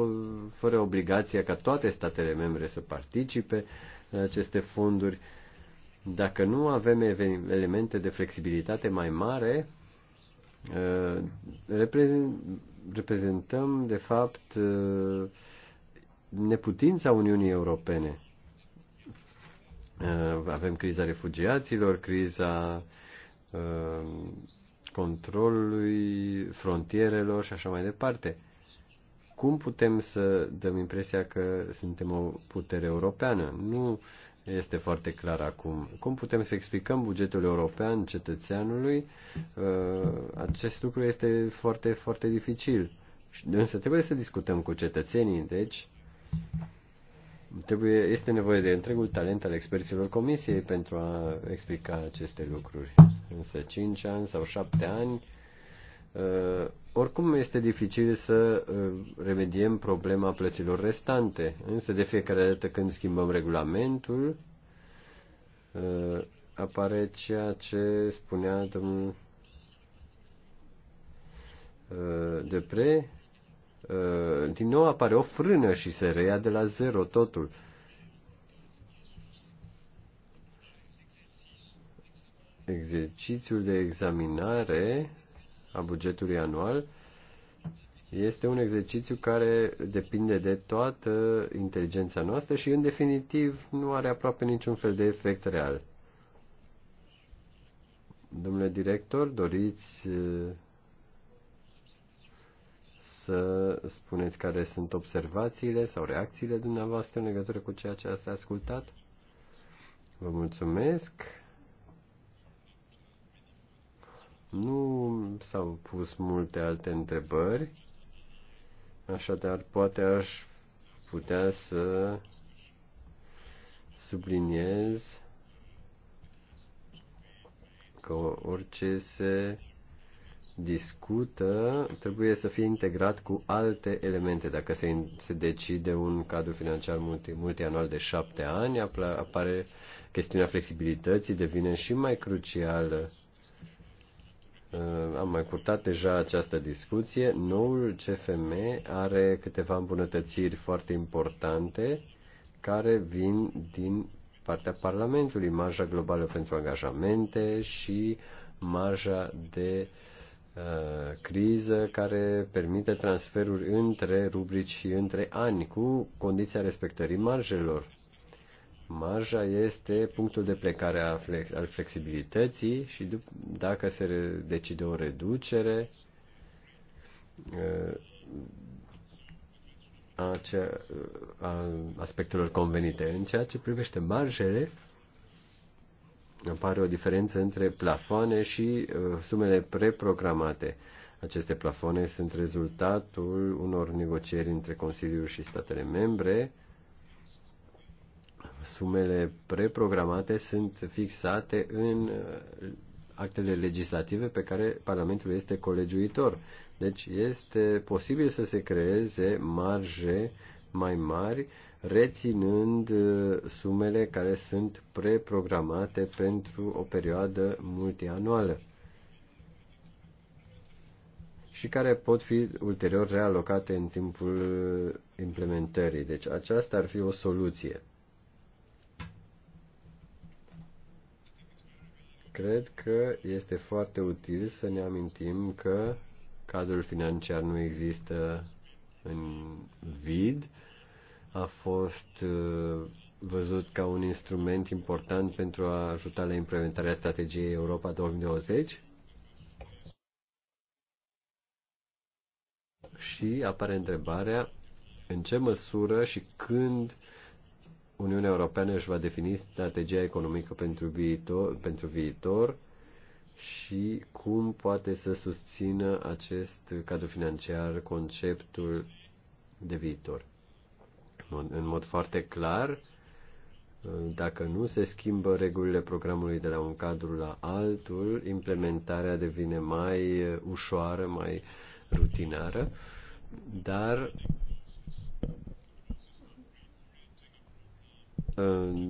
fără obligația ca toate statele membre să participe la aceste fonduri. Dacă nu avem elemente de flexibilitate mai mare, uh, reprezentăm, de fapt, neputința Uniunii Europene Uh, avem criza refugiaților, criza uh, controlului frontierelor și așa mai departe. Cum putem să dăm impresia că suntem o putere europeană? Nu este foarte clar acum. Cum putem să explicăm bugetul european cetățeanului? Uh, acest lucru este foarte, foarte dificil. Însă trebuie să discutăm cu cetățenii, deci Trebuie, este nevoie de întregul talent al experților comisiei pentru a explica aceste lucruri. Însă 5 ani sau 7 ani, uh, oricum este dificil să uh, remediem problema plăților restante. Însă de fiecare dată când schimbăm regulamentul, uh, apare ceea ce spunea domnul Depre, din uh, nou apare o frână și se reia de la zero totul. Exercițiul de examinare a bugetului anual este un exercițiu care depinde de toată inteligența noastră și, în definitiv, nu are aproape niciun fel de efect real. Domnule director, doriți uh, să spuneți care sunt observațiile sau reacțiile dumneavoastră în legătură cu ceea ce ați ascultat. Vă mulțumesc. Nu s-au pus multe alte întrebări, așadar poate aș putea să subliniez că orice se discută trebuie să fie integrat cu alte elemente. Dacă se, se decide un cadru financiar multi, multianual de șapte ani, apare chestiunea flexibilității, devine și mai crucială. Uh, am mai purtat deja această discuție. Noul CFM are câteva îmbunătățiri foarte importante care vin din partea Parlamentului, marja globală pentru angajamente și marja de uh, Uh, criză care permite transferuri între rubrici și între ani cu condiția respectării marjelor. Marja este punctul de plecare a flex- al flexibilității și dacă se decide o reducere uh, a, uh, a aspectelor convenite. În ceea ce privește marjele, apare o diferență între plafoane și uh, sumele preprogramate. Aceste plafoane sunt rezultatul unor negocieri între Consiliul și statele membre. Sumele preprogramate sunt fixate în uh, actele legislative pe care Parlamentul este colegiuitor. Deci este posibil să se creeze marje mai mari reținând uh, sumele care sunt preprogramate pentru o perioadă multianuală și care pot fi ulterior realocate în timpul implementării. Deci aceasta ar fi o soluție. Cred că este foarte util să ne amintim că cadrul financiar nu există în vid, a fost uh, văzut ca un instrument important pentru a ajuta la implementarea strategiei Europa 2020 și apare întrebarea în ce măsură și când Uniunea Europeană își va defini strategia economică pentru viitor, pentru viitor și cum poate să susțină acest cadru financiar conceptul de viitor în mod foarte clar. Dacă nu se schimbă regulile programului de la un cadru la altul, implementarea devine mai ușoară, mai rutinară, dar uh,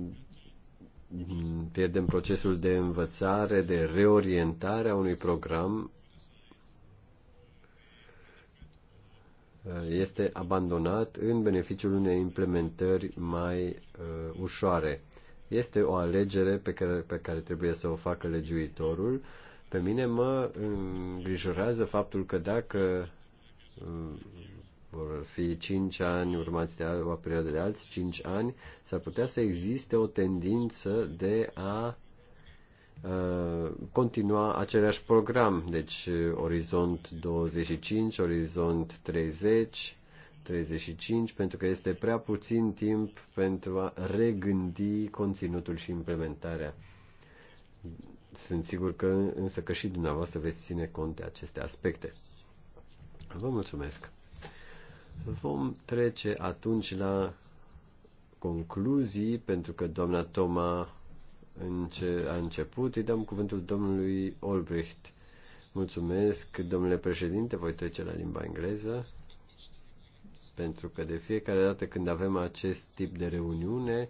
pierdem procesul de învățare, de reorientare a unui program este abandonat în beneficiul unei implementări mai uh, ușoare. Este o alegere pe care, pe care trebuie să o facă legiuitorul. Pe mine mă uh, îngrijorează faptul că dacă uh, vor fi 5 ani urmați de o perioadă de alți 5 ani, s-ar putea să existe o tendință de a continua același program, deci Orizont 25, Orizont 30, 35, pentru că este prea puțin timp pentru a regândi conținutul și implementarea. Sunt sigur că însă că și dumneavoastră veți ține cont de aceste aspecte. Vă mulțumesc. Vom trece atunci la concluzii, pentru că doamna Toma înce- a început, îi dăm cuvântul domnului Olbricht. Mulțumesc, domnule președinte, voi trece la limba engleză, pentru că de fiecare dată când avem acest tip de reuniune,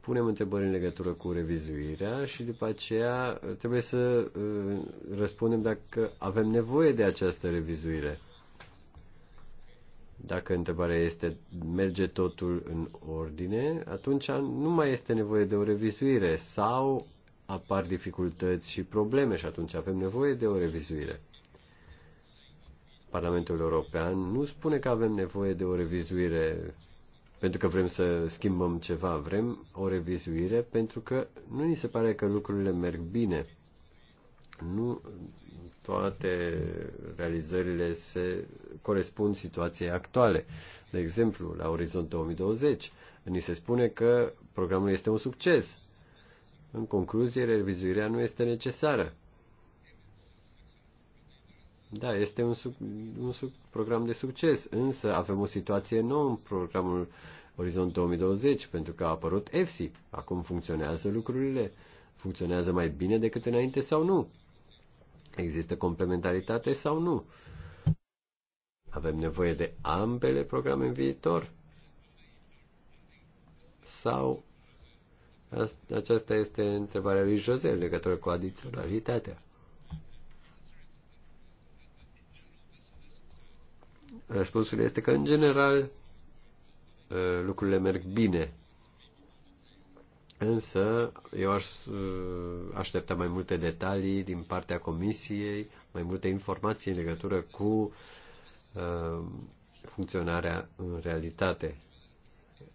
punem întrebări în legătură cu revizuirea și după aceea trebuie să uh, răspundem dacă avem nevoie de această revizuire. Dacă întrebarea este merge totul în ordine, atunci nu mai este nevoie de o revizuire sau apar dificultăți și probleme și atunci avem nevoie de o revizuire. Parlamentul European nu spune că avem nevoie de o revizuire pentru că vrem să schimbăm ceva, vrem o revizuire pentru că nu ni se pare că lucrurile merg bine. Nu toate realizările se corespund situației actuale. De exemplu, la Orizont 2020, ni se spune că programul este un succes. În concluzie, revizuirea nu este necesară. Da, este un, un program de succes, însă avem o situație nouă în programul Orizont 2020, pentru că a apărut EFSI. Acum funcționează lucrurile? Funcționează mai bine decât înainte sau nu? Există complementaritate sau nu? Avem nevoie de ambele programe în viitor? Sau aceasta este întrebarea lui Jose legătură cu adiționalitatea. Răspunsul este că, în general, ă, lucrurile merg bine. Însă, eu aș uh, aștepta mai multe detalii din partea comisiei, mai multe informații în legătură cu uh, funcționarea în realitate.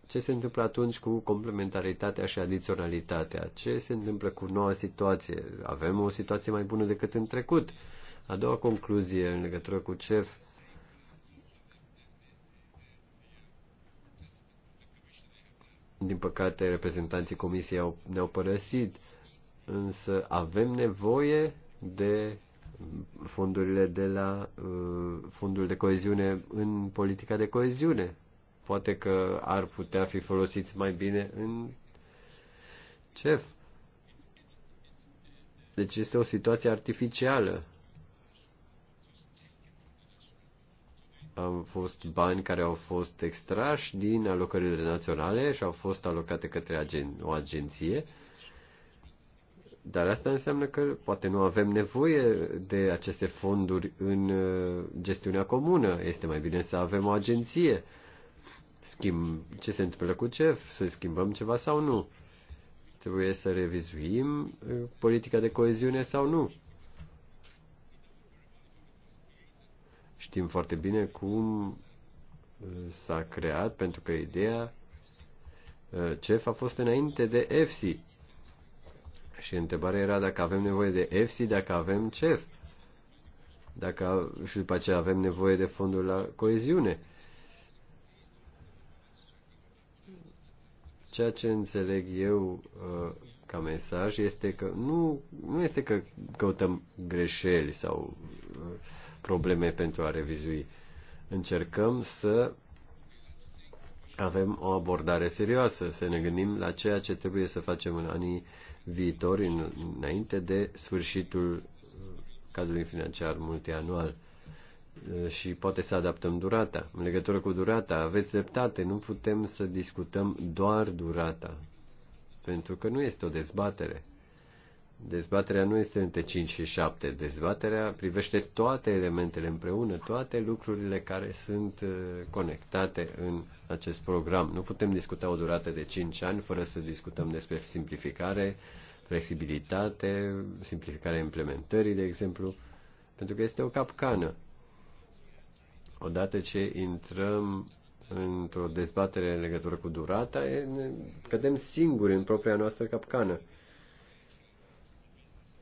Ce se întâmplă atunci cu complementaritatea și adiționalitatea? Ce se întâmplă cu noua situație? Avem o situație mai bună decât în trecut. A doua concluzie în legătură cu CEF Din păcate, reprezentanții comisiei au, ne-au părăsit, însă avem nevoie de fondurile de la uh, fondul de coeziune în politica de coeziune. Poate că ar putea fi folosiți mai bine în CEF. Deci este o situație artificială. au fost bani care au fost extrași din alocările naționale și au fost alocate către agen- o agenție. Dar asta înseamnă că poate nu avem nevoie de aceste fonduri în uh, gestiunea comună. Este mai bine să avem o agenție. Schimb ce se întâmplă cu ce? să schimbăm ceva sau nu. Trebuie să revizuim uh, politica de coeziune sau nu. Știm foarte bine cum uh, s-a creat, pentru că ideea uh, CEF a fost înainte de EFSI. Și întrebarea era dacă avem nevoie de EFSI, dacă avem CEF. Dacă, și după aceea avem nevoie de fondul la coeziune. Ceea ce înțeleg eu uh, ca mesaj este că nu, nu este că căutăm greșeli sau uh, probleme pentru a revizui. Încercăm să avem o abordare serioasă, să ne gândim la ceea ce trebuie să facem în anii viitori, în, înainte de sfârșitul cadrului financiar multianual și poate să adaptăm durata. În legătură cu durata, aveți dreptate, nu putem să discutăm doar durata, pentru că nu este o dezbatere. Dezbaterea nu este între 5 și 7. Dezbaterea privește toate elementele împreună, toate lucrurile care sunt uh, conectate în acest program. Nu putem discuta o durată de 5 ani fără să discutăm despre simplificare, flexibilitate, simplificarea implementării, de exemplu, pentru că este o capcană. Odată ce intrăm într-o dezbatere în legătură cu durata, cădem singuri în propria noastră capcană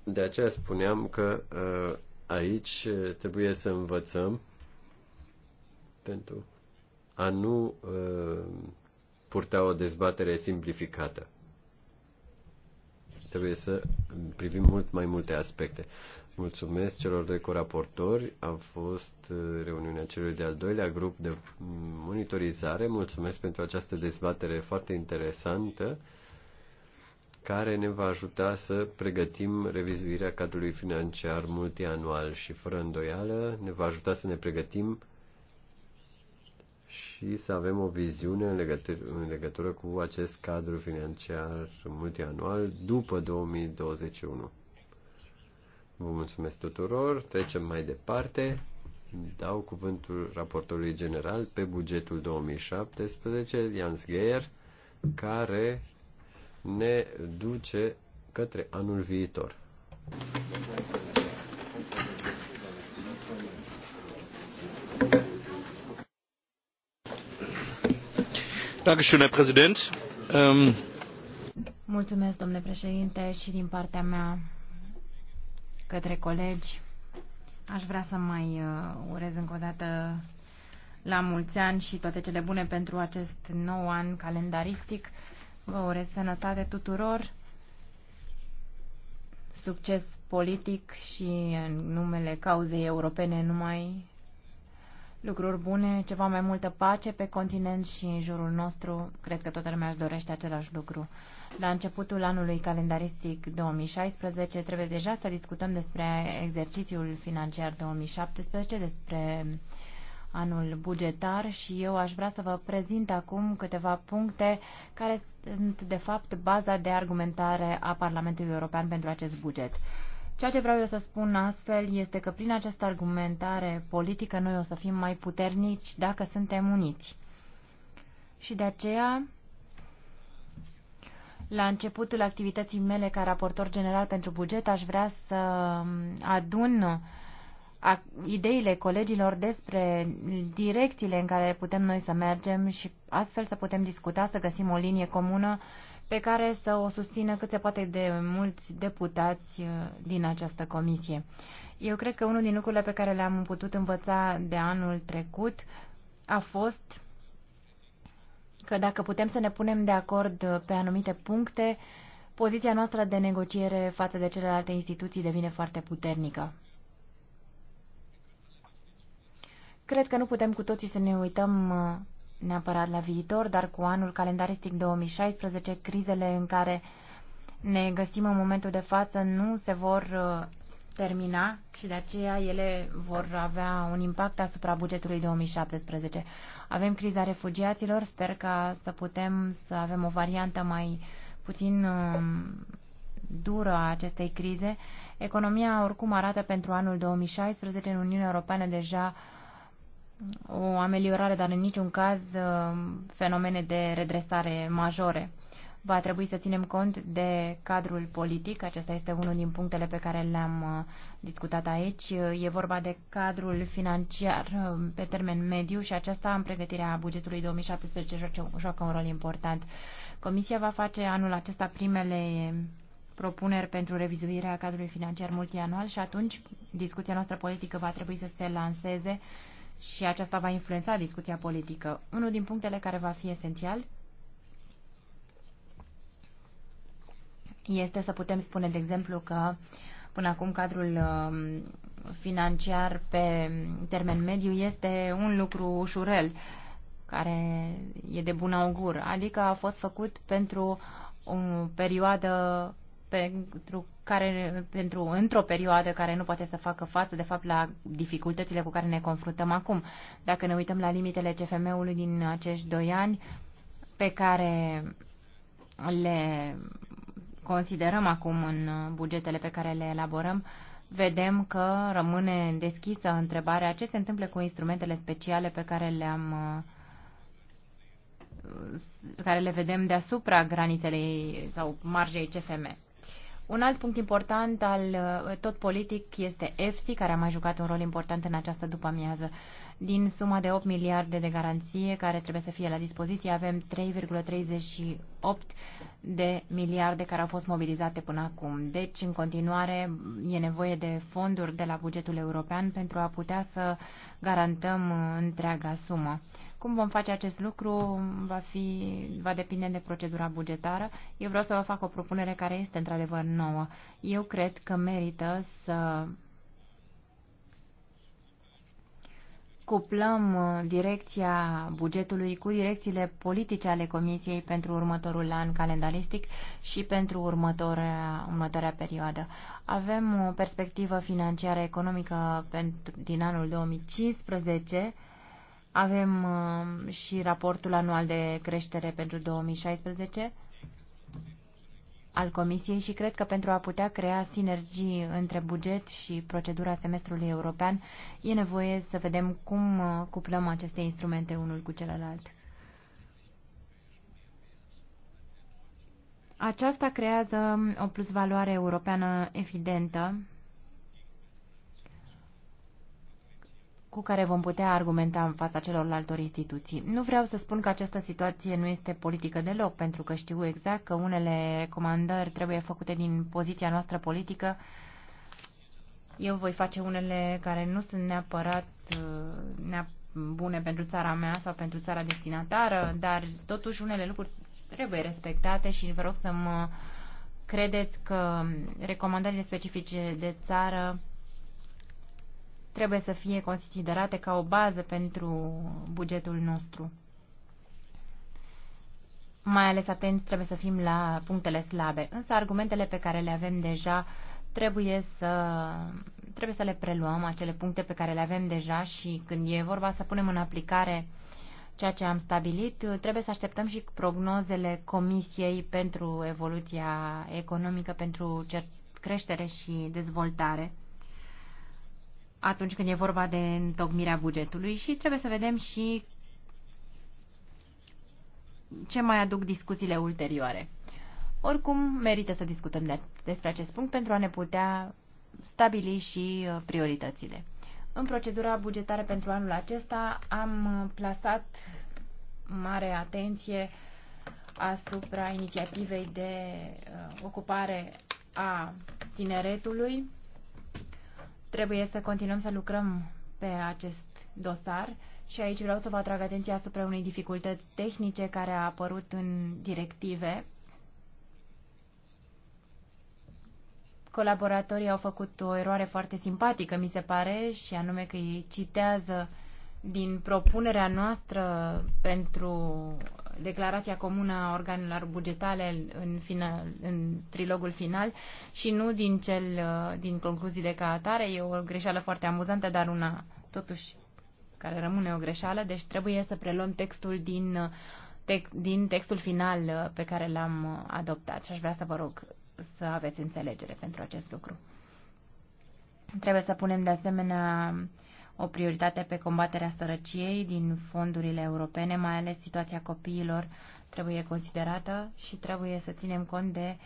de aceea spuneam că uh, aici uh, trebuie să învățăm pentru a nu uh, purta o dezbatere simplificată. Trebuie să privim mult mai multe aspecte. Mulțumesc celor doi coraportori. A fost reuniunea celui de-al doilea grup de monitorizare. Mulțumesc pentru această dezbatere foarte interesantă care ne va ajuta să pregătim revizuirea cadrului financiar multianual și fără îndoială ne va ajuta să ne pregătim și să avem o viziune în legătură, în legătură cu acest cadru financiar multianual după 2021. Vă mulțumesc tuturor, trecem mai departe. Dau cuvântul raportorului general pe bugetul 2017, Jans Geier, care ne duce către anul viitor. Ähm, Mulțumesc, domnule președinte, și din partea mea către colegi. Aș vrea să mai uh, urez încă o dată la mulți ani și toate cele bune pentru acest nou an calendaristic. Vă urez sănătate tuturor, succes politic și în numele cauzei europene numai lucruri bune, ceva mai multă pace pe continent și în jurul nostru. Cred că toată lumea își dorește același lucru. La începutul anului calendaristic 2016 trebuie deja să discutăm despre exercițiul financiar 2017, despre uh, anul bugetar și eu aș vrea să vă prezint acum câteva puncte care sunt, de fapt, baza de argumentare a Parlamentului European pentru acest buget. Ceea ce vreau eu să spun astfel este că prin această argumentare politică noi o să fim mai puternici dacă suntem uniți. Și de aceea, la începutul activității mele ca raportor general pentru buget, aș vrea să adun uh, a, ideile colegilor despre direcțiile în care putem noi să mergem și astfel să putem discuta, să găsim o linie comună pe care să o susțină cât se poate de mulți deputați uh, din această comisie. Eu cred că unul din lucrurile pe care le-am putut învăța de anul trecut a fost că dacă putem să ne punem de acord uh, pe anumite puncte, poziția noastră de negociere față de celelalte instituții devine foarte puternică. Cred că nu putem cu toții să ne uităm uh, neapărat la viitor, dar cu anul calendaristic 2016, crizele în care ne găsim în momentul de față nu se vor uh, termina și de aceea ele vor avea un impact asupra bugetului 2017. Avem criza refugiaților, sper ca să putem să avem o variantă mai puțin um, dură a acestei crize. Economia oricum arată pentru anul 2016 în Uniunea Europeană deja uh, o ameliorare, dar în niciun caz uh, fenomene de redresare majore. Va trebui să ținem cont de cadrul politic, acesta este unul din punctele pe care le-am uh, discutat aici. Uh, e vorba de cadrul financiar pe termen mediu și aceasta în pregătirea bugetului 2017 joacă un rol important. Comisia va face anul acesta primele propuneri pentru revizuirea cadrului financiar multianual și atunci discuția noastră politică va trebui să se lanseze uh, și aceasta va influența discuția politică. Unul din punctele care va fi esențial este să putem spune, de exemplu, că până acum cadrul um, financiar pe termen mediu este un lucru ușurel, care e de bun augur, adică a fost făcut pentru o perioadă pentru care, pentru, într-o perioadă care nu poate să facă față, de fapt, la dificultățile cu care ne confruntăm acum. Dacă ne uităm la limitele CFM-ului din acești doi ani, pe care le considerăm acum în bugetele pe care le elaborăm, vedem că rămâne deschisă întrebarea ce se întâmplă cu instrumentele speciale pe care le-am care le vedem deasupra granițelei sau marjei CFM. Un alt punct important al uh, tot politic este EFSI, care a mai jucat un rol important în această după-amiază. Din suma de 8 miliarde de garanție care trebuie să fie la dispoziție, avem 3,38 de miliarde care au fost mobilizate până acum. Deci, în continuare, e nevoie de fonduri de la bugetul european pentru a putea să garantăm uh, întreaga sumă. Cum vom face acest lucru va, fi, va depinde de procedura bugetară. Eu vreau să vă fac o propunere care este într-adevăr nouă. Eu cred că merită să cuplăm uh, direcția bugetului cu direcțiile politice ale Comisiei pentru următorul an calendaristic și pentru următoarea, următoarea perioadă. Avem o perspectivă financiară economică pentru, din anul 2015 avem um, și raportul anual de creștere pentru 2016 al Comisiei și cred că pentru a putea crea sinergii între buget și procedura semestrului european e nevoie să vedem cum uh, cuplăm aceste instrumente unul cu celălalt. Aceasta creează o plusvaloare europeană evidentă cu care vom putea argumenta în fața celorlalte instituții. Nu vreau să spun că această situație nu este politică deloc, pentru că știu exact că unele recomandări trebuie făcute din poziția noastră politică. Eu voi face unele care nu sunt neapărat uh, neap bune pentru țara mea sau pentru țara destinatară, dar totuși unele lucruri trebuie respectate și vă rog să mă credeți că recomandările specifice de țară trebuie să fie considerate ca o bază pentru bugetul nostru. Mai ales atenți trebuie să fim la punctele slabe, însă argumentele pe care le avem deja trebuie să, trebuie să le preluăm, acele puncte pe care le avem deja și când e vorba să punem în aplicare ceea ce am stabilit, trebuie să așteptăm și prognozele Comisiei pentru evoluția economică, pentru creștere și dezvoltare atunci când e vorba de întocmirea bugetului și trebuie să vedem și ce mai aduc discuțiile ulterioare. Oricum, merită să discutăm de despre acest punct pentru a ne putea stabili și uh, prioritățile. În procedura bugetară pentru anul acesta am uh, plasat mare atenție asupra inițiativei de uh, ocupare a tineretului Trebuie să continuăm să lucrăm pe acest dosar și aici vreau să vă atrag atenția asupra unei dificultăți tehnice care a apărut în directive. Colaboratorii au făcut o eroare foarte simpatică, mi se pare, și anume că ei citează din propunerea noastră pentru declarația comună a organelor bugetale în, final, în trilogul final și nu din, cel, uh, din concluziile ca atare. E o greșeală foarte amuzantă, dar una totuși care rămâne o greșeală, deci trebuie să preluăm textul din, uh, text, din textul final uh, pe care l-am adoptat și aș vrea să vă rog să aveți înțelegere pentru acest lucru. Trebuie să punem de asemenea uh, o prioritate pe combaterea sărăciei din fondurile europene, mai ales situația copiilor trebuie considerată și trebuie să ținem cont de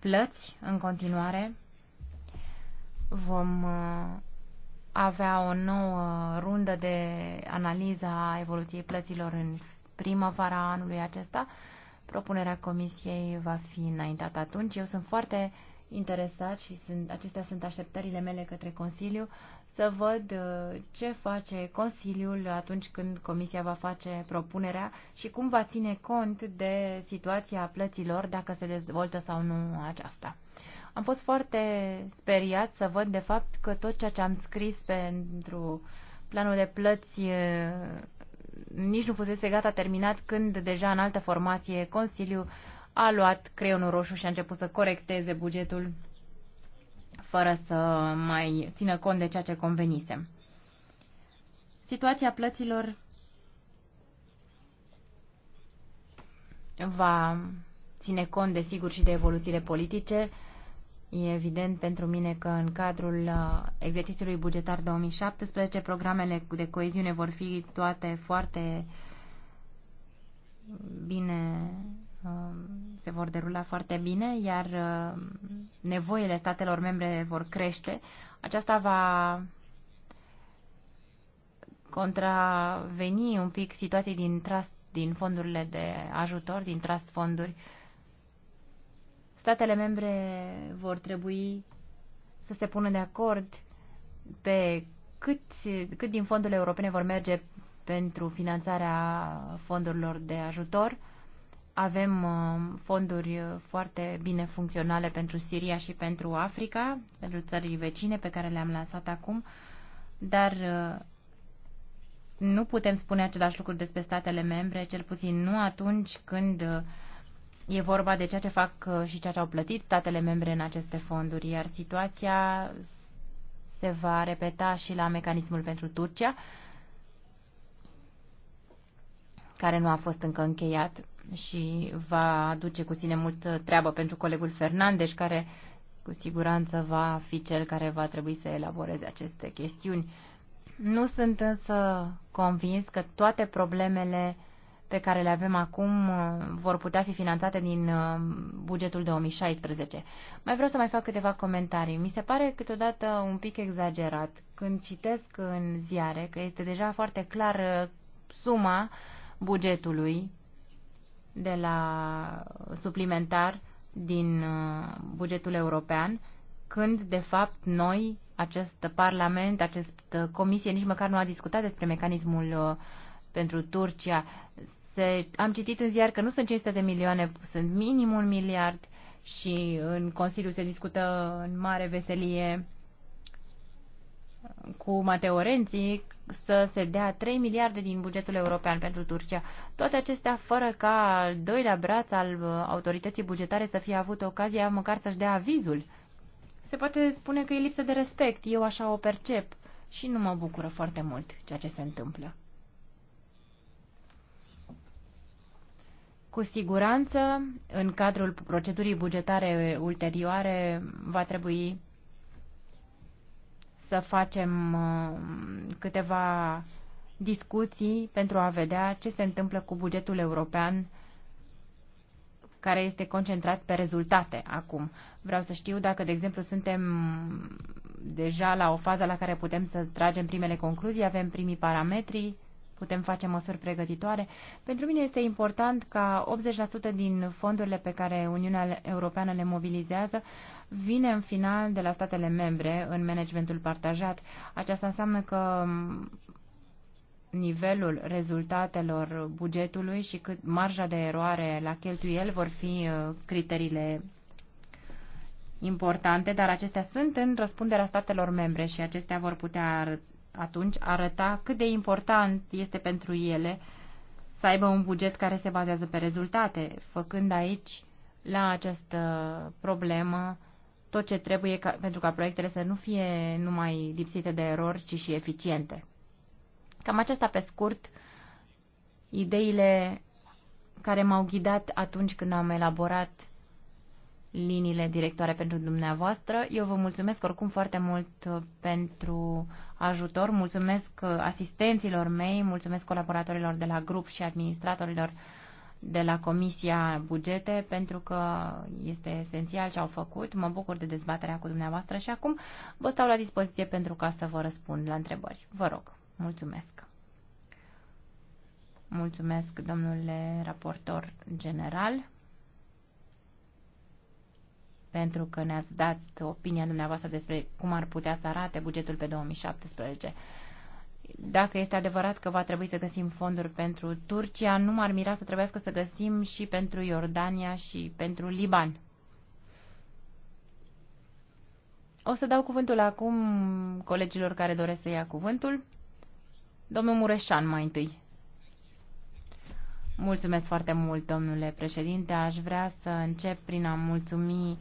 plăți în continuare. Vom uh, avea o nouă rundă de analiză a evoluției plăților în primăvara anului acesta. Propunerea comisiei va fi înaintată atunci. Eu sunt foarte interesat și sunt, acestea sunt așteptările mele către Consiliu să văd uh, ce face Consiliul atunci când Comisia va face propunerea și cum va ține cont de situația plăților, dacă se dezvoltă sau nu aceasta. Am fost foarte speriat să văd, de fapt, că tot ceea ce am scris pentru planul de plăți uh, nici nu fusese gata terminat când deja în altă formație Consiliul a luat creionul roșu și a început să corecteze bugetul fără să mai țină cont de ceea ce convenisem. Situația plăților va ține cont, desigur, și de evoluțiile politice. E evident pentru mine că în cadrul uh, exercițiului bugetar 2017 programele de coeziune vor fi toate foarte bine Um, se vor derula foarte bine, iar um, nevoile statelor membre vor crește. Aceasta va contraveni un pic situației din trust, din fondurile de ajutor, din trust fonduri. Statele membre vor trebui să se pună de acord pe cât, cât din fondurile europene vor merge pentru finanțarea fondurilor de ajutor avem uh, fonduri uh, foarte bine funcționale pentru Siria și pentru Africa, pentru țările vecine pe care le-am lansat acum, dar uh, nu putem spune același lucru despre statele membre, cel puțin nu atunci când e vorba de ceea ce fac și ceea ce au plătit statele membre în aceste fonduri, iar situația se va repeta și la mecanismul pentru Turcia, care nu a fost încă încheiat și va aduce cu sine mult treabă pentru colegul Fernandes, care cu siguranță va fi cel care va trebui să elaboreze aceste chestiuni. Nu sunt însă convins că toate problemele pe care le avem acum uh, vor putea fi finanțate din uh, bugetul 2016. Mai vreau să mai fac câteva comentarii. Mi se pare câteodată un pic exagerat când citesc în ziare că este deja foarte clar uh, suma bugetului de la suplimentar din uh, bugetul european, când, de fapt, noi, acest Parlament, această uh, comisie, nici măcar nu a discutat despre mecanismul uh, pentru Turcia. Se, am citit în ziar că nu sunt 500 de milioane, sunt minim un miliard și în Consiliu se discută în mare veselie cu Mateo Renzi să se dea 3 miliarde din bugetul european pentru Turcia. Toate acestea fără ca al doilea braț al uh, autorității bugetare să fie avut ocazia măcar să-și dea avizul. Se poate spune că e lipsă de respect, eu așa o percep și nu mă bucură foarte mult ceea ce se întâmplă. Cu siguranță, în cadrul procedurii bugetare ulterioare, va trebui să facem uh, câteva discuții pentru a vedea ce se întâmplă cu bugetul european care este concentrat pe rezultate acum. Vreau să știu dacă, de exemplu, suntem deja la o fază la care putem să tragem primele concluzii, avem primii parametri, putem face măsuri pregătitoare. Pentru mine este important ca 80% din fondurile pe care Uniunea Europeană le mobilizează vine în final de la statele membre în managementul partajat. Aceasta înseamnă că nivelul rezultatelor bugetului și cât marja de eroare la cheltuiel vor fi uh, criteriile importante, dar acestea sunt în răspunderea statelor membre și acestea vor putea atunci arăta cât de important este pentru ele să aibă un buget care se bazează pe rezultate, făcând aici la această problemă tot ce trebuie ca, pentru ca proiectele să nu fie numai lipsite de erori, ci și eficiente. Cam acesta pe scurt, ideile care m-au ghidat atunci când am elaborat liniile directoare pentru dumneavoastră. Eu vă mulțumesc oricum foarte mult uh, pentru ajutor, mulțumesc uh, asistenților mei, mulțumesc colaboratorilor de la grup și administratorilor uh, de la Comisia Bugete pentru că este esențial ce au făcut. Mă bucur de dezbaterea cu dumneavoastră și acum vă stau la dispoziție pentru ca să vă răspund la întrebări. Vă rog, mulțumesc. Mulțumesc, domnule raportor general, pentru că ne-ați dat opinia dumneavoastră despre cum ar putea să arate bugetul pe 2017 dacă este adevărat că va trebui să găsim fonduri pentru Turcia, nu m-ar mira să trebuiască să găsim și pentru Iordania și pentru Liban. O să dau cuvântul acum colegilor care doresc să ia cuvântul. Domnul Mureșan mai întâi. Mulțumesc foarte mult, domnule președinte. Aș vrea să încep prin a mulțumi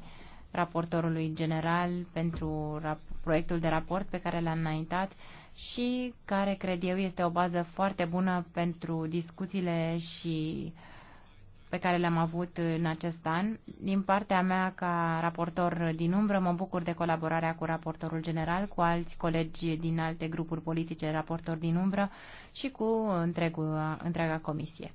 raportorului general pentru proiectul de raport pe care l-a înaintat și care, cred eu, este o bază foarte bună pentru discuțiile și pe care le-am avut în acest an. Din partea mea, ca raportor din umbră, mă bucur de colaborarea cu raportorul general, cu alți colegi din alte grupuri politice raportori din umbră și cu întregul, întreaga comisie.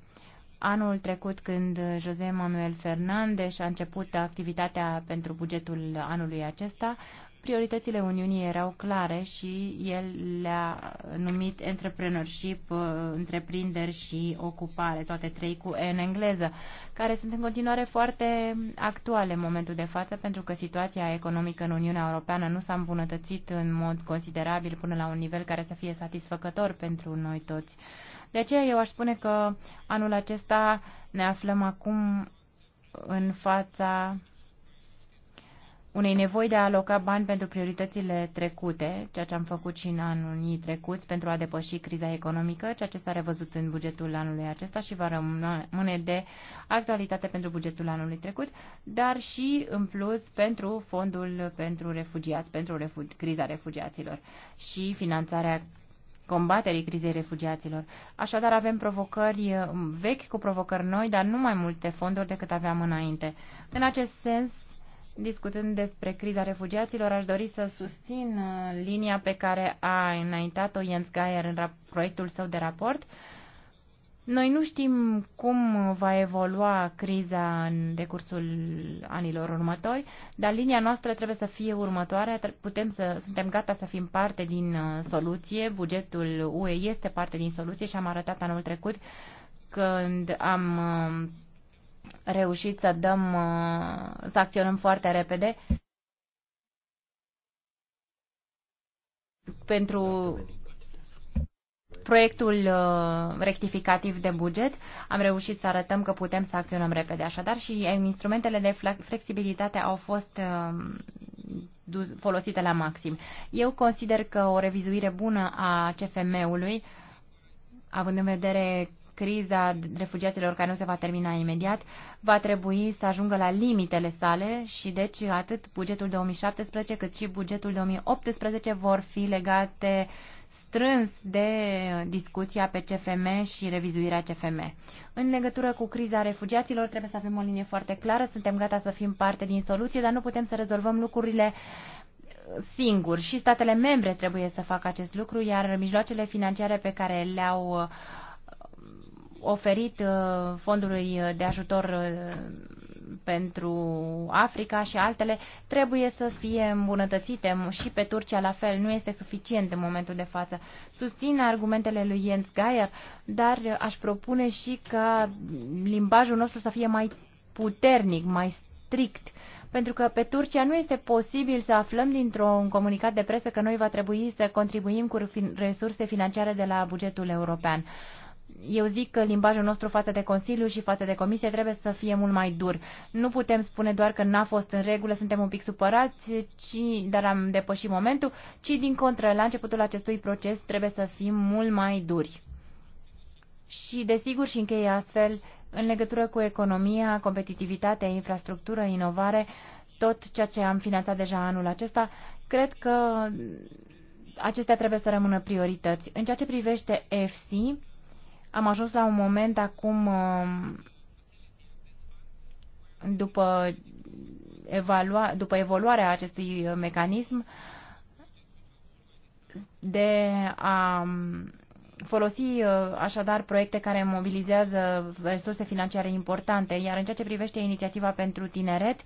Anul trecut, când José Manuel Fernandez a început activitatea pentru bugetul anului acesta, Prioritățile Uniunii erau clare și el le-a numit entrepreneurship, uh, întreprinderi și ocupare, toate trei cu E în engleză, care sunt în continuare foarte actuale în momentul de față, pentru că situația economică în Uniunea Europeană nu s-a îmbunătățit în mod considerabil până la un nivel care să fie satisfăcător pentru noi toți. De aceea eu aș spune că anul acesta ne aflăm acum în fața unei nevoi de a aloca bani pentru prioritățile trecute, ceea ce am făcut și în anul trecuți pentru a depăși criza economică, ceea ce s-a revăzut în bugetul anului acesta și va rămâne de actualitate pentru bugetul anului trecut, dar și în plus pentru fondul pentru refugiați, pentru refu criza refugiaților și finanțarea combaterii crizei refugiaților. Așadar, avem provocări um, vechi cu provocări noi, dar nu mai multe fonduri decât aveam înainte. În acest sens, Discutând despre criza refugiaților, aș dori să susțin uh, linia pe care a înaintat-o Jens Geier în proiectul său de raport. Noi nu știm cum va evolua criza în decursul anilor următori, dar linia noastră trebuie să fie următoarea. Putem să, suntem gata să fim parte din uh, soluție. Bugetul UE este parte din soluție și am arătat anul trecut când am uh, reușit să dăm, uh, să acționăm foarte repede pentru proiectul uh, rectificativ de buget. Am reușit să arătăm că putem să acționăm repede așadar și instrumentele de flexibilitate au fost uh, folosite la maxim. Eu consider că o revizuire bună a CFM-ului având în vedere criza refugiaților care nu se va termina imediat va trebui să ajungă la limitele sale și deci atât bugetul 2017 cât și bugetul 2018 vor fi legate strâns de discuția pe CFM și revizuirea CFM. În legătură cu criza refugiaților trebuie să avem o linie foarte clară, suntem gata să fim parte din soluție, dar nu putem să rezolvăm lucrurile singur și statele membre trebuie să facă acest lucru, iar mijloacele financiare pe care le-au uh, oferit uh, fondului de ajutor uh, pentru Africa și altele trebuie să fie îmbunătățite și pe Turcia la fel. Nu este suficient în momentul de față. Susțin argumentele lui Jens Geier, dar aș propune și ca limbajul nostru să fie mai puternic, mai strict, pentru că pe Turcia nu este posibil să aflăm dintr-un comunicat de presă că noi va trebui să contribuim cu resurse financiare de la bugetul european eu zic că limbajul nostru față de Consiliu și față de Comisie trebuie să fie mult mai dur. Nu putem spune doar că n-a fost în regulă, suntem un pic supărați, ci, dar am depășit momentul, ci din contră, la începutul acestui proces trebuie să fim mult mai duri. Și, desigur, și încheie astfel, în legătură cu economia, competitivitatea, infrastructură, inovare, tot ceea ce am finanțat deja anul acesta, cred că acestea trebuie să rămână priorități. În ceea ce privește EFSI, am ajuns la un moment acum, um, după, evalua, după evoluarea acestui mecanism, de a um, folosi uh, așadar proiecte care mobilizează resurse financiare importante, iar în ceea ce privește inițiativa pentru tineret,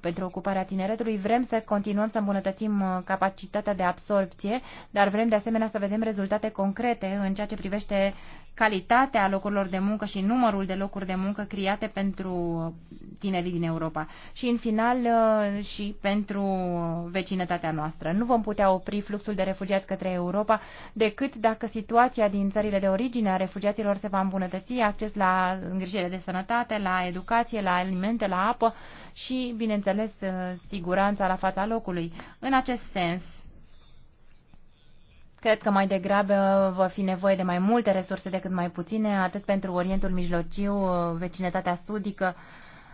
pentru ocuparea tineretului. Vrem să continuăm să îmbunătățim uh, capacitatea de absorpție, dar vrem de asemenea să vedem rezultate concrete în ceea ce privește calitatea locurilor de muncă și numărul de locuri de muncă create pentru uh, tinerii din Europa și, în final, uh, și pentru vecinătatea noastră. Nu vom putea opri fluxul de refugiați către Europa decât dacă situația din țările de origine a refugiaților se va îmbunătăți, acces la îngrijire de sănătate, la educație, la alimente, la apă și, bineînțeles, bineînțeles, uh, siguranța la fața locului. În acest sens, Cred că mai degrabă va fi nevoie de mai multe resurse decât mai puține, atât pentru Orientul Mijlociu, uh, vecinătatea sudică,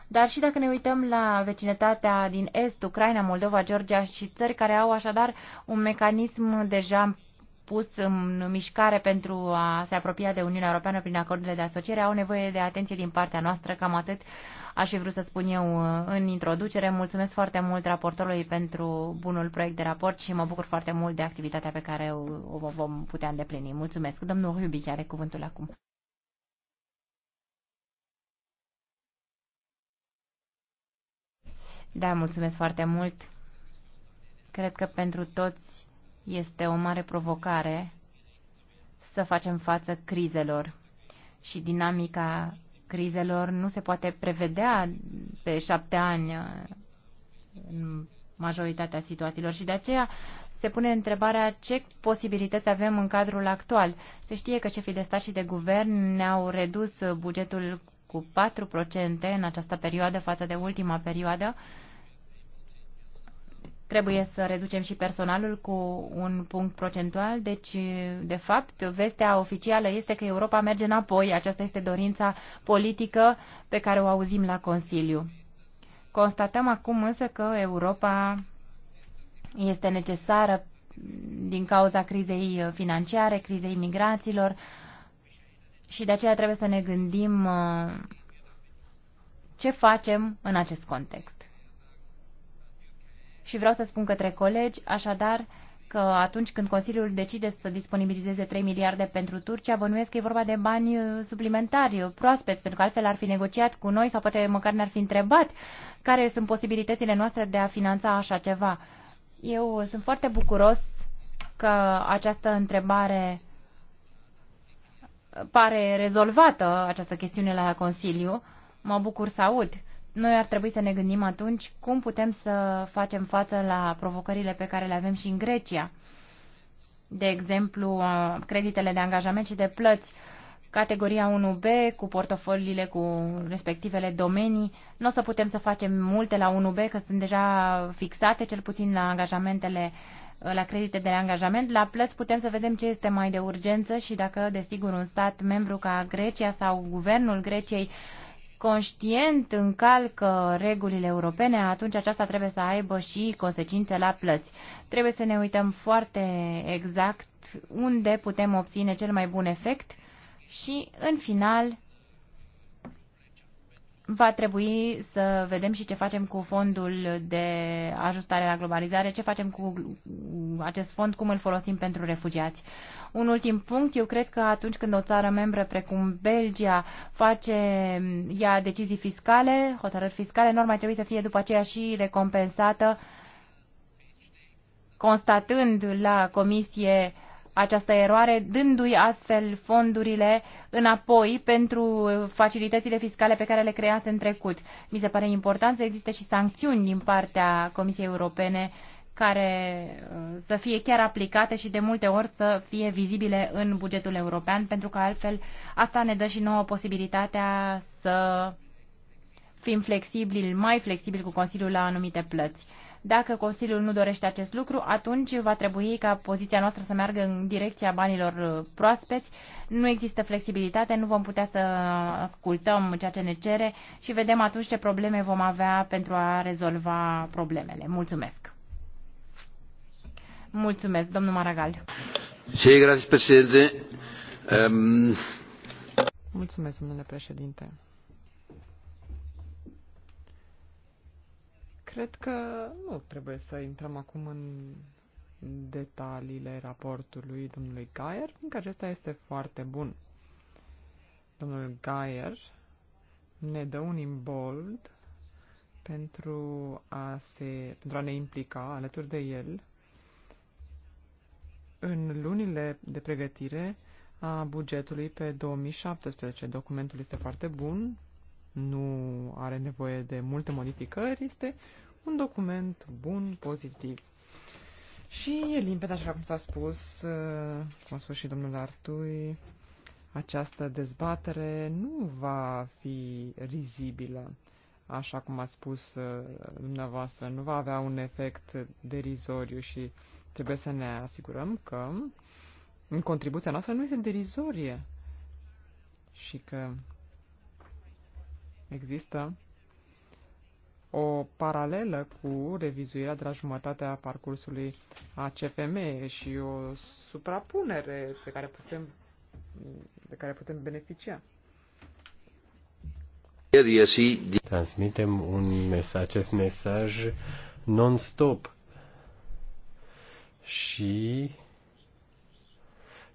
dar și dacă ne uităm la vecinătatea din Est, Ucraina, Moldova, Georgia și țări care au așadar un mecanism deja pus în mișcare pentru a se apropia de Uniunea Europeană prin acordurile de asociere, au nevoie de atenție din partea noastră, cam atât aș fi vrut să spun eu uh, în introducere. Mulțumesc foarte mult raportorului pentru bunul proiect de raport și mă bucur foarte mult de activitatea pe care o vom putea îndeplini. Mulțumesc. Domnul Rubic are cuvântul acum. Da, mulțumesc foarte mult. Cred că pentru toți este o mare provocare să facem față crizelor și dinamica crizelor nu se poate prevedea pe șapte ani uh, în majoritatea situațiilor și de aceea se pune întrebarea ce posibilități avem în cadrul actual. Se știe că șefii de stat și de guvern ne-au redus bugetul cu 4% în această perioadă față de ultima perioadă Trebuie să reducem și personalul cu un punct procentual, deci, de fapt, vestea oficială este că Europa merge înapoi. Aceasta este dorința politică pe care o auzim la Consiliu. Constatăm acum însă că Europa este necesară din cauza crizei financiare, crizei migraților și de aceea trebuie să ne gândim uh, ce facem în acest context. Și vreau să spun către colegi, așadar, că atunci când Consiliul decide să disponibilizeze 3 miliarde pentru Turcia, bănuiesc că e vorba de bani uh, suplimentari, uh, proaspeți, pentru că altfel ar fi negociat cu noi sau poate măcar ne-ar fi întrebat care sunt posibilitățile noastre de a finanța așa ceva. Eu uh, sunt foarte bucuros că această întrebare pare rezolvată, această chestiune la Consiliu. Mă bucur să aud noi ar trebui să ne gândim atunci cum putem să facem față la provocările pe care le avem și în Grecia. De exemplu, creditele de angajament și de plăți, categoria 1B cu portofoliile cu respectivele domenii. Nu o să putem să facem multe la 1B, că sunt deja fixate, cel puțin la angajamentele la credite de angajament. La plăți putem să vedem ce este mai de urgență și dacă, desigur, un stat membru ca Grecia sau guvernul Greciei uh, conștient încalcă regulile europene, atunci aceasta trebuie să aibă și consecințe la plăți. Trebuie să ne uităm foarte exact unde putem obține cel mai bun efect și, în final, va trebui să vedem și ce facem cu fondul de ajustare la globalizare, ce facem cu acest fond, cum îl folosim pentru refugiați. Un ultim punct, eu cred că atunci când o țară membră precum Belgia face, ia decizii fiscale, hotărâri fiscale, norma trebuie să fie după aceea și recompensată constatând la comisie această eroare, dându-i astfel fondurile înapoi pentru facilitățile fiscale pe care le crease în trecut. Mi se pare important să existe și sancțiuni din partea Comisiei Europene care uh, să fie chiar aplicate și de multe ori să fie vizibile în bugetul european, pentru că altfel asta ne dă și nouă posibilitatea să fim flexibili, mai flexibili cu Consiliul la anumite plăți. Dacă Consiliul nu dorește acest lucru, atunci va trebui ca poziția noastră să meargă în direcția banilor uh, proaspeți. Nu există flexibilitate, nu vom putea să ascultăm ceea ce ne cere și vedem atunci ce probleme vom avea pentru a rezolva problemele. Mulțumesc! Mulțumesc, domnul Maragal. Sí, gracias, presidente. Um... Mulțumesc, domnule președinte. Cred că nu trebuie să intrăm acum în detaliile raportului domnului Gaier, fiindcă acesta este foarte bun. Domnul Gaier ne dă un imbold pentru a, se, pentru a ne implica alături de el în lunile de pregătire a bugetului pe 2017, documentul este foarte bun, nu are nevoie de multe modificări, este un document bun, pozitiv. Și e limpede, așa cum s-a spus, uh, cum a spus și domnul Artui, această dezbatere nu va fi rizibilă, așa cum a spus uh, dumneavoastră, nu va avea un efect derizoriu și Trebuie să ne asigurăm că contribuția noastră nu este derizorie și că există o paralelă cu revizuirea de la jumătatea parcursului a CFM și o suprapunere pe care putem, de care putem beneficia. Transmitem un mesaj, acest mesaj non-stop și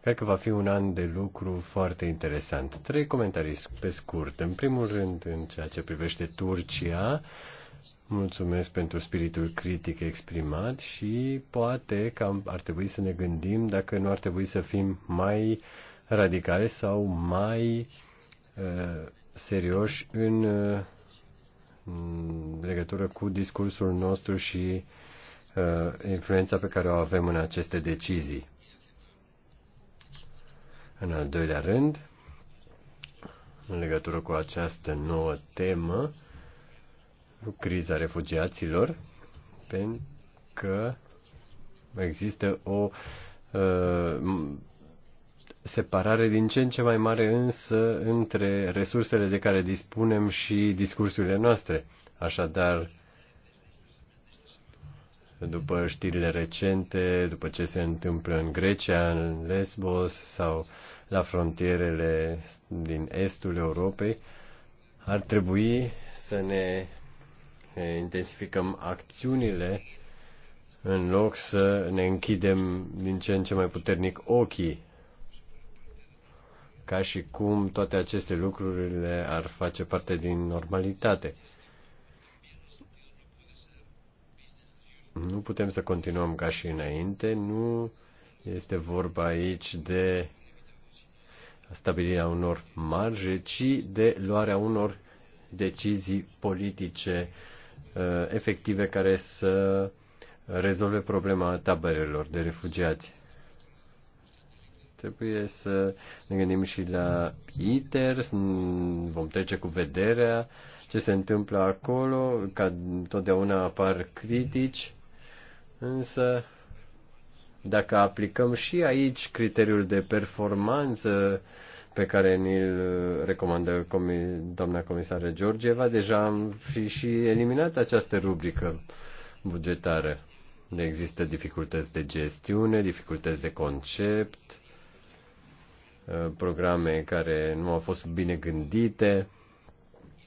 cred că va fi un an de lucru foarte interesant. Trei comentarii pe scurt. În primul rând, în ceea ce privește Turcia, mulțumesc pentru spiritul critic exprimat și poate că ar trebui să ne gândim dacă nu ar trebui să fim mai radicale sau mai uh, serioși în uh, legătură cu discursul nostru și uh, Uh, influența pe care o avem în aceste decizii. În al doilea rând, în legătură cu această nouă temă, criza refugiaților, pentru că există o uh, separare din ce în ce mai mare însă între resursele de care dispunem și discursurile noastre. Așadar, după știrile recente, după ce se întâmplă în Grecia, în Lesbos sau la frontierele din estul Europei, ar trebui să ne intensificăm acțiunile în loc să ne închidem din ce în ce mai puternic ochii, ca și cum toate aceste lucruri ar face parte din normalitate. Nu putem să continuăm ca și înainte, nu este vorba aici de stabilirea unor marje, ci de luarea unor decizii politice uh, efective care să rezolve problema taberelor de refugiați. Trebuie să ne gândim și la ITER, vom trece cu vederea ce se întâmplă acolo, ca întotdeauna apar critici Însă, dacă aplicăm și aici criteriul de performanță pe care ni-l recomandă doamna comisară Georgieva, deja am fi și eliminat această rubrică bugetară. Există dificultăți de gestiune, dificultăți de concept, uh, programe care nu au fost bine gândite.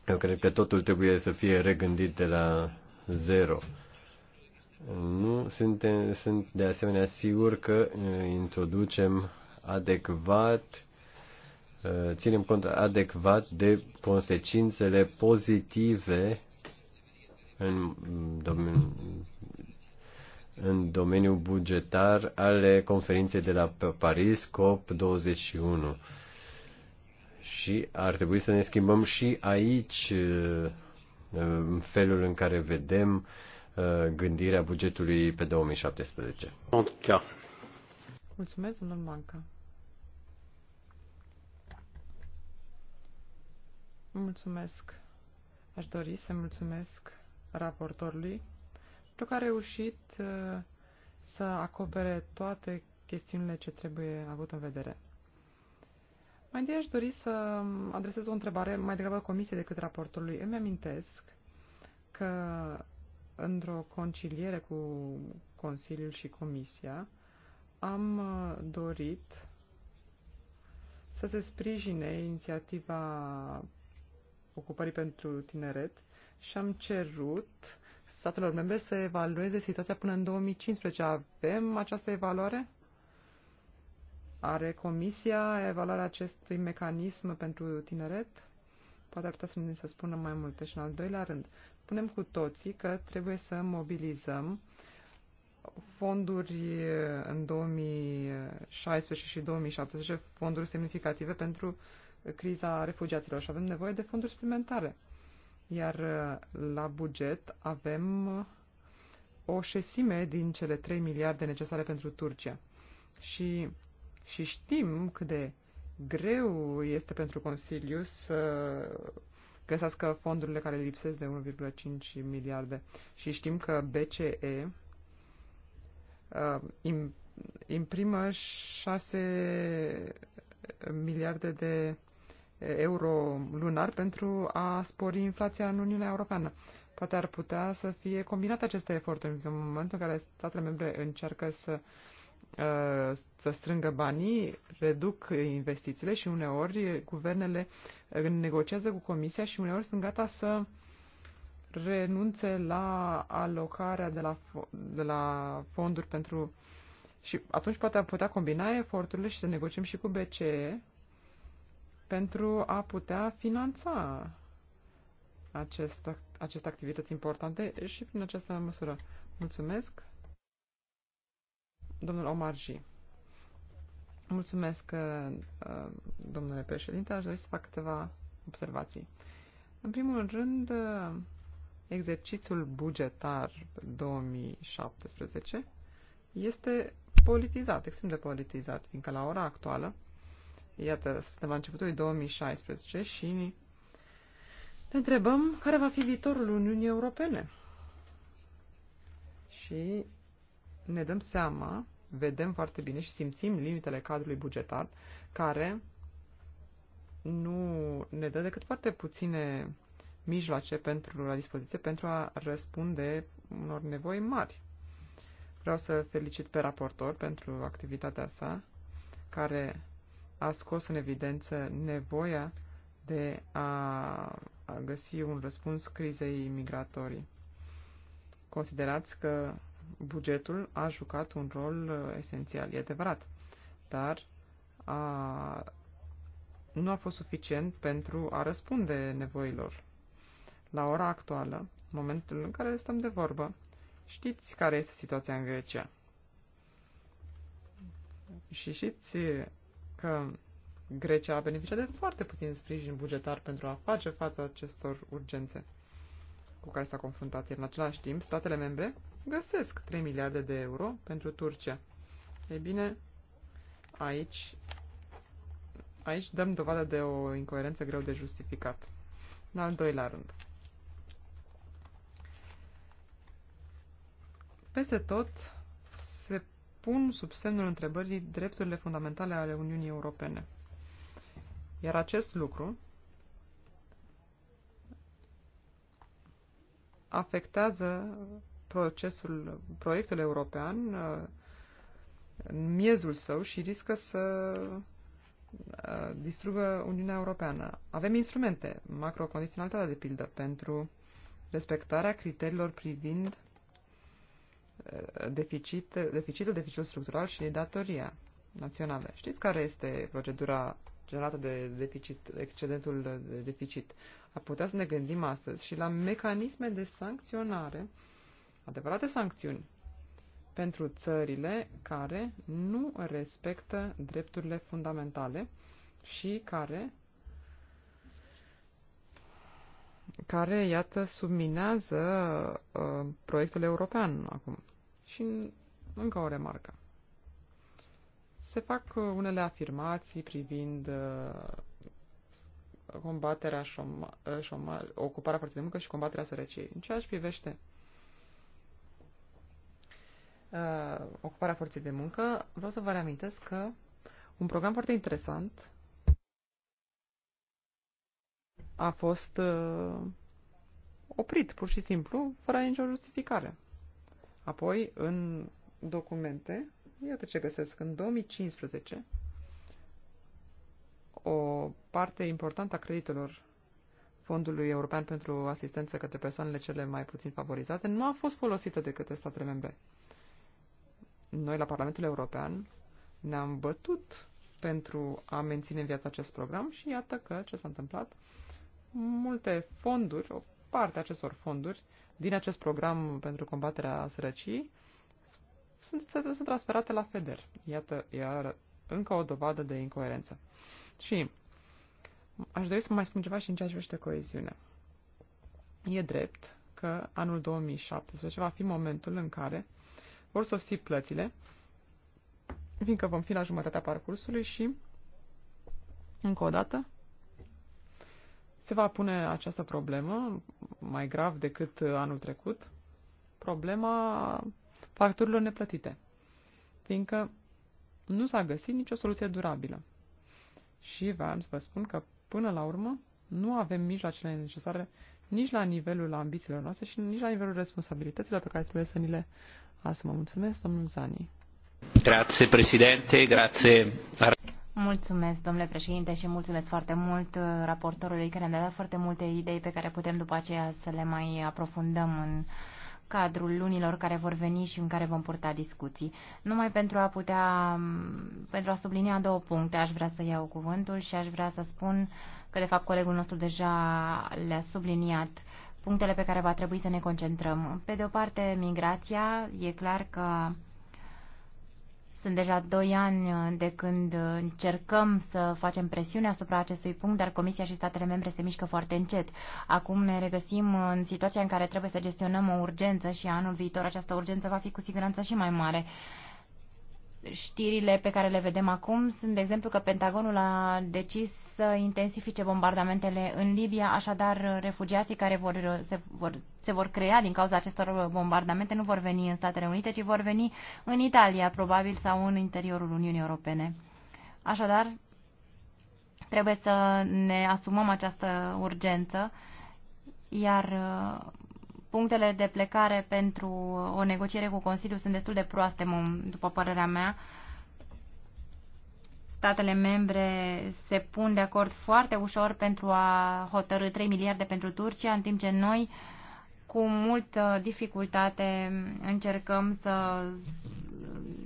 Eu cred că totul trebuie să fie regândit de la zero. Nu sunt, sunt de asemenea sigur că uh, introducem adecvat, uh, ținem cont adecvat de consecințele pozitive în, domeniul, în domeniul bugetar ale conferinței de la Paris COP21. Și ar trebui să ne schimbăm și aici uh, felul în care vedem uh, Uh, gândirea bugetului pe 2017. Manca. Mulțumesc, domnul Manca. Mulțumesc. Aș dori să mulțumesc raportorului pentru că a reușit uh, să acopere toate chestiunile ce trebuie avut în vedere. Mai întâi aș dori să adresez o întrebare mai degrabă comisiei decât raportorului. Îmi amintesc că într-o conciliere cu Consiliul și Comisia, am uh, dorit să se sprijine inițiativa Ocupării pentru Tineret și am cerut statelor membre să evalueze situația până în 2015. Avem această evaluare? Are Comisia evaluarea acestui mecanism pentru tineret? poate ar putea să ne se spună mai multe. Și în al doilea rând, spunem cu toții că trebuie să mobilizăm fonduri în 2016 și 2017, fonduri semnificative pentru criza refugiaților și avem nevoie de fonduri suplimentare. Iar uh, la buget avem uh, o șesime din cele 3 miliarde necesare pentru Turcia. Și, și știm cât de greu este pentru Consiliu să găsească fondurile care lipsesc de 1,5 miliarde. Și știm că BCE uh, imprimă 6 miliarde de euro lunar pentru a spori inflația în Uniunea Europeană. Poate ar putea să fie combinat aceste eforturi, în momentul în care statele membre încearcă să uh, Uh, să strângă banii, reduc investițiile și uneori guvernele uh, negociază cu comisia și uneori sunt gata să renunțe la alocarea de la, de la fonduri pentru... Și atunci poate am putea combina eforturile și să negociem și cu BCE pentru a putea finanța acest, aceste activități importante și prin această măsură. Mulțumesc! Domnul Omarji. Mulțumesc, uh, uh, domnule președinte. Aș dori să fac câteva observații. În primul rând, uh, exercițiul bugetar 2017 este politizat, extrem de politizat, fiindcă la ora actuală, iată, suntem la începutul 2016 și ne întrebăm care va fi viitorul Uniunii Europene. Și ne dăm seama, vedem foarte bine și simțim limitele cadrului bugetar, care nu ne dă decât foarte puține mijloace pentru, la dispoziție pentru a răspunde unor nevoi mari. Vreau să felicit pe raportor pentru activitatea sa, care a scos în evidență nevoia de a, a găsi un răspuns crizei migratorii. Considerați că bugetul a jucat un rol uh, esențial, e adevărat, dar a, nu a fost suficient pentru a răspunde nevoilor. La ora actuală, momentul în care stăm de vorbă, știți care este situația în Grecia. Și știți că Grecia a beneficiat de foarte puțin sprijin bugetar pentru a face față acestor urgențe cu care s-a confruntat. Iar în același timp, statele membre găsesc 3 miliarde de euro pentru Turcia. Ei bine, aici, aici dăm dovadă de o incoerență greu de justificat. În al doilea rând. Peste tot se pun sub semnul întrebării drepturile fundamentale ale Uniunii Europene. Iar acest lucru afectează procesul, proiectul european uh, în miezul său și riscă să uh, distrugă Uniunea Europeană. Avem instrumente, macrocondiționalitatea de pildă, pentru respectarea criteriilor privind uh, deficit, deficitul, deficitul structural și datoria națională. Știți care este procedura generată de deficit, excedentul de deficit? A putea să ne gândim astăzi și la mecanisme de sancționare uh, adevărate sancțiuni pentru țările care nu respectă drepturile fundamentale și care, care iată, subminează uh, proiectul european acum. Și încă o remarcă. Se fac uh, unele afirmații privind uh, combaterea șoma, uh, șoma, ocuparea forței de muncă și combaterea sărăciei. În ceea ce privește uh, ocuparea forței de muncă, vreau să vă reamintesc că un program foarte interesant a fost uh, oprit, pur și simplu, fără nicio justificare. Apoi, în documente, iată ce găsesc, în 2015, o parte importantă a creditelor Fondului European pentru Asistență către persoanele cele mai puțin favorizate nu a fost folosită de către statele membre noi la Parlamentul European ne-am bătut pentru a menține în viață acest program și iată că ce s-a întâmplat. Multe fonduri, o parte a acestor fonduri din acest program pentru combaterea sărăciei sunt, sunt transferate la FEDER. Iată, iar încă o dovadă de incoerență. Și aș dori să mai spun ceva și în ceea ce privește coeziunea. E drept că anul 2017 va fi momentul în care vor sosi plățile, fiindcă vom fi la jumătatea parcursului și, încă o dată, se va pune această problemă, mai grav decât anul trecut, problema facturilor neplătite, fiindcă nu s-a găsit nicio soluție durabilă. Și vreau să vă spun că, până la urmă, nu avem mijloacele necesare nici la nivelul ambițiilor noastre și nici la nivelul responsabilităților pe care trebuie să ni le Asta mă mulțumesc, domnul Zani. Grazie, președinte, grazie. Mulțumesc, domnule președinte, și mulțumesc foarte mult uh, raportorului care ne-a dat foarte multe idei pe care putem după aceea să le mai aprofundăm în cadrul lunilor care vor veni și în care vom purta discuții. Numai pentru a putea, um, pentru a sublinia două puncte, aș vrea să iau cuvântul și aș vrea să spun că, de fapt, colegul nostru deja le-a subliniat punctele pe care va trebui să ne concentrăm. Pe de o parte, migrația. E clar că sunt deja doi ani de când încercăm să facem presiune asupra acestui punct, dar Comisia și statele membre se mișcă foarte încet. Acum ne regăsim în situația în care trebuie să gestionăm o urgență și anul viitor această urgență va fi cu siguranță și mai mare. Știrile pe care le vedem acum sunt, de exemplu, că Pentagonul a decis să intensifice bombardamentele în Libia, așadar refugiații care vor, se, vor, se vor crea din cauza acestor bombardamente nu vor veni în Statele Unite, ci vor veni în Italia, probabil, sau în interiorul Uniunii Europene. Așadar, trebuie să ne asumăm această urgență, iar punctele de plecare pentru o negociere cu Consiliul sunt destul de proaste, după părerea mea. Statele membre se pun de acord foarte ușor pentru a hotărâ 3 miliarde pentru Turcia, în timp ce noi, cu multă dificultate, încercăm să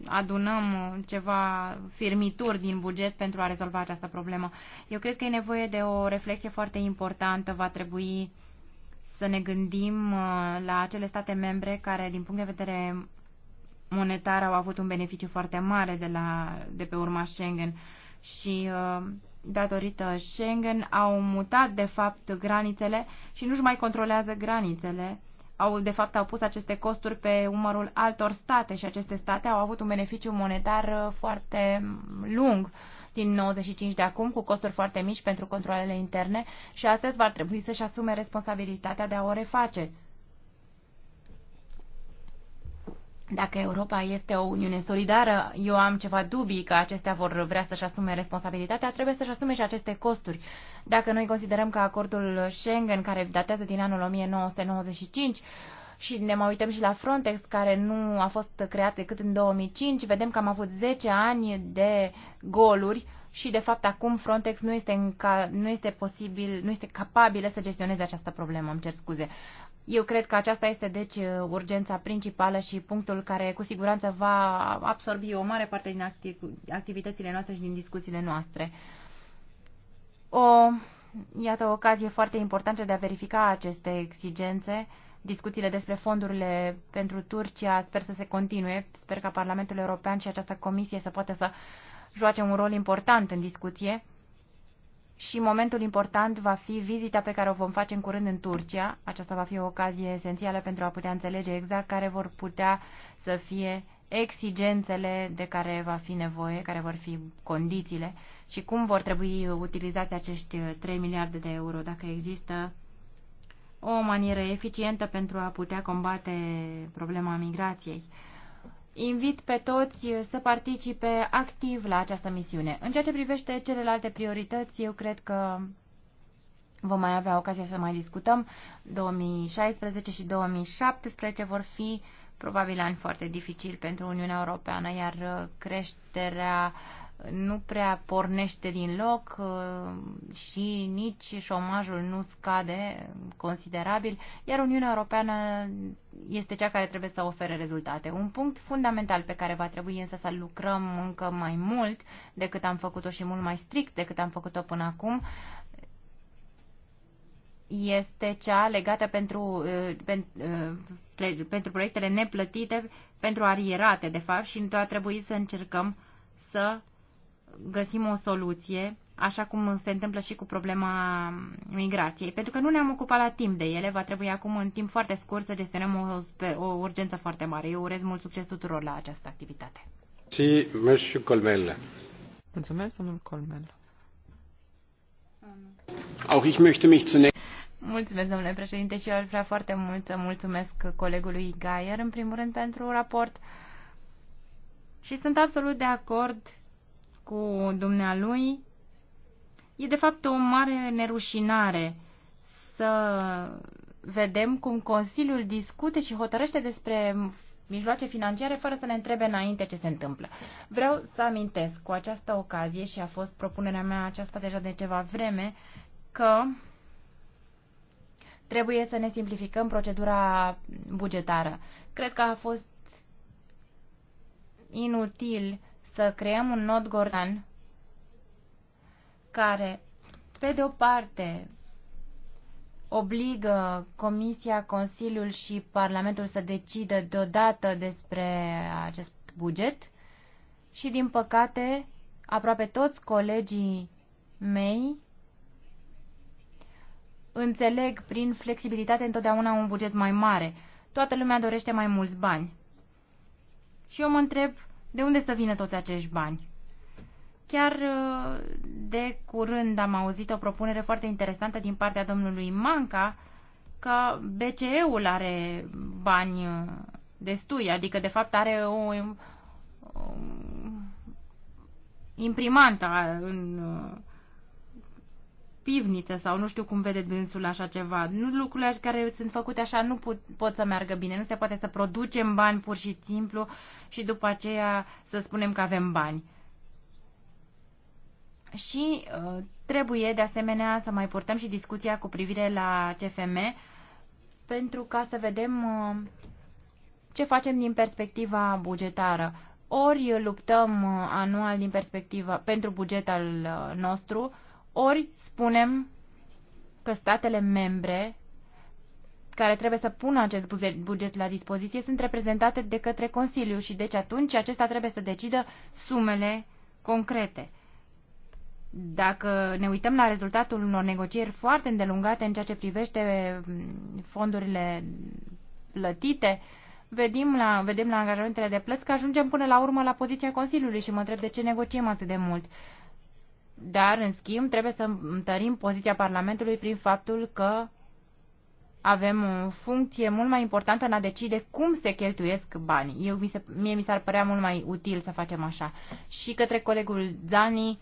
adunăm ceva firmituri din buget pentru a rezolva această problemă. Eu cred că e nevoie de o reflexie foarte importantă. Va trebui să ne gândim uh, la acele state membre care, din punct de vedere monetar, au avut un beneficiu foarte mare de, la, de pe urma Schengen și uh, datorită Schengen au mutat, de fapt, granițele și nu-și mai controlează granițele au, de fapt, au pus aceste costuri pe umărul altor state și aceste state au avut un beneficiu monetar uh, foarte lung din 95 de acum, cu costuri foarte mici pentru controlele interne și astăzi va trebui să-și asume responsabilitatea de a o reface. Dacă Europa este o Uniune solidară, eu am ceva dubii că acestea vor vrea să-și asume responsabilitatea, trebuie să-și asume și aceste costuri. Dacă noi considerăm că acordul Schengen, care datează din anul 1995, și ne mai uităm și la Frontex, care nu a fost creat decât în 2005, vedem că am avut 10 ani de goluri și, de fapt, acum Frontex nu este, înca- nu este posibil, nu este capabilă să gestioneze această problemă, îmi cer scuze. Eu cred că aceasta este, deci, urgența principală și punctul care, cu siguranță, va absorbi o mare parte din activ- activitățile noastre și din discuțiile noastre. O, iată, o ocazie foarte importantă de a verifica aceste exigențe discuțiile despre fondurile pentru Turcia sper să se continue. Sper ca Parlamentul European și această comisie să poată să joace un rol important în discuție. Și momentul important va fi vizita pe care o vom face în curând în Turcia. Aceasta va fi o ocazie esențială pentru a putea înțelege exact care vor putea să fie exigențele de care va fi nevoie, care vor fi condițiile și cum vor trebui utilizați acești 3 miliarde de euro, dacă există o manieră eficientă pentru a putea combate problema migrației. Invit pe toți să participe activ la această misiune. În ceea ce privește celelalte priorități, eu cred că vom mai avea ocazia să mai discutăm. 2016 și 2017 vor fi probabil ani foarte dificili pentru Uniunea Europeană, iar creșterea uh, nu prea pornește din loc uh, și nici șomajul nu scade considerabil, iar Uniunea Europeană este cea care trebuie să ofere rezultate. Un punct fundamental pe care va trebui însă să lucrăm încă mai mult decât am făcut-o și mult mai strict decât am făcut-o până acum, este cea legată pentru, uh, pentru, uh, pentru proiectele neplătite, pentru arierate, de fapt, și va trebui să încercăm să găsim o soluție, așa cum se întâmplă și cu problema migrației, pentru că nu ne-am ocupat la timp de ele, va trebui acum în timp foarte scurt să gestionăm o, o urgență foarte mare. Eu urez mult succes tuturor la această activitate. Si, Colmel. Mulțumesc, domnul Colmel. Auch ich möchte mich zunächst Mulțumesc, domnule președinte, și eu aș vrea foarte mult să mulțumesc colegului Gaier, în primul rând, pentru raport. Și sunt absolut de acord cu dumnealui, e de fapt o mare nerușinare să vedem cum Consiliul discute și hotărăște despre mijloace financiare fără să ne întrebe înainte ce se întâmplă. Vreau să amintesc cu această ocazie și a fost propunerea mea aceasta deja de ceva vreme că trebuie să ne simplificăm procedura bugetară. Cred că a fost inutil să creăm un nod gordan care, pe de o parte, obligă Comisia, Consiliul și Parlamentul să decidă deodată despre acest buget și, din păcate, aproape toți colegii mei înțeleg prin flexibilitate întotdeauna un buget mai mare. Toată lumea dorește mai mulți bani. Și eu mă întreb de unde să vină toți acești bani? Chiar uh, de curând am auzit o propunere foarte interesantă din partea domnului Manca că BCE-ul are bani uh, destui, adică de fapt are o, um, imprimantă în uh, pivniță sau nu știu cum vede dânsul așa ceva. Nu lucrurile care sunt făcute așa nu pot, pot să meargă bine. Nu se poate să producem bani pur și simplu și după aceea să spunem că avem bani. Și uh, trebuie de asemenea să mai purtăm și discuția cu privire la CFM pentru ca să vedem uh, ce facem din perspectiva bugetară. Ori luptăm uh, anual din perspectiva pentru bugetul uh, nostru, uh, ori spunem că statele membre care trebuie să pună acest buget la dispoziție sunt reprezentate de către Consiliu și deci atunci acesta trebuie să decidă sumele concrete. Dacă ne uităm la rezultatul unor negocieri foarte îndelungate în ceea ce privește mm, fondurile plătite, vedem la, vedem la angajamentele de plăți că ajungem până la urmă la poziția Consiliului și mă întreb de ce negociem atât de mult. Dar, în schimb, trebuie să întărim poziția Parlamentului prin faptul că avem o funcție mult mai importantă în a decide cum se cheltuiesc banii. Eu, mi se, mie mi s-ar părea mult mai util să facem așa. Și către colegul Zani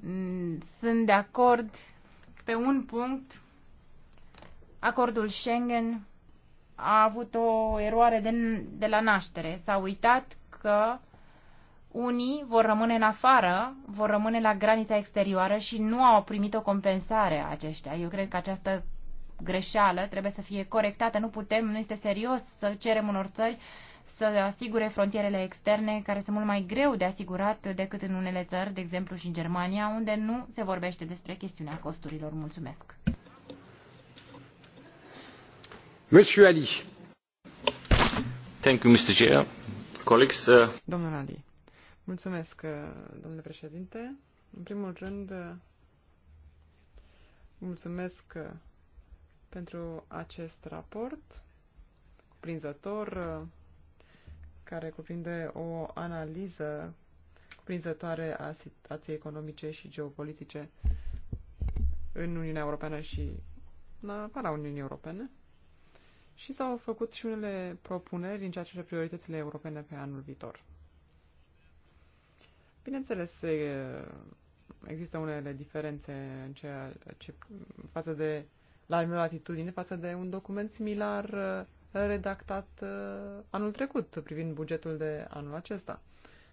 mm, sunt de acord pe un punct. Acordul Schengen a avut o eroare de, de la naștere. S-a uitat că unii vor rămâne în afară, vor rămâne la granița exterioară și nu au primit o compensare aceștia. Eu cred că această greșeală trebuie să fie corectată. Nu putem, nu este serios să cerem unor țări să asigure frontierele externe, care sunt mult mai greu de asigurat decât în unele țări, de exemplu și în Germania, unde nu se vorbește despre chestiunea costurilor. Mulțumesc. Monsieur Ali. Thank you, Mr. Chair. Colleagues, uh... Domnul Ali. Mulțumesc, uh, domnule președinte. În primul rând, uh, mulțumesc uh, pentru acest raport cuprinzător, care cuprinde o analiză cuprinzătoare a situației economice și geopolitice în Uniunea Europeană și în afara Uniunii Europene. Și s-au făcut și unele propuneri în ceea ce privește prioritățile europene pe anul viitor. Bineînțeles, există unele diferențe în ceea ce față de la meu atitudine față de un document similar uh, redactat uh, anul trecut privind bugetul de anul acesta.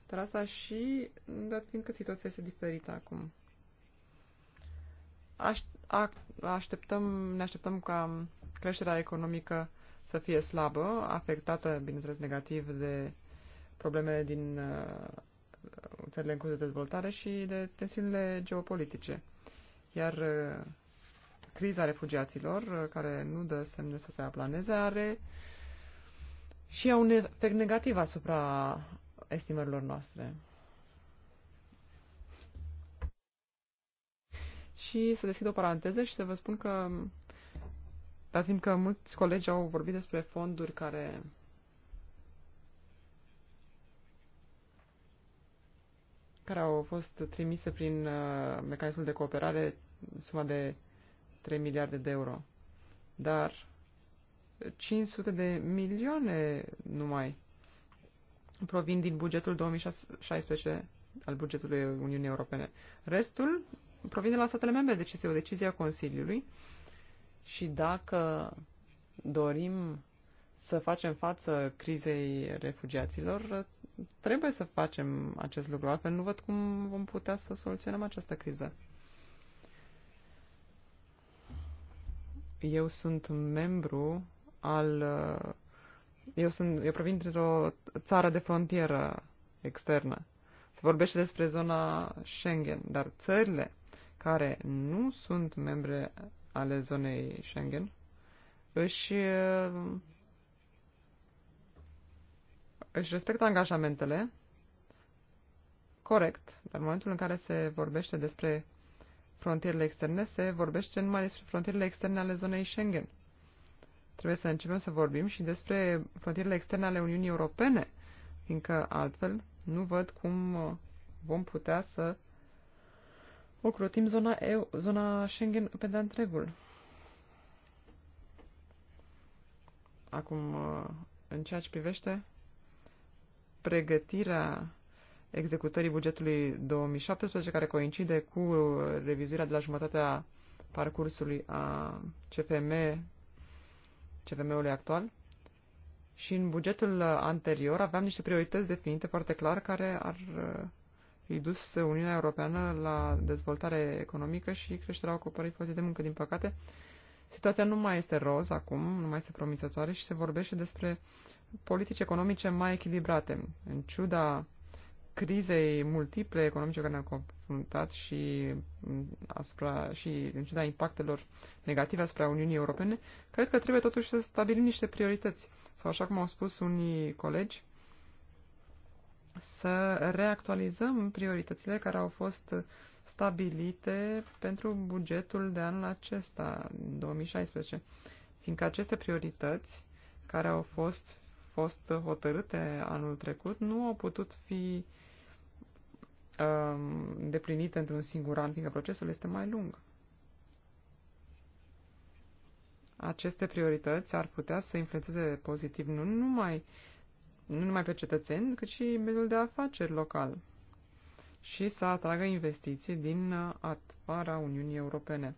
Dar asta și dat fiind că situația este diferită acum. așteptăm, ne așteptăm ca creșterea economică să fie slabă, afectată, bineînțeles, negativ de problemele din uh, țările în curs de dezvoltare și de tensiunile geopolitice. Iar uh, criza refugiaților, uh, care nu dă semne să se aplaneze, are și ea un efect negativ asupra estimărilor noastre. Și să deschid o paranteză și să vă spun că, dar fiindcă mulți colegi au vorbit despre fonduri care care au fost trimise prin uh, mecanismul de cooperare suma de 3 miliarde de euro. Dar 500 de milioane numai provin din bugetul 2016 al bugetului Uniunii Europene. Restul provine de la statele membre, deci este o decizie a Consiliului și dacă dorim să facem față crizei refugiaților, trebuie să facem acest lucru, altfel nu văd cum vom putea să soluționăm această criză. Eu sunt membru al... Uh, eu, sunt, eu provin dintr-o țară de frontieră externă. Se vorbește despre zona Schengen, dar țările care nu sunt membre ale zonei Schengen își uh, își respectă angajamentele corect, dar în momentul în care se vorbește despre frontierele externe, se vorbește numai despre frontierele externe ale zonei Schengen. Trebuie să începem să vorbim și despre frontierele externe ale Uniunii Europene, fiindcă altfel nu văd cum uh, vom putea să ocrotim zona, EU, zona Schengen pe de întregul. Acum, uh, în ceea ce privește pregătirea executării bugetului 2017, care coincide cu revizuirea de la jumătatea parcursului a CFM, CFM-ului actual. Și în bugetul anterior aveam niște priorități definite foarte clar care ar uh, fi dus Uniunea Europeană la dezvoltare economică și creșterea ocupării forței de muncă. Din păcate, situația nu mai este roz acum, nu mai este promițătoare și se vorbește despre uh, politici economice mai echilibrate. În ciuda crizei multiple economice care ne-am confruntat și, asupra, și în ciuda impactelor negative asupra Uniunii Europene, cred că trebuie totuși să stabilim niște priorități. Sau așa cum au spus unii colegi, să reactualizăm prioritățile care au fost stabilite pentru bugetul de anul acesta, 2016, fiindcă aceste priorități care au fost fost hotărâte anul trecut nu au putut fi um, îndeplinite într-un singur an, fiindcă procesul este mai lung. Aceste priorități ar putea să influențeze pozitiv nu numai, nu numai pe cetățeni, cât și mediul de afaceri local și să atragă investiții din afara Uniunii Europene.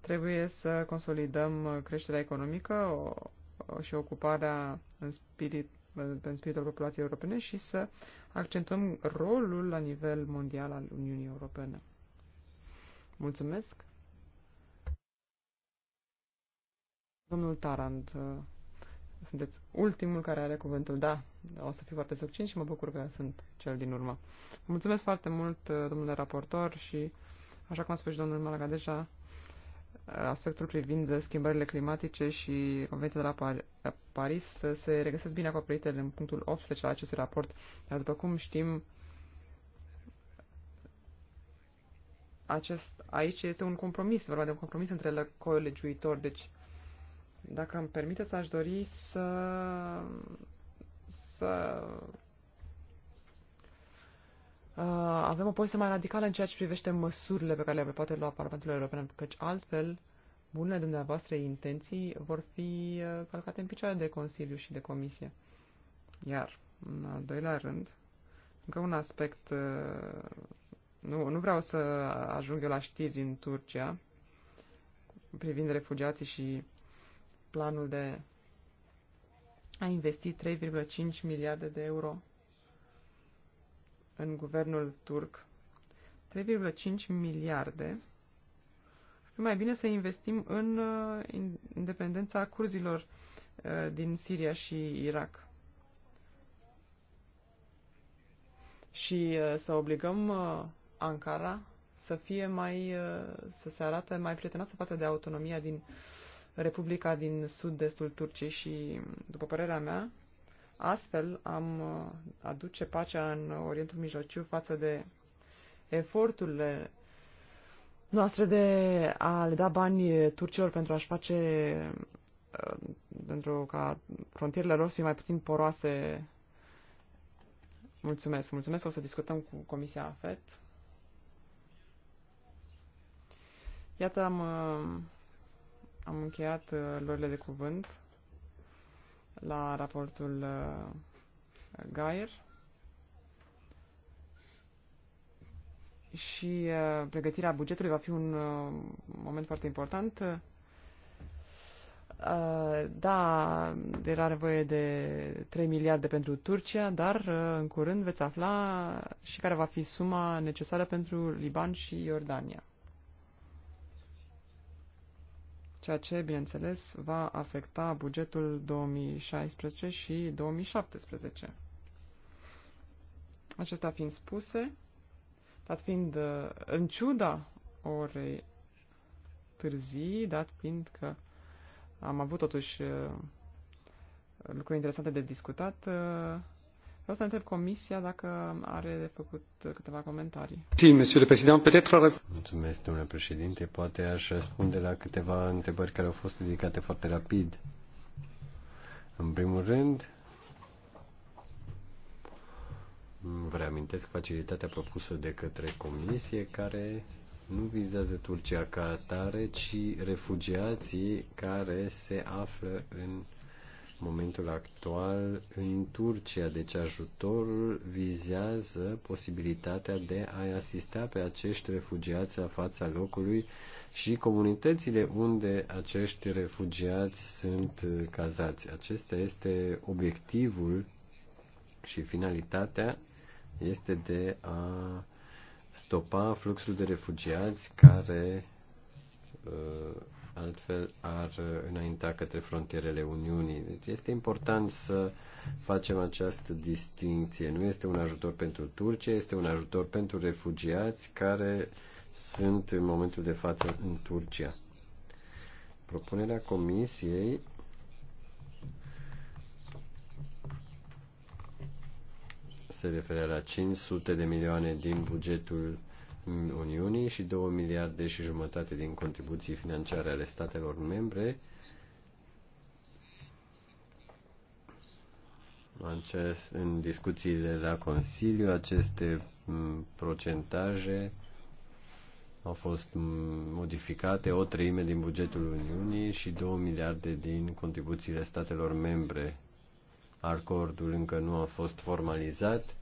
Trebuie să consolidăm creșterea economică, și ocuparea în, spirit, în spiritul populației europene și să accentuăm rolul la nivel mondial al Uniunii Europene. Mulțumesc! Domnul Tarand, uh, sunteți ultimul care are cuvântul. Da, o să fiu foarte succint și mă bucur că sunt cel din urmă. Mulțumesc foarte mult, uh, domnule raportor, și, așa cum a spus și domnul Malaga deja, aspectul privind schimbările climatice și Convenția de la Paris să se regăsesc bine acoperite în punctul 18 al acestui raport. Dar după cum știm, acest, aici este un compromis, vorba de un compromis între colegiuitori. Deci, dacă îmi permiteți, aș dori să, să Uh, avem o poziție mai radicală în ceea ce privește măsurile pe care le poate lua Parlamentul European, căci altfel bunele dumneavoastră intenții vor fi uh, calcate în picioare de Consiliu și de Comisie. Iar, în al doilea rând, încă un aspect, uh, nu, nu vreau să ajung eu la știri din Turcia privind refugiații și planul de a investi 3,5 miliarde de euro în guvernul turc 3,5 miliarde, mai bine să investim în uh, independența curzilor uh, din Siria și Irak. Și uh, să obligăm Ankara să fie mai, să se arate mai prietenoasă față de autonomia din Republica din sud-estul Turciei și, după părerea mea, Astfel am uh, aduce pacea în Orientul Mijlociu față de eforturile noastre de a le da bani turcilor pentru a-și face uh, pentru ca frontierele lor să fie mai puțin poroase. Mulțumesc. Mulțumesc. O să discutăm cu Comisia AFET. Iată, am, uh, am încheiat lorile de cuvânt la raportul uh, Gaier și uh, pregătirea bugetului va fi un uh, moment foarte important. Uh, da, era nevoie de 3 miliarde pentru Turcia, dar uh, în curând veți afla și care va fi suma necesară pentru Liban și Iordania. ceea ce, bineînțeles, va afecta bugetul 2016 și 2017. Acestea fiind spuse, dat fiind uh, în ciuda orei târzii, dat fiind că am avut totuși uh, lucruri interesante de discutat, uh, Vreau să întreb Comisia dacă are de făcut câteva comentarii. Si, monsieur le peut-être... Mulțumesc, domnule președinte. Poate aș răspunde la câteva întrebări care au fost ridicate foarte rapid. În primul rând, vă reamintesc facilitatea propusă de către Comisie care nu vizează Turcia ca atare, ci refugiații care se află în momentul actual în Turcia, deci ajutorul vizează posibilitatea de a asista pe acești refugiați la fața locului și comunitățile unde acești refugiați sunt cazați. Acesta este obiectivul și finalitatea este de a stopa fluxul de refugiați care uh, altfel ar înainta către frontierele Uniunii. Deci este important să facem această distinție. Nu este un ajutor pentru Turcia, este un ajutor pentru refugiați care sunt în momentul de față în Turcia. Propunerea Comisiei se referă la 500 de milioane din bugetul Uniunii și 2 miliarde și jumătate din contribuții financiare ale statelor membre. Acest, în discuțiile la Consiliu, aceste mm, procentaje au fost mm, modificate o treime din bugetul Uniunii și 2 miliarde din contribuțiile statelor membre. Acordul încă nu a fost formalizat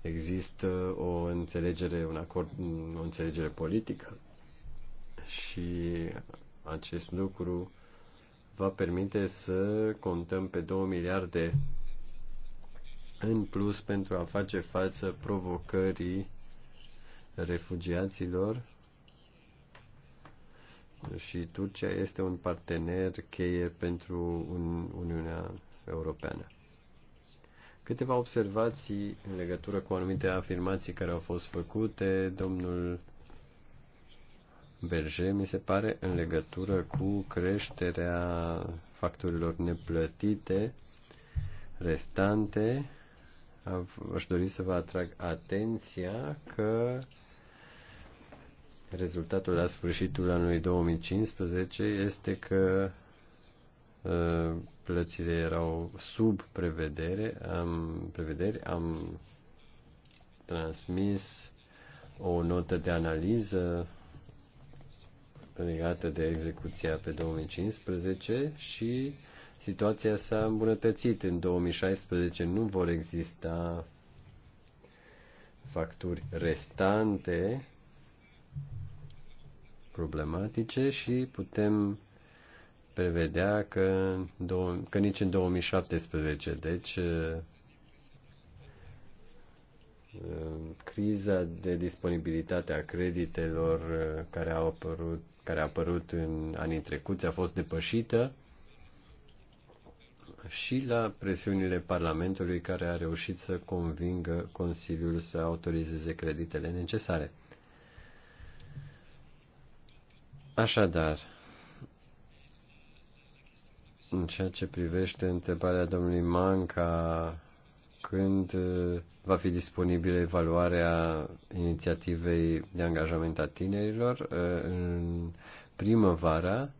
Există o înțelegere, un acord, o înțelegere politică și acest lucru va permite să contăm pe 2 miliarde în plus pentru a face față provocării refugiaților și Turcia este un partener cheie pentru Uniunea Europeană. Câteva observații în legătură cu anumite afirmații care au fost făcute, domnul Berger, mi se pare, în legătură cu creșterea facturilor neplătite restante, aș dori să vă atrag atenția că rezultatul la sfârșitul anului 2015 este că uh, plățile erau sub prevedere, am, prevederi, am transmis o notă de analiză legată de execuția pe 2015 și situația s-a îmbunătățit. În 2016 nu vor exista facturi restante problematice și putem prevedea că, că nici în 2017, deci uh, criza de disponibilitate a creditelor uh, care a apărut, care a apărut în anii trecuți a fost depășită și la presiunile Parlamentului care a reușit să convingă Consiliul să autorizeze creditele necesare. Așadar, în ceea ce privește întrebarea domnului Manca, când uh, va fi disponibilă evaluarea inițiativei de angajament a tinerilor? Uh, în primăvara,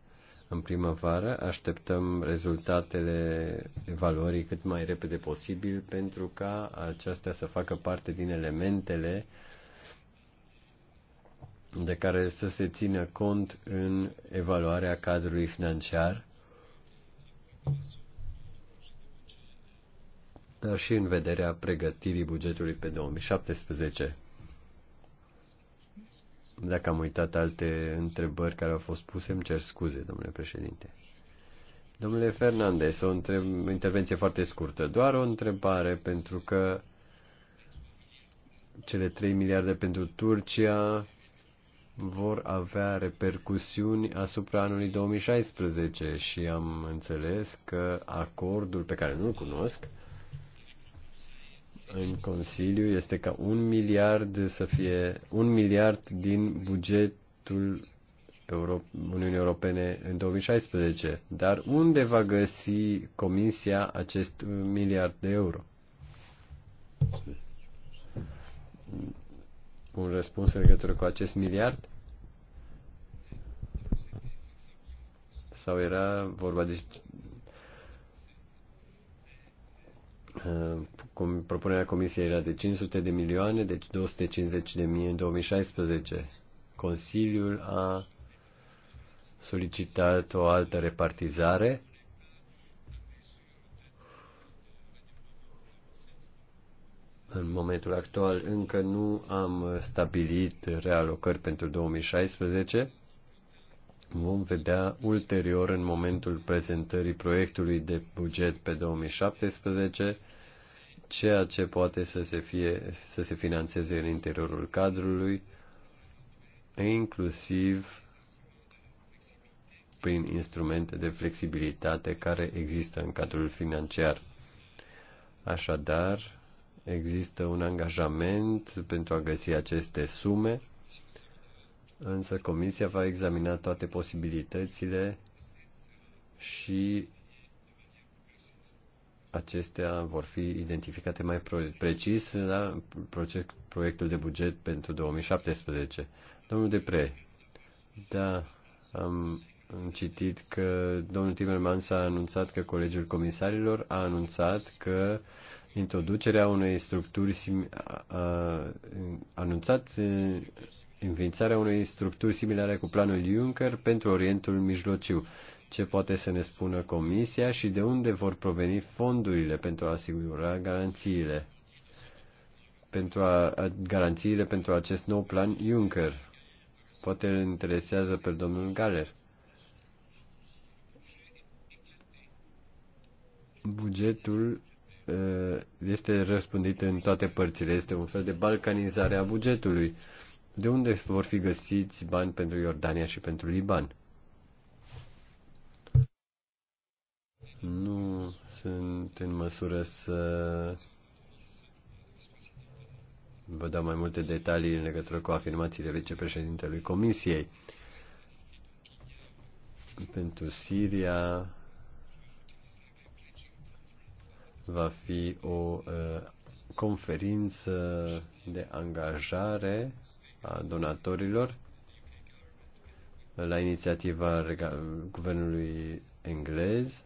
în primăvară așteptăm rezultatele evaluării cât mai repede posibil pentru ca acestea să facă parte din elementele de care să se țină cont în evaluarea cadrului financiar dar și în vederea pregătirii bugetului pe 2017. Dacă am uitat alte întrebări care au fost puse, îmi cer scuze, domnule președinte. Domnule Fernandez, o întreb, intervenție foarte scurtă. Doar o întrebare, pentru că cele 3 miliarde pentru Turcia vor avea repercusiuni asupra anului 2016 și am înțeles că acordul pe care nu-l cunosc în Consiliu este ca un miliard să fie un miliard din bugetul Euro- Uniunii Europene în 2016. Dar unde va găsi Comisia acest miliard de euro? un răspuns în legătură cu acest miliard? Sau era vorba de uh, cum propunerea comisiei era de 500 de milioane, deci 250 de mii în 2016. Consiliul a solicitat o altă repartizare În momentul actual încă nu am stabilit realocări pentru 2016. Vom vedea ulterior în momentul prezentării proiectului de buget pe 2017 ceea ce poate să se, fie, să se financeze în interiorul cadrului, inclusiv prin instrumente de flexibilitate care există în cadrul financiar. Așadar, Există un angajament pentru a găsi aceste sume, însă Comisia va examina toate posibilitățile și acestea vor fi identificate mai precis la proiectul de buget pentru 2017. Domnul Depre, da, am citit că domnul Timmermans a anunțat că Colegiul Comisarilor a anunțat că introducerea unei structuri sim- a, a, anunțat înființarea unei structuri similare cu planul Juncker pentru Orientul Mijlociu. Ce poate să ne spună Comisia și de unde vor proveni fondurile pentru a asigura garanțiile? Pentru a, a, garanțiile pentru acest nou plan Juncker. Poate îl interesează pe domnul Galer. Bugetul Uh, este răspândit în toate părțile. Este un fel de balcanizare a bugetului. De unde vor fi găsiți bani pentru Iordania și pentru Liban? Nu sunt în măsură să vă dau mai multe detalii în legătură cu afirmațiile vicepreședintelui Comisiei. Pentru Siria, va fi o conferință de angajare a donatorilor la inițiativa guvernului englez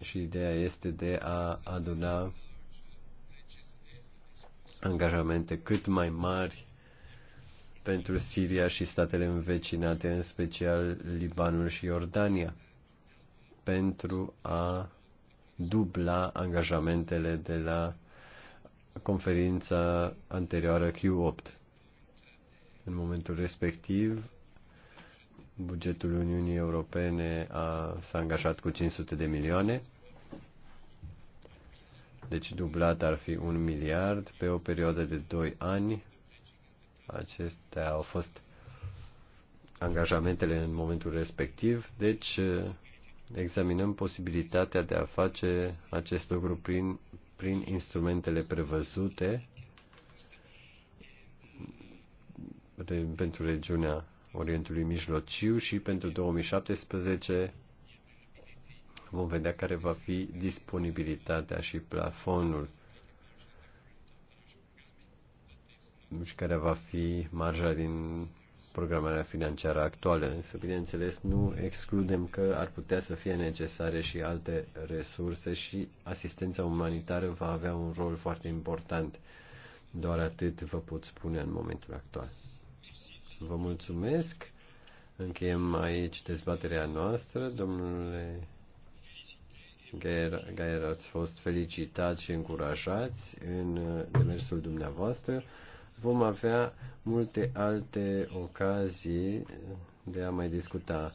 și ideea este de a aduna angajamente cât mai mari pentru Siria și statele învecinate, în special Libanul și Iordania pentru a dubla angajamentele de la conferința anterioară Q8. În momentul respectiv, bugetul Uniunii Europene a, s-a angajat cu 500 de milioane, deci dublat ar fi un miliard pe o perioadă de 2 ani. Acestea au fost angajamentele în momentul respectiv, deci examinăm posibilitatea de a face acest lucru prin, prin instrumentele prevăzute pentru regiunea Orientului Mijlociu și pentru 2017 vom vedea care va fi disponibilitatea și plafonul și care va fi marja din programarea financiară actuală, însă, bineînțeles, nu excludem că ar putea să fie necesare și alte resurse și asistența umanitară va avea un rol foarte important. Doar atât vă pot spune în momentul actual. Vă mulțumesc. Încheiem aici dezbaterea noastră. Domnule Gaier, ați fost felicitați și încurajați în demersul dumneavoastră vom avea multe alte ocazii de a mai discuta.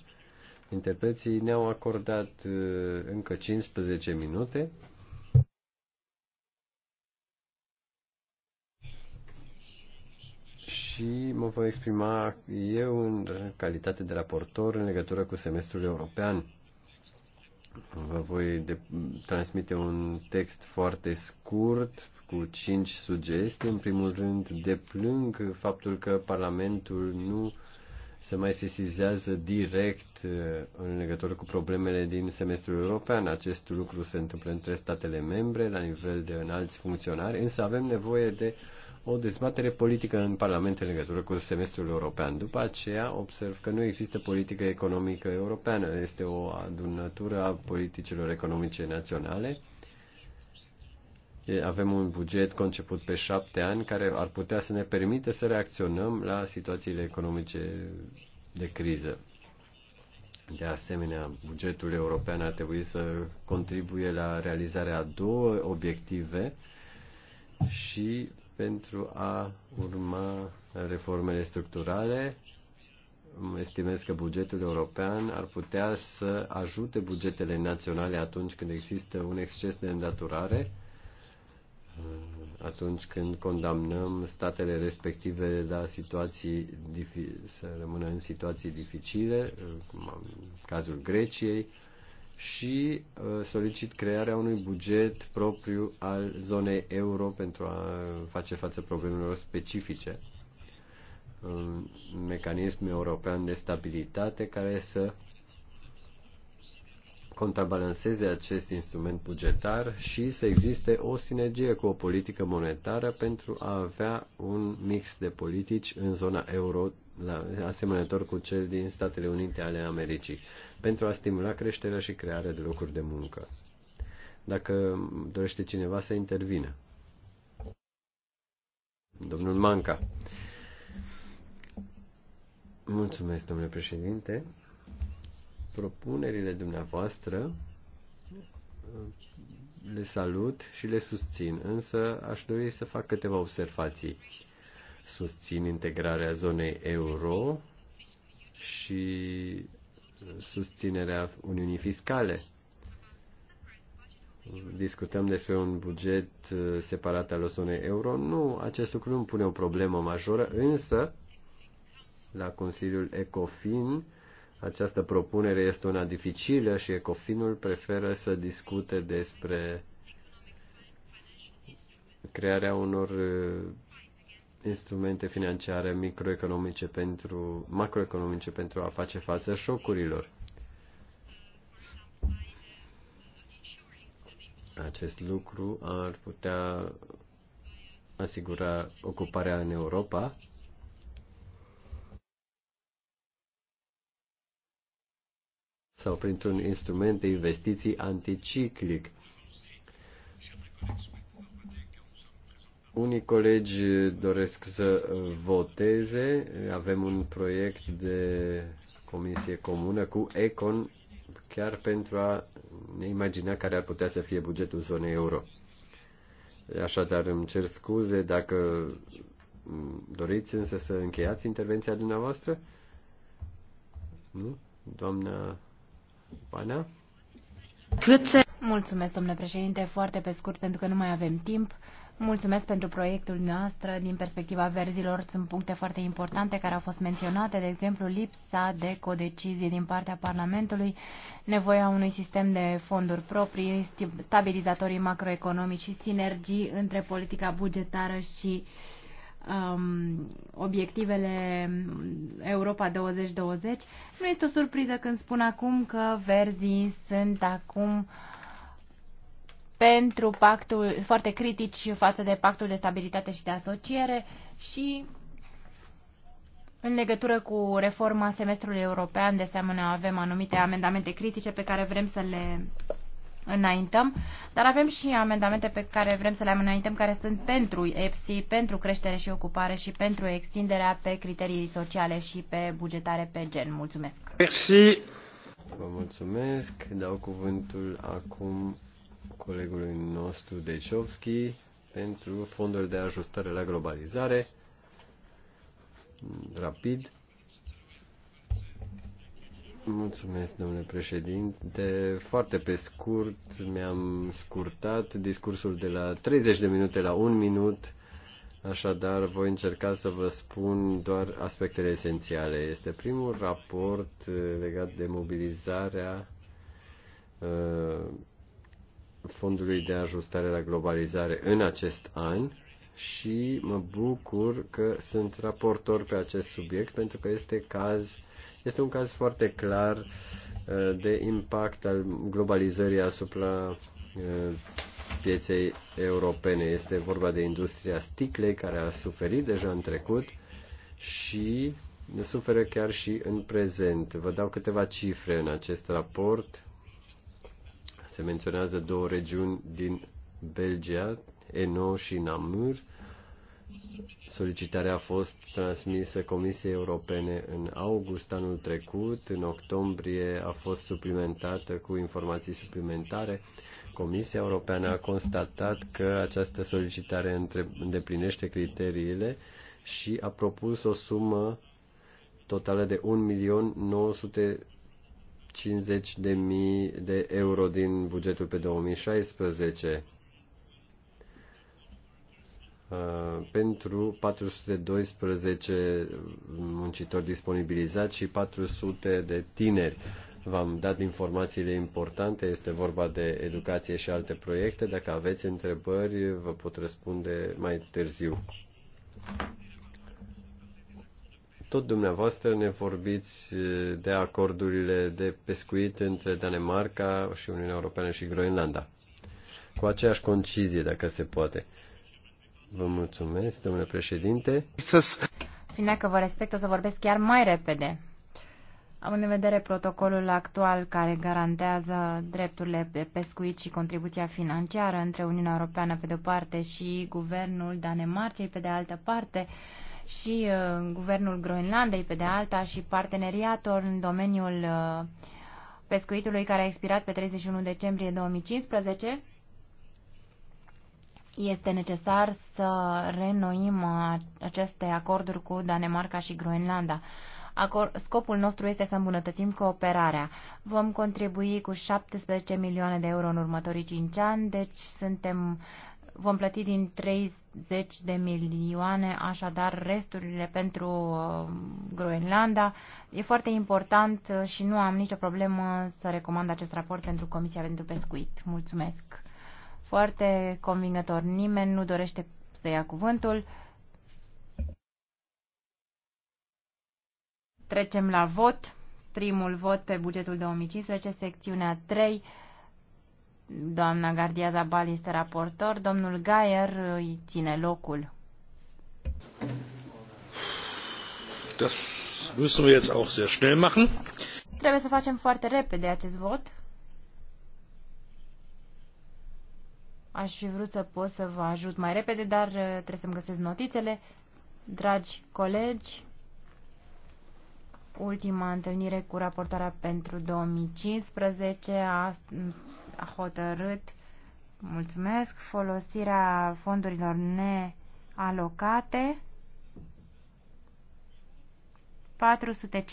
Interpreții ne-au acordat uh, încă 15 minute. și mă voi exprima eu în calitate de raportor în legătură cu semestrul european. Vă voi de- transmite un text foarte scurt cu cinci sugestii. În primul rând, deplâng faptul că Parlamentul nu se mai sesizează direct uh, în legătură cu problemele din semestrul european. Acest lucru se întâmplă între statele membre, la nivel de înalți funcționari, însă avem nevoie de o dezbatere politică în Parlament în legătură cu semestrul european. După aceea observ că nu există politică economică europeană, este o adunătură a politicilor economice naționale avem un buget conceput pe șapte ani care ar putea să ne permite să reacționăm la situațiile economice de criză. De asemenea, bugetul european ar trebui să contribuie la realizarea a două obiective și pentru a urma reformele structurale, estimez că bugetul european ar putea să ajute bugetele naționale atunci când există un exces de îndatorare atunci când condamnăm statele respective la situații să rămână în situații dificile, cum în cazul Greciei, și uh, solicit crearea unui buget propriu al zonei euro pentru a face față problemelor specifice. Un mecanism european de stabilitate care să contrabalanceze acest instrument bugetar și să existe o sinergie cu o politică monetară pentru a avea un mix de politici în zona euro la, asemănător cu cel din Statele Unite ale Americii, pentru a stimula creșterea și crearea de locuri de muncă. Dacă dorește cineva să intervină. Domnul Manca. Mulțumesc, domnule președinte propunerile dumneavoastră, le salut și le susțin, însă aș dori să fac câteva observații. Susțin integrarea zonei euro și susținerea Uniunii Fiscale. Discutăm despre un buget uh, separat al zonei euro. Nu, acest lucru nu pune o problemă majoră, însă la Consiliul ECOFIN această propunere este una dificilă și Ecofinul preferă să discute despre crearea unor uh, instrumente financiare microeconomice pentru, macroeconomice pentru a face față șocurilor. Acest lucru ar putea asigura ocuparea în Europa sau printr-un instrument de investiții anticiclic. Unii colegi doresc să voteze. Avem un proiect de comisie comună cu Econ chiar pentru a ne imagina care ar putea să fie bugetul zonei euro. Așadar, îmi cer scuze dacă doriți însă să încheiați intervenția dumneavoastră. Nu? Doamna Oana. Mulțumesc, domnule președinte, foarte pe scurt, pentru că nu mai avem timp. Mulțumesc pentru proiectul noastră. Din perspectiva verzilor sunt puncte foarte importante care au fost menționate, de exemplu lipsa de codecizie din partea Parlamentului, nevoia unui sistem de fonduri proprii, stabilizatorii macroeconomici și sinergii între politica bugetară și uh, um, obiectivele Europa 2020, nu este o surpriză când spun acum că verzii sunt acum pentru pactul, foarte critici față de pactul de stabilitate și de asociere și în legătură cu reforma semestrului european, de asemenea, avem anumite amendamente critice pe care vrem să le înaintăm, dar avem și amendamente pe care vrem să le înaintăm, care sunt pentru EPSI, pentru creștere și ocupare și pentru extinderea pe criterii sociale și pe bugetare pe gen. Mulțumesc! Merci. Vă mulțumesc! Dau cuvântul acum colegului nostru Dechovski pentru fondul de ajustare la globalizare. Rapid, Mulțumesc, domnule președinte. Foarte pe scurt, mi-am scurtat discursul de la 30 de minute la 1 minut, așadar voi încerca să vă spun doar aspectele esențiale. Este primul raport uh, legat de mobilizarea uh, Fondului de Ajustare la Globalizare în acest an și mă bucur că sunt raportor pe acest subiect pentru că este caz uh, este un caz foarte clar uh, de impact al globalizării asupra uh, pieței europene. Este vorba de industria sticlei care a suferit deja în trecut și suferă chiar și în prezent. Vă dau câteva cifre în acest raport. Se menționează două regiuni din Belgia, Eno și Namur, Solicitarea a fost transmisă Comisiei Europene în august anul trecut. În octombrie a fost suplimentată cu informații suplimentare. Comisia Europeană a constatat că această solicitare îndeplinește criteriile și a propus o sumă totală de 1.950.000 de euro din bugetul pe 2016 Uh, pentru 412 muncitori disponibilizați și 400 de tineri. V-am dat informațiile importante, este vorba de educație și alte proiecte. Dacă aveți întrebări, vă pot răspunde mai târziu. Tot dumneavoastră ne vorbiți uh, de acordurile de pescuit între Danemarca și Uniunea Europeană și Groenlanda. Cu aceeași concizie, dacă se poate. Uh, Vă mulțumesc, domnule președinte. Fiind că vă respect, o să vorbesc chiar mai repede. Am în vedere protocolul actual care garantează drepturile de pescuit și contribuția financiară între Uniunea Europeană pe de-o parte și guvernul Danemarcei pe de altă parte și uh, guvernul Groenlandei pe de alta și parteneriatul în domeniul uh, pescuitului care a expirat pe 31 decembrie 2015 este necesar să renoim uh, aceste acorduri cu Danemarca și Groenlanda. Acor- scopul nostru este să îmbunătățim cooperarea. Vom contribui cu 17 milioane de euro în următorii 5 ani, deci suntem, vom plăti din 30 de milioane, așadar resturile pentru uh, Groenlanda. E foarte important uh, și nu am nicio problemă să recomand acest raport pentru Comisia pentru Pescuit. Mulțumesc! foarte convingător. Nimeni nu dorește să ia cuvântul. Trecem la vot. Primul vot pe bugetul 2015, secțiunea 3. Doamna Gardia Zabal este raportor. Domnul Gaier îi ține locul. Das müssen wir jetzt auch sehr schnell machen. Trebuie să facem foarte repede acest vot. Aș fi vrut să pot să vă ajut mai repede, dar uh, trebuie să-mi găsesc notițele. Dragi colegi, ultima întâlnire cu raportarea pentru 2015 a, a hotărât, mulțumesc, folosirea fondurilor nealocate 415,9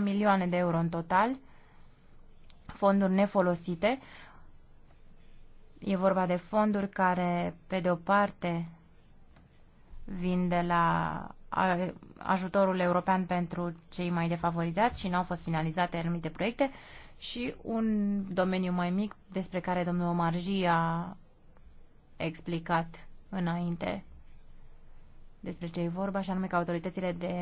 milioane de euro în total, fonduri nefolosite, E vorba de fonduri care, pe de o parte, vin de la ajutorul european pentru cei mai defavorizați și nu au fost finalizate anumite proiecte și un domeniu mai mic despre care domnul Omarji a explicat înainte despre ce e vorba, și anume că autoritățile de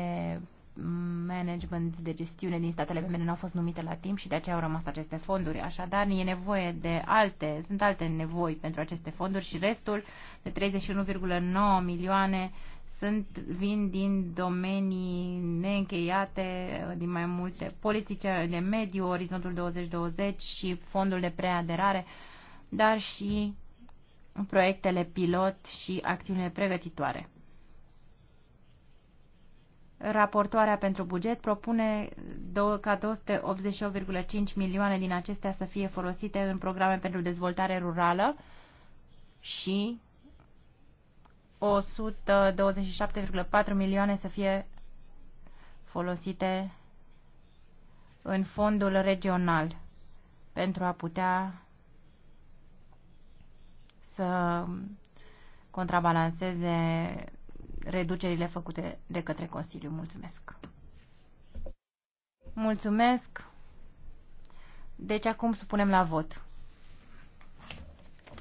management de gestiune din statele membre nu au fost numite la timp și de aceea au rămas aceste fonduri. Așadar, e nevoie de alte, sunt alte nevoi pentru aceste fonduri și restul de 31,9 milioane sunt, vin din domenii neîncheiate, din mai multe politice de mediu, Orizontul 2020 și fondul de preaderare, dar și proiectele pilot și acțiunile pregătitoare. Raportoarea pentru buget propune ca 288,5 milioane din acestea să fie folosite în programe pentru dezvoltare rurală și 127,4 milioane să fie folosite în fondul regional pentru a putea să contrabalanceze reducerile făcute de către Consiliu. Mulțumesc! Mulțumesc! Deci acum supunem la vot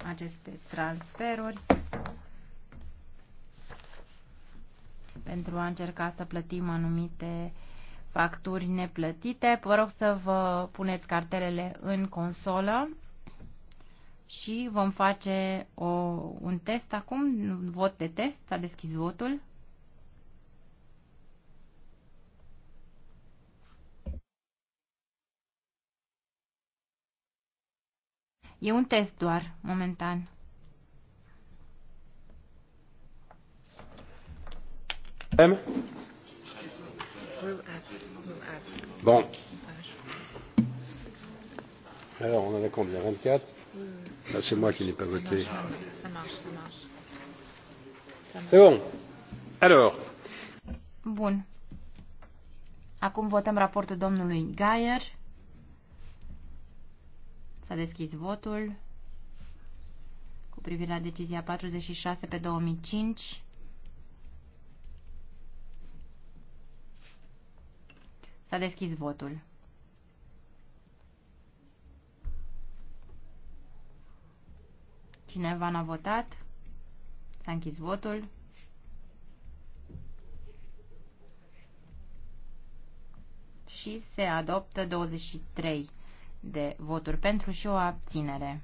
aceste transferuri pentru a încerca să plătim anumite facturi neplătite. Vă rog să vă puneți cartelele în consolă și vom face o, un test acum, un vot de test, s-a deschis votul. E un test doar, momentan. M. Bon. Alors, on en a combien 24 mm. Ah, c'est moi qui n'ai pas voté. Ça marche, ça marche. C'est bon. Alors. Bun. Acum votăm raportul domnului Gaier. S-a deschis votul cu privire la decizia 46 pe 2005. S-a deschis votul. Cineva n-a votat? S-a închis votul. Și se adoptă 23 de voturi pentru și o abținere.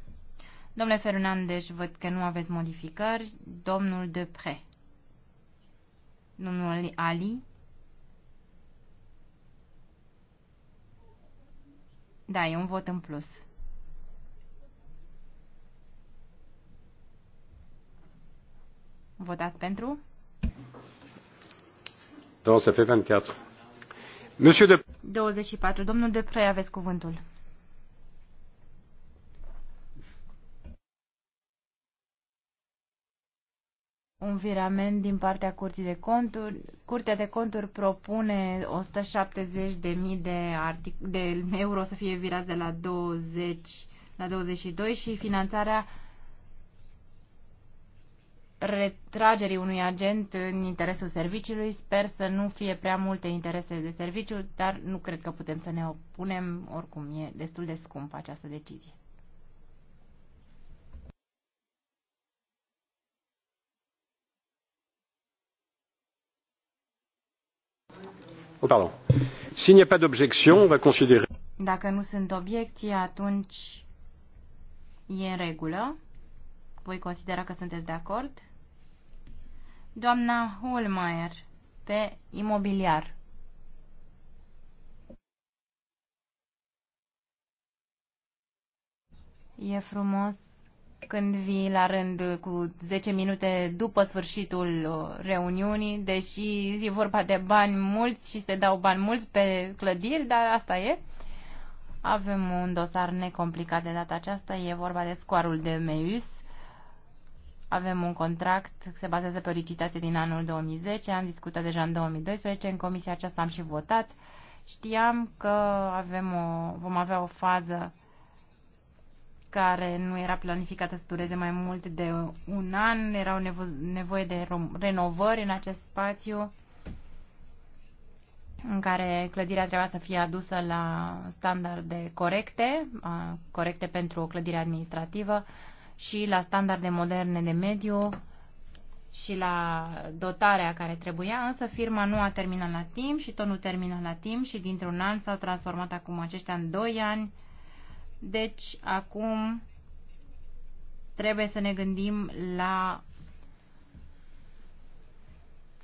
Domnule Fernandez, văd că nu aveți modificări. Domnul Depre. Domnul Ali. Da, e un vot în plus. Votați pentru. Donc ça fait 24. Monsieur de... 24. Domnul Depre, aveți cuvântul. un virament din partea Curții de Conturi. Curtea de Conturi propune 170.000 de, artic- de euro să fie virat de la 20 la 22 și finanțarea retragerii unui agent în interesul serviciului. Sper să nu fie prea multe interese de serviciu, dar nu cred că putem să ne opunem. Oricum, e destul de scump această decizie. Oh, pardon. Dacă nu sunt obiecții, atunci e în regulă. Voi considera că sunteți de acord? Doamna Holmeier, pe imobiliar. E frumos când vii la rând cu 10 minute după sfârșitul uh, reuniunii, deși e vorba de bani mulți și se dau bani mulți pe clădiri, dar asta e. Avem un dosar necomplicat de data aceasta, e vorba de scoarul de Meus avem un contract, se bazează pe o licitație din anul 2010, am discutat deja în 2012, în comisia aceasta am și votat. Știam că avem o, vom avea o fază care nu era planificată să dureze mai mult de un an, erau nevo nevoie de renovări în acest spațiu în care clădirea trebuia să fie adusă la standarde corecte, corecte pentru o clădire administrativă și la standarde moderne de mediu și la dotarea care trebuia, însă firma nu a terminat la timp și tot nu termină la timp și dintr-un an s-au transformat acum aceștia în 2 ani. Deci acum trebuie să ne gândim la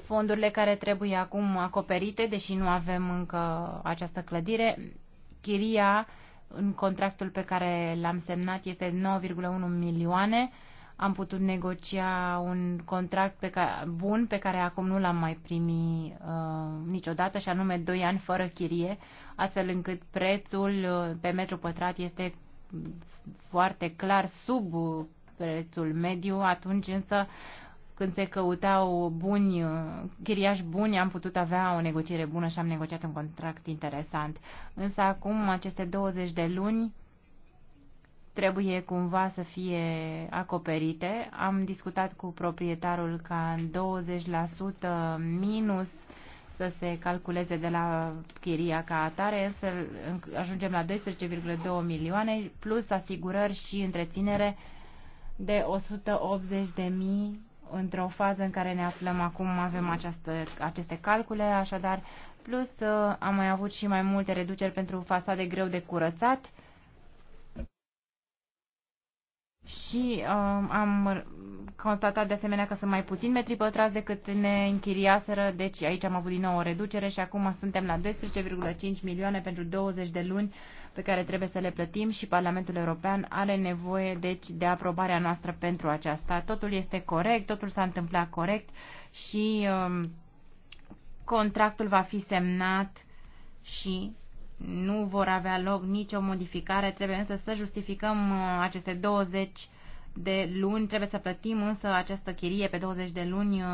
fondurile care trebuie acum acoperite, deși nu avem încă această clădire. Chiria în contractul pe care l-am semnat este 9,1 milioane. Am putut negocia un contract pe care, bun pe care acum nu l-am mai primit uh, niciodată și anume 2 ani fără chirie, astfel încât prețul uh, pe metru pătrat este foarte clar sub prețul mediu, atunci însă uh, când se căutau buni, chiriași buni, am putut avea o negociere bună și am negociat un contract interesant. Însă acum, aceste 20 de luni trebuie cumva să fie acoperite. Am discutat cu proprietarul ca 20% minus să se calculeze de la chiria ca atare, însă ajungem la 12,2 milioane, plus asigurări și întreținere de 180 de mii într-o fază în care ne aflăm acum, avem această, aceste calcule, așadar, plus uh, am mai avut și mai multe reduceri pentru fasade greu de curățat și um, am constatat de asemenea că sunt mai puțin metri pătrați decât ne închiriaseră, deci aici am avut din nou o reducere și acum suntem la 12,5 milioane pentru 20 de luni pe care trebuie să le plătim și Parlamentul European are nevoie deci de aprobarea noastră pentru aceasta. Totul este corect, totul s-a întâmplat corect și um, contractul va fi semnat și nu vor avea loc nicio modificare. Trebuie însă să justificăm uh, aceste 20 de luni, trebuie să plătim însă această chirie pe 20 de luni uh,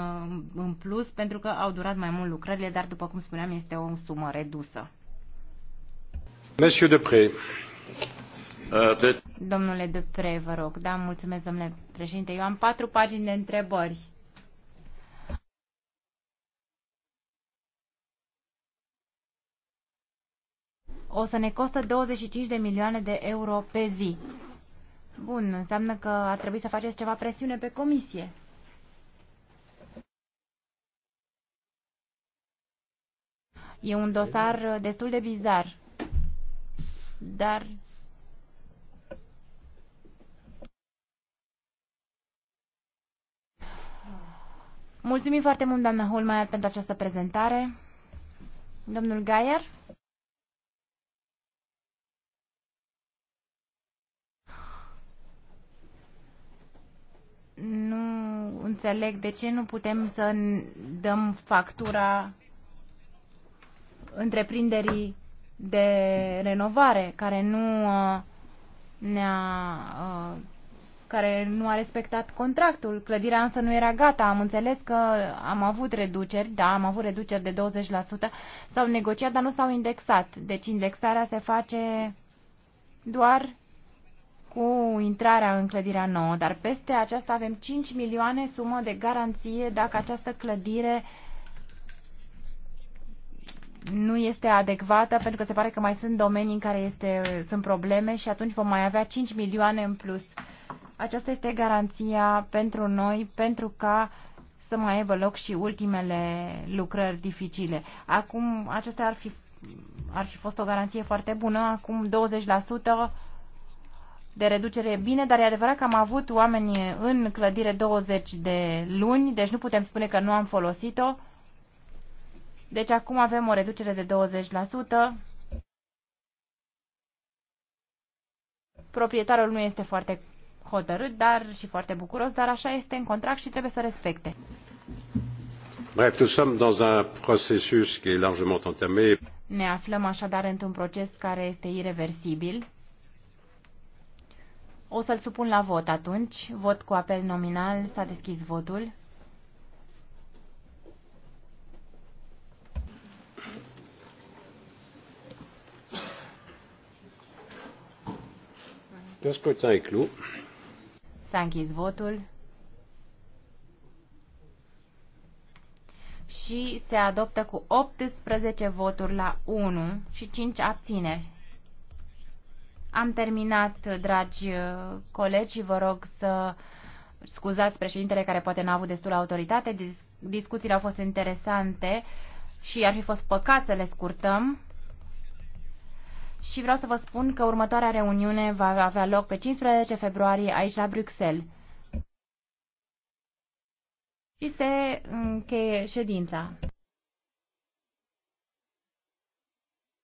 în plus pentru că au durat mai mult lucrările, dar după cum spuneam este o sumă redusă de... Uh, domnule Depre, vă rog. Da, mulțumesc, domnule președinte. Eu am patru pagini de întrebări. O să ne costă 25 de milioane de euro pe zi. Bun, înseamnă că ar trebui să faceți ceva presiune pe comisie. E un dosar destul de bizar dar Mulțumim foarte mult, doamna Holmeier, pentru această prezentare. Domnul Gaier? Nu înțeleg de ce nu putem să dăm factura întreprinderii de renovare care nu uh, ne-a uh, care nu a respectat contractul. Clădirea însă nu era gata. Am înțeles că am avut reduceri, da, am avut reduceri de 20%, s-au negociat, dar nu s-au indexat. Deci indexarea se face doar cu intrarea în clădirea nouă, dar peste aceasta avem 5 milioane sumă de garanție dacă această clădire uh, nu este adecvată pentru că se pare că mai sunt domenii în care este, sunt probleme și atunci vom mai avea 5 milioane în plus. Aceasta este garanția pentru noi, pentru ca să mai aibă loc și ultimele lucrări dificile. Acum, acestea ar fi, ar fi fost o garanție foarte bună. Acum, 20% de reducere e bine, dar e adevărat că am avut oameni în clădire 20 de luni, deci nu putem spune că nu am folosit-o. Deci acum avem o reducere de 20%. Proprietarul nu este foarte hotărât dar și foarte bucuros, dar așa este în contract și trebuie să respecte. Bref, nous sommes dans un processus qui est largement entamé. Ne aflăm așadar într-un proces care este irreversibil. O să-l supun la vot atunci. Vot cu apel nominal. S-a deschis votul. S-a închis votul. Și se adoptă cu 18 voturi la 1 și 5 abțineri. Am terminat, dragi uh, colegi, și vă rog să scuzați președintele care poate n-a avut destul autoritate. Discuțiile au fost interesante și ar fi fost păcat să le scurtăm și vreau să vă spun că următoarea reuniune va avea loc pe 15 februarie aici la Bruxelles. Și se încheie ședința.